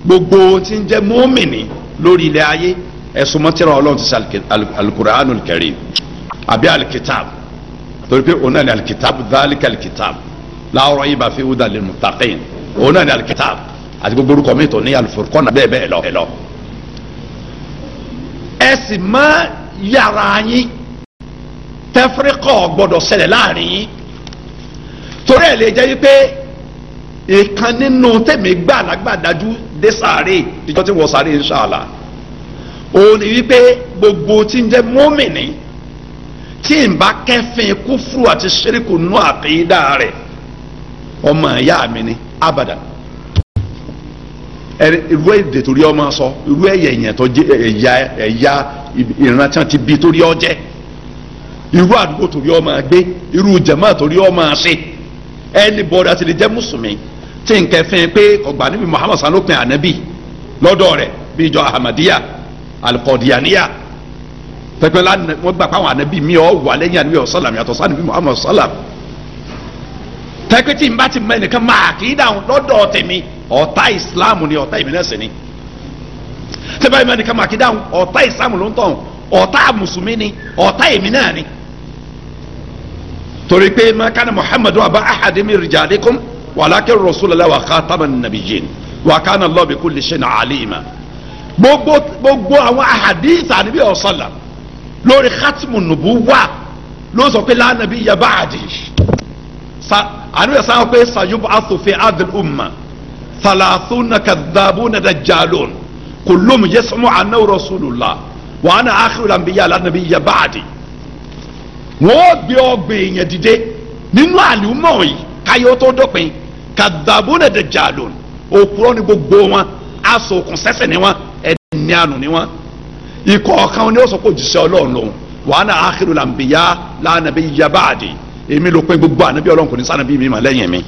gbogbo tí ń jẹ́ mọ́mìnì lórí ilẹ̀ ayé ẹ̀sùn mọ́tìrà ọlọ́run ti sẹ́ alukur'anul karim àbí alikitab torí pé òun náà ni alikitab dhalika alikitab la rayba fi hudan lil muttaqin òun náà ni alikitab àti gbogbo orúkọ mi tó ní alufurukọ́nà bẹ́ẹ̀ bẹ́ẹ̀ lọ lọ. má yàrá yín tẹfíríkọ̀ gbọ́dọ̀ ṣẹlẹ̀ láàrin yín torí ẹ̀ lè jẹ́ yí pé ìkan nínú tẹ̀mí gbà lágbàdájú dé sàárè ìjọ tí wọ́n sàárè inṣàlá òun ni wípé gbogbo tí ń jẹ́ mọ́mìnì tí ń bá kẹ́fìn kúfúrú àti ṣẹ́ríkù nú àtẹ̀yídá rẹ̀ ọmọ ìyá mi ni abadan irú èdè torí ọmọ sọ irú ẹ̀yà ẹ̀yàn tó jẹ́ ẹ̀yà ẹ̀yà ìran tí wọ́n ti bí torí ọ jẹ́ irú àdúgbò torí ọmọ gbé irú jàmáà torí ọmọ ṣe ẹni bọ́dà ti lè jẹ́ mùsùlùmí tí n kẹfin pé ọgbà níbi muhammad sanopin anabi lọ́dọ̀ rẹ̀ bí ìjọ ahmadiyya alikọdiyaniya pẹpẹlá wọn gbà pàwọn anabi mi ọ wà lẹ́yìn anabi ọsàlám yàtọ̀ sànàbí muhammad ọsàlám tẹkẹtì n bá ti mọ máa kì í dáhùn lọ́dọ̀ tèmi ọ̀tá islam ni ọ̀tá ìmínẹsìn ni tẹ́bá yìí mẹ́rin ká máa kí dáhùn ọ̀tá ìsàmù ló ń tọ̀hún ọ̀tá mùsùlùmí ni ọ̀tá èmi ni. torí pé makana muhammadu abba ahadimi rijalikum ولكن rasulullah wa khataman nabiyyin wa kana Allah bi kulli shay'in alima gbogbo gbogbo àwọn ahadith àníbí ọ̀sánlá lórí khatimu nubuwa ló sọ pé la nabiyya ba'di àníbí ọ̀sánlá pé sayub'athu fi adil umma thalathuna kadhabuna dajjalun kulluhum yas'umu annahu rasulullah wa ana akhirul anbiya la nabiyya ba'di wọ́n gbé ọgbẹ́ èèyàn dìde nínú àlùmọ́ yìí káyọ̀ tó dópin kàdàbọnà dẹjàlón òkúrọ ni gbogbo wọn aṣọ òkun sẹsẹ ni wọn ẹni àánú ni wọn ìkọ̀ọ̀kan ni ó sọ pé òjíṣẹ́ ọlọ́run lòun wàhánà àkìrò làǹbìyà lànàbí yabaadi èmi ló pé gbogbo ànábì ọlọ́run kò ní sànàbí mi mà lẹ́yìn mi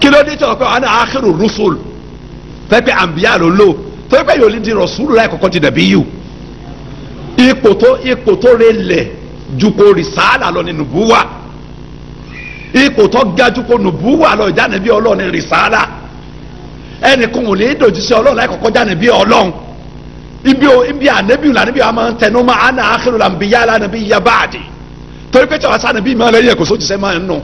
kí ló dé tọ̀rọ̀ pé wàhánà àkìrò rúṣùl fẹ́pẹ́ àǹbìyà ló lò fẹ́pẹ́ yòó di rọ̀ṣùlù láì kọ́kọ́ ti dàbí yù ipò tó ipò tó relẹ̀ ju kò lọ nínú búwa ipò tó gaju kó nùbú wà lọ ìjànàbí ọlọ́run ní rìsáàlà ẹnìkan ò lè dòjíṣẹ́ ọlọ́run láì kọ́kọ́ jànàbí ọlọ́run ibi o ibi ànàbí ìlànà bí wàá máa tẹnu máa àná àkérò làǹbí yá làǹbí yá báàdì torí pé tí wàá sànàbí lẹ́yìn ẹ̀kọ́ sójúṣẹ́ máa ń nù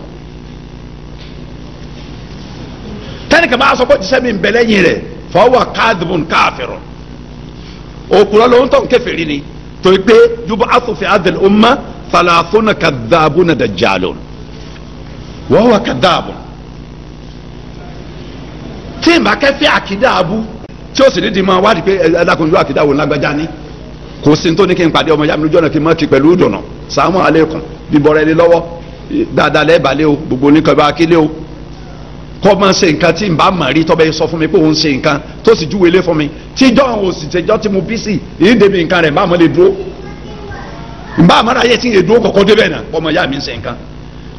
tẹnikẹ́ máa sọ pé jíṣẹ́ mi ń bẹ lẹ́yìn rẹ̀ fọwọ́ káàdùbùn káàfẹ̀rọ̀ òkúrọ̀ ló ń tọ̀ kèfèrí ni torí pé yub'athu fi hadhihi al-umma thalathuna kadhabuna dajjalun wọ́n wọ́n kẹ́ dáàbò tí ìmọ̀ akẹ́fẹ́ àkídá abú tí ó sì ní di mọ́ wádìí pé ẹ̀dákùnrin yóò àkídá wò lágbájá ní kò sí tó ní kí n pàdé ọmọ yàmi lójọ́nà kí n mọ́ kí pẹ̀lú ìdùnnà sàmú alẹ́kùn bíbọ̀rẹ́ ni lọ́wọ́ dáadáa lẹ́ẹ̀bàlẹ́ o gbogbo oníkanba akílẹ́ o kọ́ máa ṣe nǹkan tí n bá mọ̀ rí tọ́bẹ̀ sọ fún mi pé òun ṣe nǹkan tó sì júwe lé fún mi tíjọ́ òun sì tẹjọ́ tí mo bí sí èyí débi nǹkan rẹ̀ n bá mọ̀ lè dúró n bá mọ̀ tí èdúró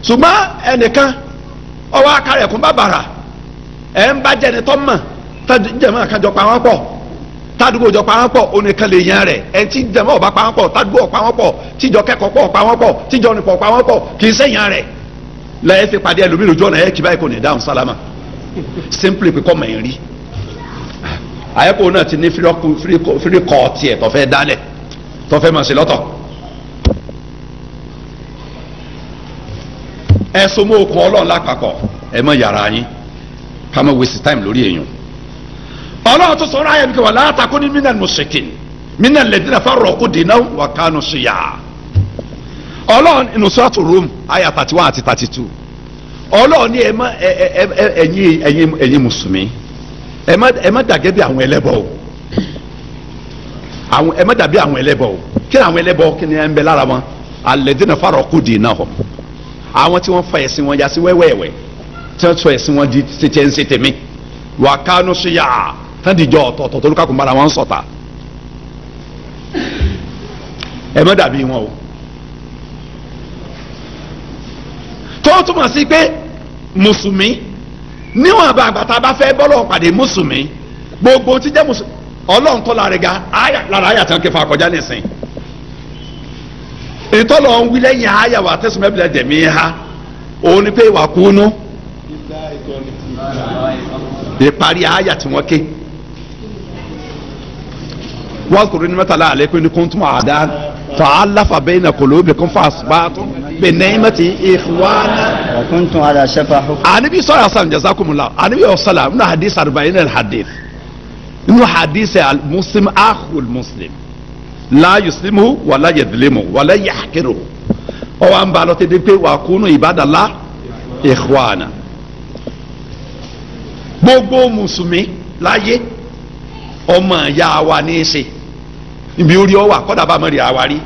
Suma ẹnìkan ọwọ́ akarẹ̀ kún bàbàrà ẹ̀ ń bá jẹni tọ́ mọ̀ jẹ̀mọ́ kan jọ pa wọ́n pọ̀ tádùgbò jọ pa wọ́n pọ̀ onìkan lè yan rẹ̀ ẹ̀ tí jẹ̀mọ́ ọba pa wọ́n pọ̀ tádùgbò ọ̀pa wọ́n pọ̀ tíjọ kẹ́kọ̀ọ́ pọ̀ ọ̀pa wọ́n pọ̀ tíjọ nìpọ̀ ọ̀pa wọ́n fi pàdé ẹlòmíì lójú ọ̀nà ẹ̀ kì báyìí kò ní dáhùn sálámà simply pé kọ́ mọ̀ ẹ̀ rí àyẹ̀kọ́ náà ti ní fírikọ́ tiẹ̀ tọ́fẹ́ dálẹ̀ tọ́fẹ́ mọ̀ sí ẹ so mọ́ okùn ọlọ́run lápapọ̀ ẹ mọ yàrá yín ká má waste time lórí èèyàn ọlọ́run tó sọ̀rọ̀ ayé mi kò wà látàkó ní minal mushrikin minal ladina farraqu dinahum wa kanu shiya'a ọlọ́run inú suratu Rum ayé thirty one àti thirty two ọlọ́run ní ẹ má ẹ̀yin ẹ̀yin ẹ̀yin mùsùlùmí ẹ má ẹ má dàgẹ́ bí àwọn ẹlẹ́bọ o àwọn ẹ má dàbí àwọn ẹlẹ́bọ o kí ni àwọn ẹlẹ́bọ kí ni ẹ ń bẹ lára wọn alladina farraqu dinahum àwọn tí wọ́n fa ẹ̀sìn wọn ya sí wẹ́wẹ́ẹ̀wẹ́ tí wọ́n sọ ẹ̀sìn wọn di ṣètẹ́ ń ṣe tèmi wà kánú sí yà tán dìjọ́ ọ̀tọ̀ọ̀tọ̀ tó lùkà kún bára wọn sọ̀tà ẹ má dàbí wọn o tó túmọ̀ sí pé mùsùlùmí níwọ̀n àgbàgbàtà bá fẹ́ bọ́lọ̀ pàdé mùsùlùmí gbogbo tí jẹ́ mùsùlùmí ọlọ́run tọ́lá rẹ̀ ga lára àyàtọ̀ kẹfà kọjá nìsín ìtọ́lọ̀ ń wí lẹ́yìn àyàwó àtẹ̀sùn mẹ́bìlẹ̀ jẹ̀mí ha òun ni pé ìwà kúnú ìparí àyà tí wọ́n ké wọ́n kúrò ní mẹ́tàlá àlékún ní kúntùmọ̀ àdá fa aláfa bẹ́ẹ̀ náà kò lóbi kún fa àsùbátún bẹ́ẹ̀ náà ìmọ̀ tí ìfúwánà. ọ̀kúntùn àdá sẹ́fà. àníbi sọ̀rọ̀ àṣà jazakumullah àníbi ọ̀sálà nínú hadith arba'in al-hadith nínú hadith muslim akhul muslim láàyò símú wàlá yẹdìlémù wàlá yàkérò ọwọ à ń ba lọtẹ dípé wà kúnú ìbádàlá ìhwana gbogbo mùsùlùmí láyé ọmọ ìyá wa ní í ṣe ibi orí ọwà kọ́dà bá mọ̀rì àwa rí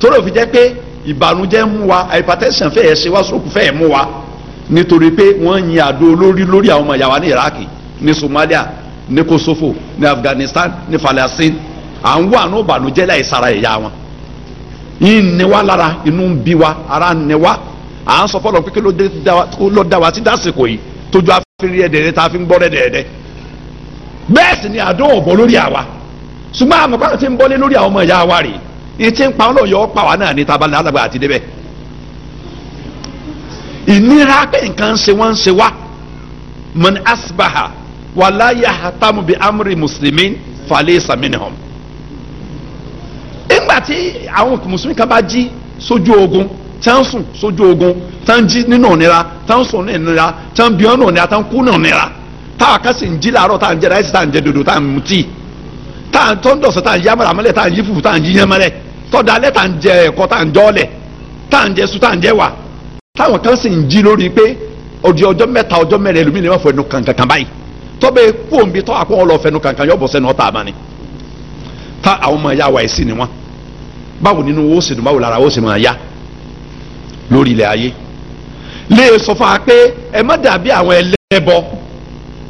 torí òfin jẹ́ pé ìbànújẹ́ mú wa hypertension fẹ́ẹ̀ ṣe wá sókù fẹ́ẹ̀ mú wa nítorí pé wọ́n yin àdó olórí lórí àwọn ọmọ ìyá wa ní Iraq ní Somalia ní Kosovo ní Afghanistan ní Palestine à ń wà ní ìbànújẹ́ láì sara ìyá wọn yín ni wá lára inú ń bí wa ara ni wá à ń sọ fọlọ pé kí ló dá wa tí dásìkò yìí tójú àfihàn ẹ̀dẹ̀ẹ̀dẹ̀ tá a fi ń gbọ́ rẹ̀dẹ̀ẹ̀dẹ̀ bẹ́ẹ̀ sì ni àdó ọ̀bọ lórí àwa ṣùgbọ́n àwọn bàbá ti ń bọ́lé lórí àwọn ọmọ ìyá wa rèé ìtí ń pa ọlọ́yọ̀ ọ́ pa wá náà ní tabalẹ̀ alàgbà àti débẹ̀ ìnira pé nǹkan ń ṣe wọ́n ń ṣe wá mọ̀n asbaha wàláyà hatamu bi amri muslimin falẹ̀ nígbà tí àwọn mùsùlùmí kan bá jí sójú ogun tán sùn sójú ogun tán jí nínú ònira tán sùn nínú ònira tán bí ọ̀nà ònira tán kú nínú ònira táwa kan sì ń jí làárọ̀ tá à ń jẹ ráìsì tá à ń jẹ dòdò tá à ń mutí tá à ń tó ń dọ̀sẹ̀ tá à ń yí amọ̀làmọ́lẹ̀ tá à ń yí fùfú tá à ń yí yẹmọ́lẹ̀ tọ́dalẹ̀ tá à ń jẹ ẹ̀kọ́ tá à ń jọ́ọ̀lẹ̀ tá à ń jẹ su tá à ń jẹ wà táwọn kan sì ń jí lórí pé ọdí ọjọ́ mẹ́ta ọjọ́ mẹ́rin ẹlòmínì wọ́n fọ ẹnu kankan kan báyìí tọ́bẹ̀ kú òǹbi tọ́ àpọ́n ọlọ́fẹ́nu kankan yọ bọ̀ sẹ́nu ọ̀tá àmàni tá àwọn ọmọ ẹ̀yà wa ẹ̀sìn ni wọ́n báwo nínú wo sì dùn báwo lára wo sì máa yá lórí ilẹ̀ ayé lè e sọ fún wa pé ẹ má dàbí àwọn ẹlẹ́bọ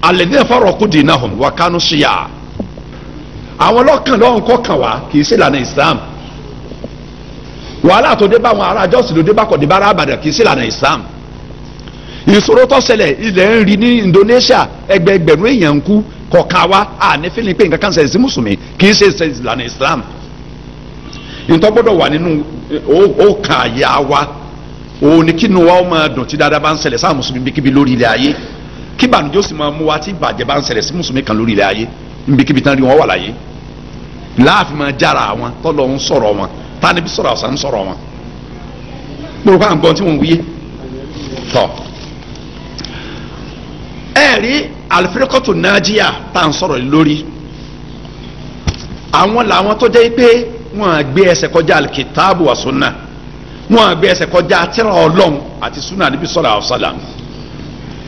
alẹ́ ní ẹ̀fọ́ rọ̀kú dì hàn kánú àwọn wá kì í ìlànà Islam wàhálà tó dé bá àwọn ará jọ́sìn ló dé bá Islam ìṣòro tó ṣẹlẹ̀ ilẹ̀ ń Indonesia èèyàn Islam ntọ́gbọ́dọ̀ wà nínú ó kà yà wa òun ni kí nu wa ó máa dùn tí dáadáa bá ń ṣẹlẹ̀ sáà mùsùlùmí bíkíbi lórí ilẹ̀ ayé kí bànújẹ́ ó sì máa mú wa tí bàjẹ́ bá ń ṣẹlẹ̀ sí mùsùlùmí kan lórí ilẹ̀ ayé nbíkíbi tán rí wọn wà láyé láàfin máa jára wọn tọ́lọ̀ ń sọ̀rọ̀ wọn tánibí sọ̀rọ̀ àṣà ń sọ̀rọ̀ wọn gbọ́dọ̀ fáwọn gbọ́n tí wọ́n wúyé tọ́ ẹ̀rí àlùfẹ́rẹ́kọ́tù nàjíyà tá à ń sọ̀rọ̀ lórí àwọn làwọn tó jẹ́ pé wọn àgbé ẹsẹ̀ kọjá alikitaabu wa sunna wọn àgbé ẹsẹ̀ kọjá tírà Ọlọ́run àti sunna níbi sọ̀rọ̀ àwòsàlà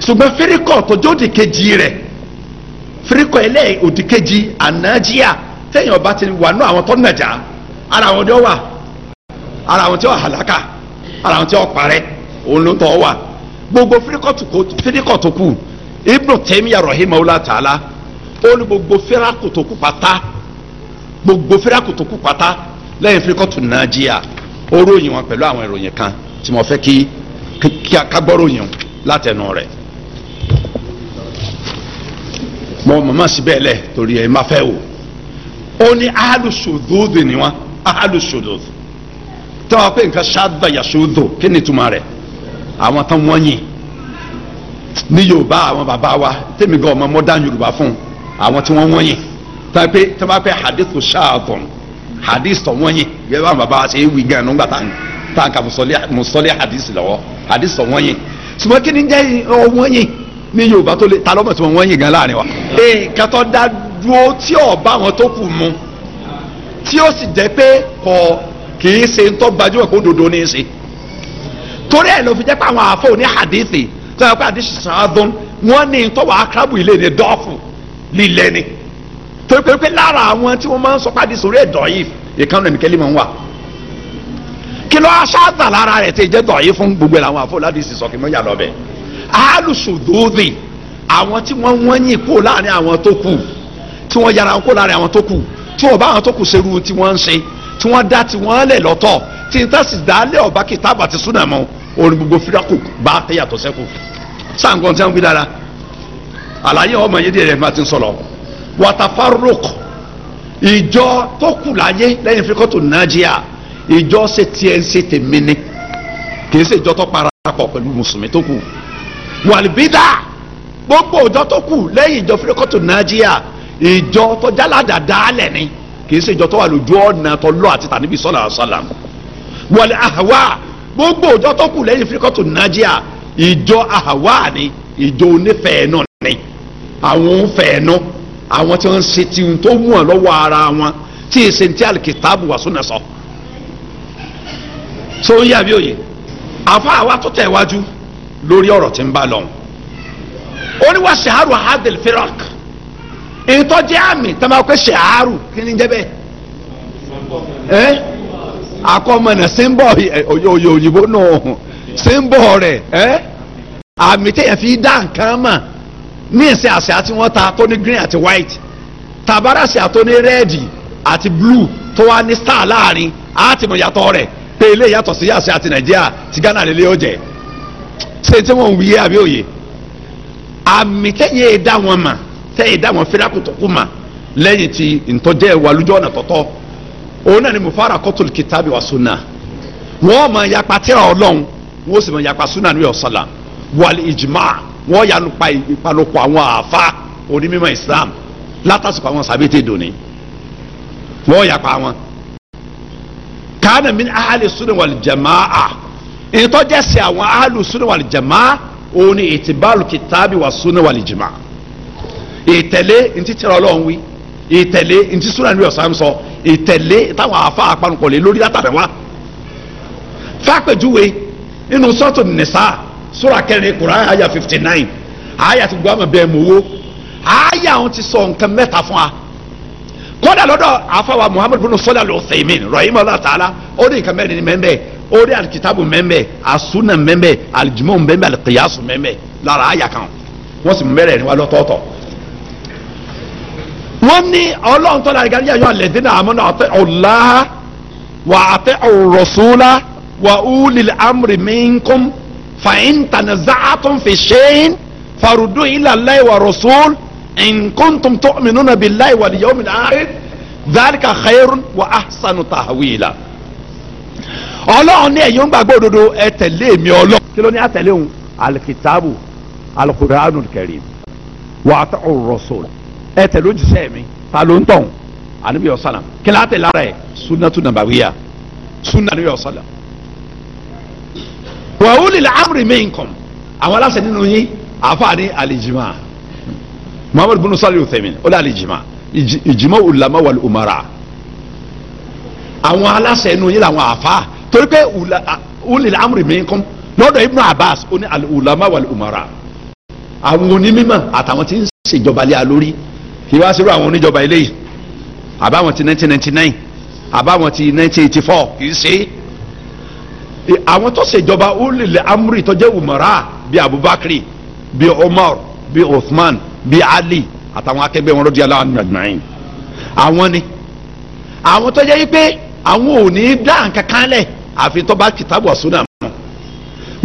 ṣùgbọ́n fẹ́ríkọ̀ tọjọ́ òdì kejì rẹ̀ fẹ́ríkọ̀ ẹlẹ́ òdì kejì ànájíà tẹ̀yìn ọba ti wà nù àwọn tó nàjà ara àwọn ọdẹ wà ara àwọn tí wà hàlàkà ara àwọn tí wà parẹ́ òun ló tọ́ wà gbogbo fẹ́ríkọ̀ tó kù Ibn Taymiyyah rahimahullah ta'ala ó ní tó kù pátá gbogbo firaku tó kú pátá lẹ́yìn firikọtù nàjíà ó ròyìn wọn pẹ̀lú àwọn ìròyìn kan tí mo fẹ́ kí kí akagbọròyìn látẹnu rẹ̀ mo mọ̀mọ́ síbẹ̀ lẹ̀ torí ẹ̀ má fẹ́ wò ó ní alùsòdòdò ni wọn alùsòdòdò tí wọn pè nǹkan ṣáàdà kí ni ìtumọ̀ rẹ̀ àwọn tán wọ́n yìn ní yorùbá àwọn bàbá wa tèmi gan ọmọ mọ́dá yorùbá fún àwọn tí wọ́n wọ́n yìn tàbí tí wọ́n bá fẹ́ hadithu ṣáàtọ̀n hadith tó wọ́n yìn bí wọ́n bá bá ṣe é wí gan nígbà tá à ń ka mùsọ́lẹ̀ hadith lọ́wọ́ hadith tó wọ́n yìn ṣùgbọ́n kí ni jẹ́ ọwọ́n yìn ní Yorùbá tó lé ta lọ́mọ̀ tí wọ́n yìn gan láàrin wa. nǹkan tó dá dúró tí ò bá wọn tó kù mu tí ó sì jẹ́ pé kò kì í ṣe ń gbajúmọ̀ kó dodo ní í ṣe torí ẹ̀ ló fi jẹ́ pé àwọn àfọ òní hadithi tó yẹ pé hadithi sàn wọ́n ní tọ́wọ́ akrabu ilé ní dọ́ọ̀fù lílẹ̀ ni torí pé pé lára àwọn tí wọ́n máa ń sọ pàdé sórí ẹ̀dọ̀ yìí ìkànnì ẹ̀mìkẹ́lì máa ń wà kí ló aṣáàtà lára rẹ̀ tẹ̀ jẹ́ dọ̀ yìí fún gbogbo làwọn àfọ láti sì sọ kí mọ́ yà lọ bẹ̀ alùsùdóòdì àwọn tí wọ́n wọ́n yìn kó láàrin àwọn tó kù tí wọ́n yàrá kó láàrin àwọn tó kù tí wọ́n bá àwọn tó kù serú tí wọ́n ń ṣe tí wọ́n dá tí wọ́n lẹ̀ lọ́tọ̀ tí n tẹ́sí dálé ọba kìtàbù àti súnà mọ́ orin gbogbo firaku bá tẹ́yàtọ̀ sẹ́kù sáà ń gbọ́n tí wọ́n gbé dára àlàyé ọmọ yédè rẹ̀ máa watafarok ìjọ tó kù láyé lẹ́yìn fíkọ́tò nàjíà ìjọ ṣe tiẹ̀ ń ṣe tèmi ni kì í ṣe ìjọ tó parapọ̀ pẹ̀lú mùsùlùmí tó kù wàlbídà gbogbo ìjọ tó kù lẹ́yìn ìjọ fíkọ́tò nàjíà ìjọ tó jálàdà dálẹ̀ ni kì í ṣe ìjọ tó wà lójú ọ̀nà tó lọ àti tàníbi sọ́là sọ́là wal ahwa gbogbo ìjọ tó kù lẹ́yìn fíkọ́tò nàjíà ìjọ ahwa ni ìjọ onífẹ̀ẹ́ náà ni àwọn ń fẹ̀ẹ́ àwọn tí wọ́n ń ṣe tiwọn tó mú wọn lọ́wọ́ ara wọn tí èsè ti alikitaabu wà súnà sọ so ń yà bí òye àfa àwa tó tẹ̀ wájú lórí ọ̀rọ̀ tí ń bá lọ́hùn oníwà ṣèhárù hadel firak ìtọ́jú àmì tẹ́lẹ̀ pé ṣèhárù kí ni jẹ́ bẹ́ẹ̀ ẹ́ akọ́mọ̀nà símbọ̀ òyìnbó náà símbọ̀ rẹ̀ ẹ́ àmì tẹ̀yẹ̀ fi dá nǹkan mọ̀ ní ìsìn àṣà tí wọ́n ta tó ní green àti white tàbára àṣà tó ní red àti blue tó wá ní star láàrin á ti mọ̀ yàtọ̀ rẹ̀ pé ilé yàtọ̀ sí àṣà àti nàìjíríà ti ghana lè lé ó jẹ ṣé tí wọ́n ń wuyé àbí òye àmì tẹ́yìn ẹ̀dá wọn mà tẹ́yìn ẹ̀dá wọn fẹ́rẹ́ kùtùkù mà lẹ́yìn tí ntọ́jẹ́ wà lójú ọ̀nà tọ̀tọ̀ òun náà ni mufara kọ́tùlù kìtàbí wa sunna wọ́n mọ̀ yapa tíra ọlọ́run wọ́n sì mọ̀ yapa sunna ní ọ̀sán la wọ́n yà lupa ìpalopọ̀ àwọn àfa onímọ̀ Islam látàsìkò àwọn sàbẹ̀tẹ̀ dòní wọ́n yà pa wọn. kánà min ahali sunna wal jamaa ìtọ́jẹsẹ̀ àwọn ahali sunna wal jamaa òun ni ìtìbáàlù kìtàbí wà sunna wal ìtẹ̀lé ntí tẹ̀rẹ̀ ọlọ́run wí ìtẹ̀lé ntí sunna ní ọ̀sán sọ ìtẹ̀lé táwọn afa àpanukọ̀lé lórí látàrẹ̀ wá. fápẹ̀júwe nínú sọ́tò nìsáà sura kẹrin Quran aya fifty nine aya ti gbọ́ àmọ̀ bẹ́ẹ̀ mọ̀ owó aya àwọn ti sọ nǹkan mẹ́ta fún wa kódà lọ́dọ̀ àfàwà Muhammad bin sọlá lọ sẹ́yìn rahim allah ta'ala ó ní nǹkan mẹ́rin mẹ́mbẹ́ ó ní alikitabu mẹ́mbẹ́ asuna mẹ́mbẹ́ alijumọ̀ mẹ́mbẹ́ alikiyasu mẹ́mbẹ́ lára aya kan wọ́n sì mẹ́rẹ̀ ni wa lọ́tọ̀ọ̀tọ̀ wọ́n ní ọlọ́run tọ́lá ìgbàlejò ayọ́ alẹ́ dín náà àmọ́ náà ọ̀tẹ́ ọ̀la wà á tẹ́ ọ̀rọ̀ sólá wà á wúlil amri minkum فإن تنزعتم في شيء فردوا إلى الله والرسول إن كنتم تؤمنون بالله واليوم الآخر ذلك خير وأحسن تهويلا ọlọ́run ní ẹ̀yin gbàgbọ́ òdodo ẹ tẹ̀lé mi ọlọ́run. kí ló ní àtẹ̀lé òun alikitaabu alukuraanu karim wàtá ọ̀rọ̀sọ̀ ẹ tẹ̀lé òjíṣẹ́ mi ta ló ń tọ̀hún anabi ọ̀sálàm kí ló àtẹ̀lé ara ẹ̀ sunatu nàbàwíyà sunanu ọ̀sálàm wa ulil amri minkum àwọn aláṣẹ nínú yín àfààní alìjìmá muhammadu bin sali uthemin ó lé alìjìmá ìjìmá ulama wal umara àwọn aláṣẹ nínú yín làwọn àfa torí pé ulil amri minkum lọ́dọ̀ ibnu abbas ó ní ulama wal umara àwọn onímọ̀ àtàwọn tí ń ṣèjọba lé a kí wá sírò àwọn oníjọba eléyìí àbáwọn ti nineteen àbáwọn ti nineteen kì í ṣe é àwọn tó ṣèjọba ulil amri tó jẹ́ umara bíi abubakari bíi umar bíi uthman bíi ali àtàwọn akẹgbẹ́ wọn lọ́dí aláwọ̀ àjùmáyìn àwọn ni àwọn tó jẹ́ yí pé àwọn ò ní dá nǹkan kan lẹ̀ àfi tó bá kìtàbù àsúnà mọ́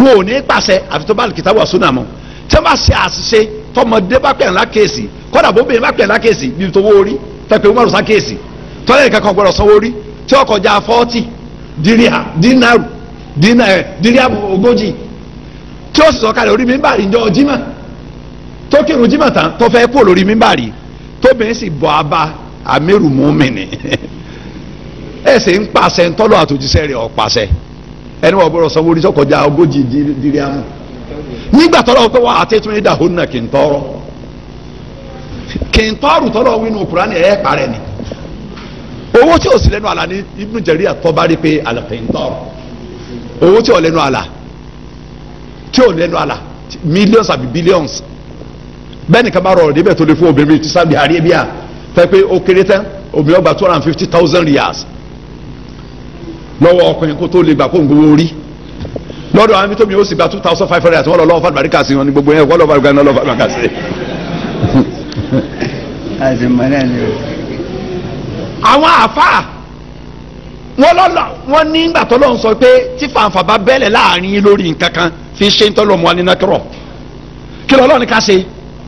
wọn ò ní pàṣẹ àfi tó bá kìtàbù àsúnà mọ́ tí wọ́n bá ṣe àṣìṣe tọmọdé bá pè ńlá kéèsì kọ́dà bóbìnrin bá pè ńlá kéèsì bíi tówó orí tẹ̀pẹ̀ wọn lọ sá kéèsì tọ́lẹ̀ nìkan kan gbọ́dọ̀ sanwó orí tí ọkọ̀ já fọ́ọ̀tì dínàrù dínà ẹ̀ díríàmù ogójì tí ó sì sọ̀kalẹ̀ orí mímbàrí ìjọ jimá tó kírun jimá tán tó fẹ́ kó lórí mímbàrí tóbìnrin sì bọ̀ abá amẹ́rù mọ́mìnì ẹ̀ sì ń pàṣẹ ńtọ́lọ́ àtòjíṣẹ́ rẹ̀ ọ̀pàṣẹ ẹni wọ́n bọ̀rọ̀ sanwó orí sọ́kọjá ogójì díríàmù nígbà tọ́lọ́ pé wọ́n àti tún ní náà kì í tọ́rọ́ kì í tọ́rù tọ́lọ́ wínú kùránì ẹ̀ parẹ́ ni owó tí ò sí lẹ́nu àlàní Ibn Jarir àtọ́bárí pé àlàkì ń tọ́rọ̀ owó tí ò lẹ́nu àlà tí ò lẹ́nu àlà millions àbí billions bẹ́ẹ̀ nìkan bá rọrùn débẹ̀ tó lè fún obìnrin ti Saudi Arabia fẹ́ pé ó kéré tán obìnrin ọgbà two hundred and fifty thousand riyals lọ́wọ́ ọkùnrin kó tó lè gbà kó ń gbowó orí lọ́dọ̀ àwọn mítòmí ó sì gba two thousand five hundred àti wọ́n lọ lọ́wọ́ fàdùbàrí kàsí wọn ni gbogbo yẹn wọ́n lọ́wọ́ fàdùbàrí náà lọ́wọ́ fàdùbàrí kàsí. àwọn àfáà wọ́n lọ́lọ́ wọ́n ní ìgbà tó lọ́n sọ pé tí fàǹfà bá bẹ́lẹ̀ láàrin lórí nǹkan kan fi ṣe ń tọ́lọ́ mu wa ní nàkírọ̀ kí lọ́lọ́ ni ká ṣe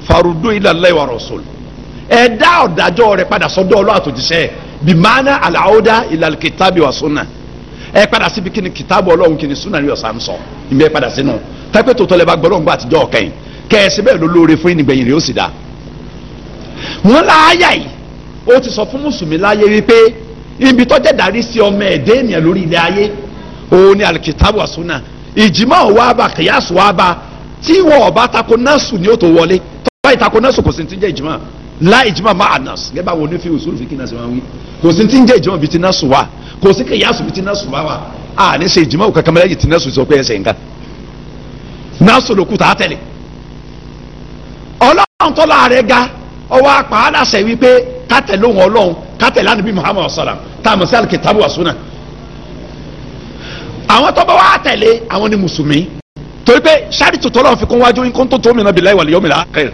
farudu ilallahi wa rasul ẹ dá ọ̀dájọ́ rẹ padà sọ́dọ̀ ọlọ́ àtòjíṣẹ́ bí mana alauda ilal kitabi wa sunna ẹ padà síbi kí ni kitabu ọlọ́run kí ni sunna ni ọ̀sán sọ ìgbẹ́ padà sínú tẹ́pẹ́ tó tọ́lẹ̀ bá gbọ́dọ̀ ń gbọ́ àtijọ́ ọ̀kẹ́yìn kẹ́ẹ̀sì bẹ́ẹ̀ ló lóore fún ìnìgbẹ̀yìn rẹ̀ ó sì dá. wọ́n láyà yìí ó ti sọ fún mùsùlùmí láyé wípé ibi tọ́jẹ́ darí sí ọmọ ẹ̀dẹ́ ènìyàn lórí ilẹ̀ ayé òun ni alikitabu asuna ìjìmọ̀ wà bá kìyàsù wà bá tí wọn ọba tako nọ́ọ̀sù ni ó tó wọlé tọ́ba ìtako nọ́ọ̀sù kò sí ti jẹ́ ìjìmọ̀ láì ìjìmọ̀ máa nọ́ọ̀sù gẹ́gẹ́ bá wọn onífi òṣùlù fi kí nọ́ọ̀sù wọn wí kò sí ti jẹ́ ìjìmọ̀ bíi ti nọ́ọ̀sù wà kò sí kìyàsù bíi ti nọ́ọ̀sù wà wà a ní ṣe ìjìmọ̀ òkè kamẹ́rẹ́ yìí ti nọ́ọ̀sù sọ pé ẹsẹ̀ nǹkan nọ́ọ̀sù ló kú tá tẹ̀lé ọlọ́run tọ́lá rẹ̀ ga ọwọ́ apá aláṣẹ wípé ká tẹ̀lé òun ọlọ́run kátẹ̀lé ànábì muhammad sallam tá a mọ̀ sí alikitabu wa sunna àwọn tó bá wà tẹ̀lé àwọn ni mùsùlùmí torí pé sáré tòótọ́ lọ́wọ́ fi kún wájú nǹkan tó tó mìíràn billahi wal yawmil akhir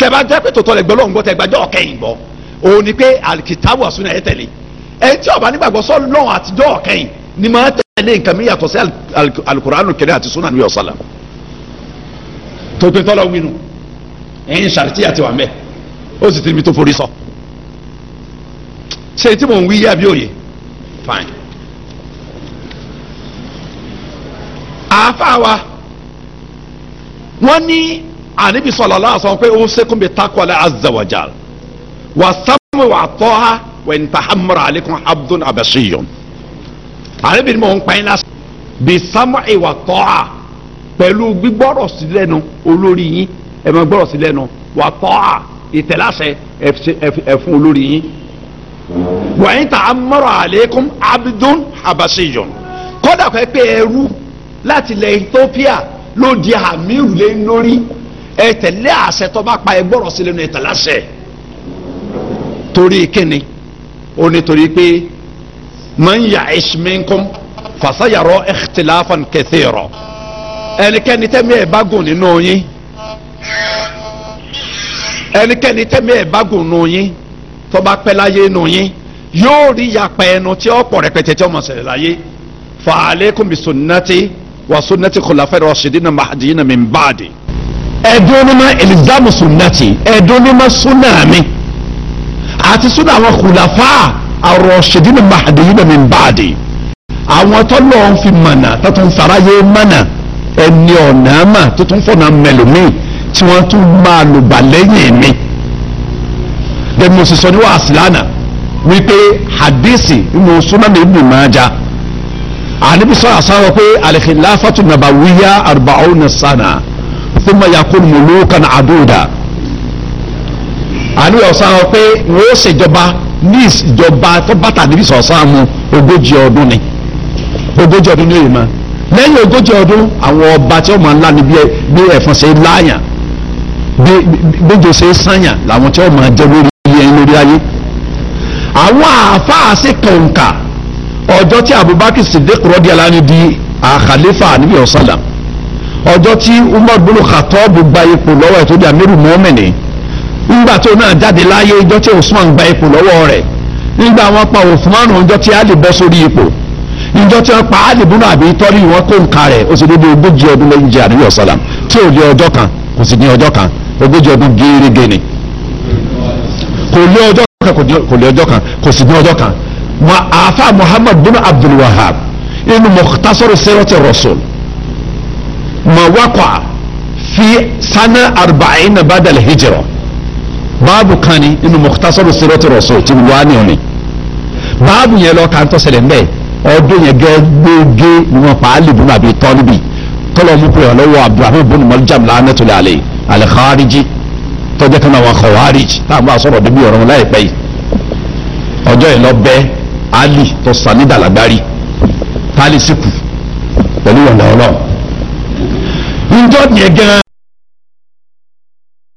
tẹ̀bá jẹ́ pé tòótọ́ lẹ gbọ́ lọ́wọ́ ń gbọ́ tẹ̀ gbàjọ́ ọ̀kẹ́yìn gbọ́ òun ni pé alikitabu wa sunna ẹ̀ tẹ̀lé ẹ̀ tí ọ̀bá nígbàgbọ́ sọ́ lọ́wọ́ àtijọ́ ọ̀kẹ́yìn ni máa tẹ̀lé nǹkan mi yàtọ̀ sí alukur'anu kẹrẹ àti sunan mi ọ̀sálà tó pé tọ́lọ́ winu ẹ̀yin sàrìtì àti wàmẹ́ ó sì ti mi tó forí sọ. So ṣe tí mò ń wí yé àbí òye fine. àáfàá wa wọ́n ní ànábì sallallahu alaihi wasallam pé ó ṣekún bíi takwalẹ̀ azza wa jal wà sámú wà tọ́ha wẹ̀ ń ta hamara aleikum abdul abashiyun ànábì ni mò ń pẹ́yìn lásán bíi sámú ìwà tọ́ha pẹ̀lú gbígbọ́rọ̀ sí lẹ́nu olórí yín ẹ̀ gbọ́rọ̀ sí lẹ́nu wà tọ́ha ìtẹ̀láṣẹ ẹ̀fún olórí yín wa in ta'ammara alaykum abdun habasiyun kódà kọ́ ẹ pé ẹrú láti ilẹ̀ Ethiopia ló di amiru lé lórí ẹ tẹ̀lé àṣẹ tó bá pa ẹ gbọ́rọ̀ sí lẹ́nu ẹ tẹ̀lé àṣẹ torí kíni ó ní torí pé man ya'ish minkum fasayara ikhtilafan kathira ẹnikẹ́ni tẹ́mi ẹ̀ bá gùn nínú yín ẹnikẹ́ni tẹ́mi ẹ̀ bá gùn nínú yín tó bá pẹ́ láyé nù yín yóò rí yàpá ẹnu tí ó pọ̀ rẹpẹtẹ tí ó mọ̀ ṣẹlẹ̀ láyé fa alaykum bi sunnati wa sunnati khulafa'ir rashidina mahdiyina min ba'di. ẹ̀dùn ní ma elizamu sunnati ẹ̀dùn ní ma sunna mi àti sunna àwọn khulafa ar-rashidina mahdiyina min ba'di. àwọn tọ́lọ̀ ń fi mànà tó tún faráyé mànà ẹni ọ̀nà tó tún fọ̀nà mẹlòmíì tí wọ́n tún máa lùgbà lẹ́yìn mi bẹ́ẹ̀ mo sì sọ ní wàásù lánàá wípé hadisi mo súnmọ́ mi bù máa já àníbi sọ àsáwọ pé al-khilafatu nabawiyya arba'una sana thumma yakun mulukan aduda àníbi ọ̀sáwọ pé wọ́n ṣèjọba ní ìjọba tó bàtà níbi sọ̀sán ogójì ọdún ni ogójì ọdún ní èyí ma lẹ́yìn ogójì ọdún àwọn ọba tí wọ́n máa ń lá níbi bí ẹ̀fọn ṣe láàyàn gbẹ́jọ ṣe sáyàn làwọn tí wọ́n máa jẹ́ lórí yẹn lórí ayé àwọn àáfàá sì kọ̀ǹkà ọjọ́ tí Abubakar Siddiq radiyallahu anhu di àkàlẹ́fà níbi ọ̀sálà ọjọ́ tí Umar bin Khattab gba ipò lọ́wọ́ ètò ìdá mẹ́rù mọ́mẹ́ni nígbà tó náà jáde láyé ọjọ́ tí Usman gba ipò lọ́wọ́ rẹ̀ nígbà wọn pa Usman ọjọ́ tí Ali bọ́ sórí ipò ìjọ tí wọn pa Ali bin Abi Talib wọn kó nǹka rẹ̀ ó sì dédé ogójì ọdún lẹ́yìn jẹ́ àníbi ọ̀sálà tí ò lé ọjọ́ kan kò sì ní ọjọ́ kan ogójì ọdún gẹ́gẹ́ ni kò lé ọjọ́ kan kò lé ọjọ́ kan kò sì ní ọjọ́ kan mọ àáfà Muhammad bin Abdul Wahab inú Mukhtasar Sirati Rasul mọ wákọ̀ fi sanna arba'in badal hijra báàbù kan ni inú Mukhtasar Sirati Rasul ti wá ní òní báàbù yẹn lọ kà ń tọ́sẹ̀lẹ̀ mbẹ́ ọdún yẹn gẹ́gẹ́ ni wọ́n pa á lè bùnú àbí tọ́ níbi tọ́lọ́ mú pé bin Maljam lánàtúlẹ̀ àlẹ́ al-Khariji tọ́jẹ́ kan àwọn Khawarij láàmú àsọ̀rọ̀ débi ọ̀rọ̀ wọn láìpẹ́ yìí ọjọ́ yìí lọ bẹ Ali tó sani dàlágbárí tálí pẹ̀lú ọ̀nà ọlọ́run njọ́ yẹn
gan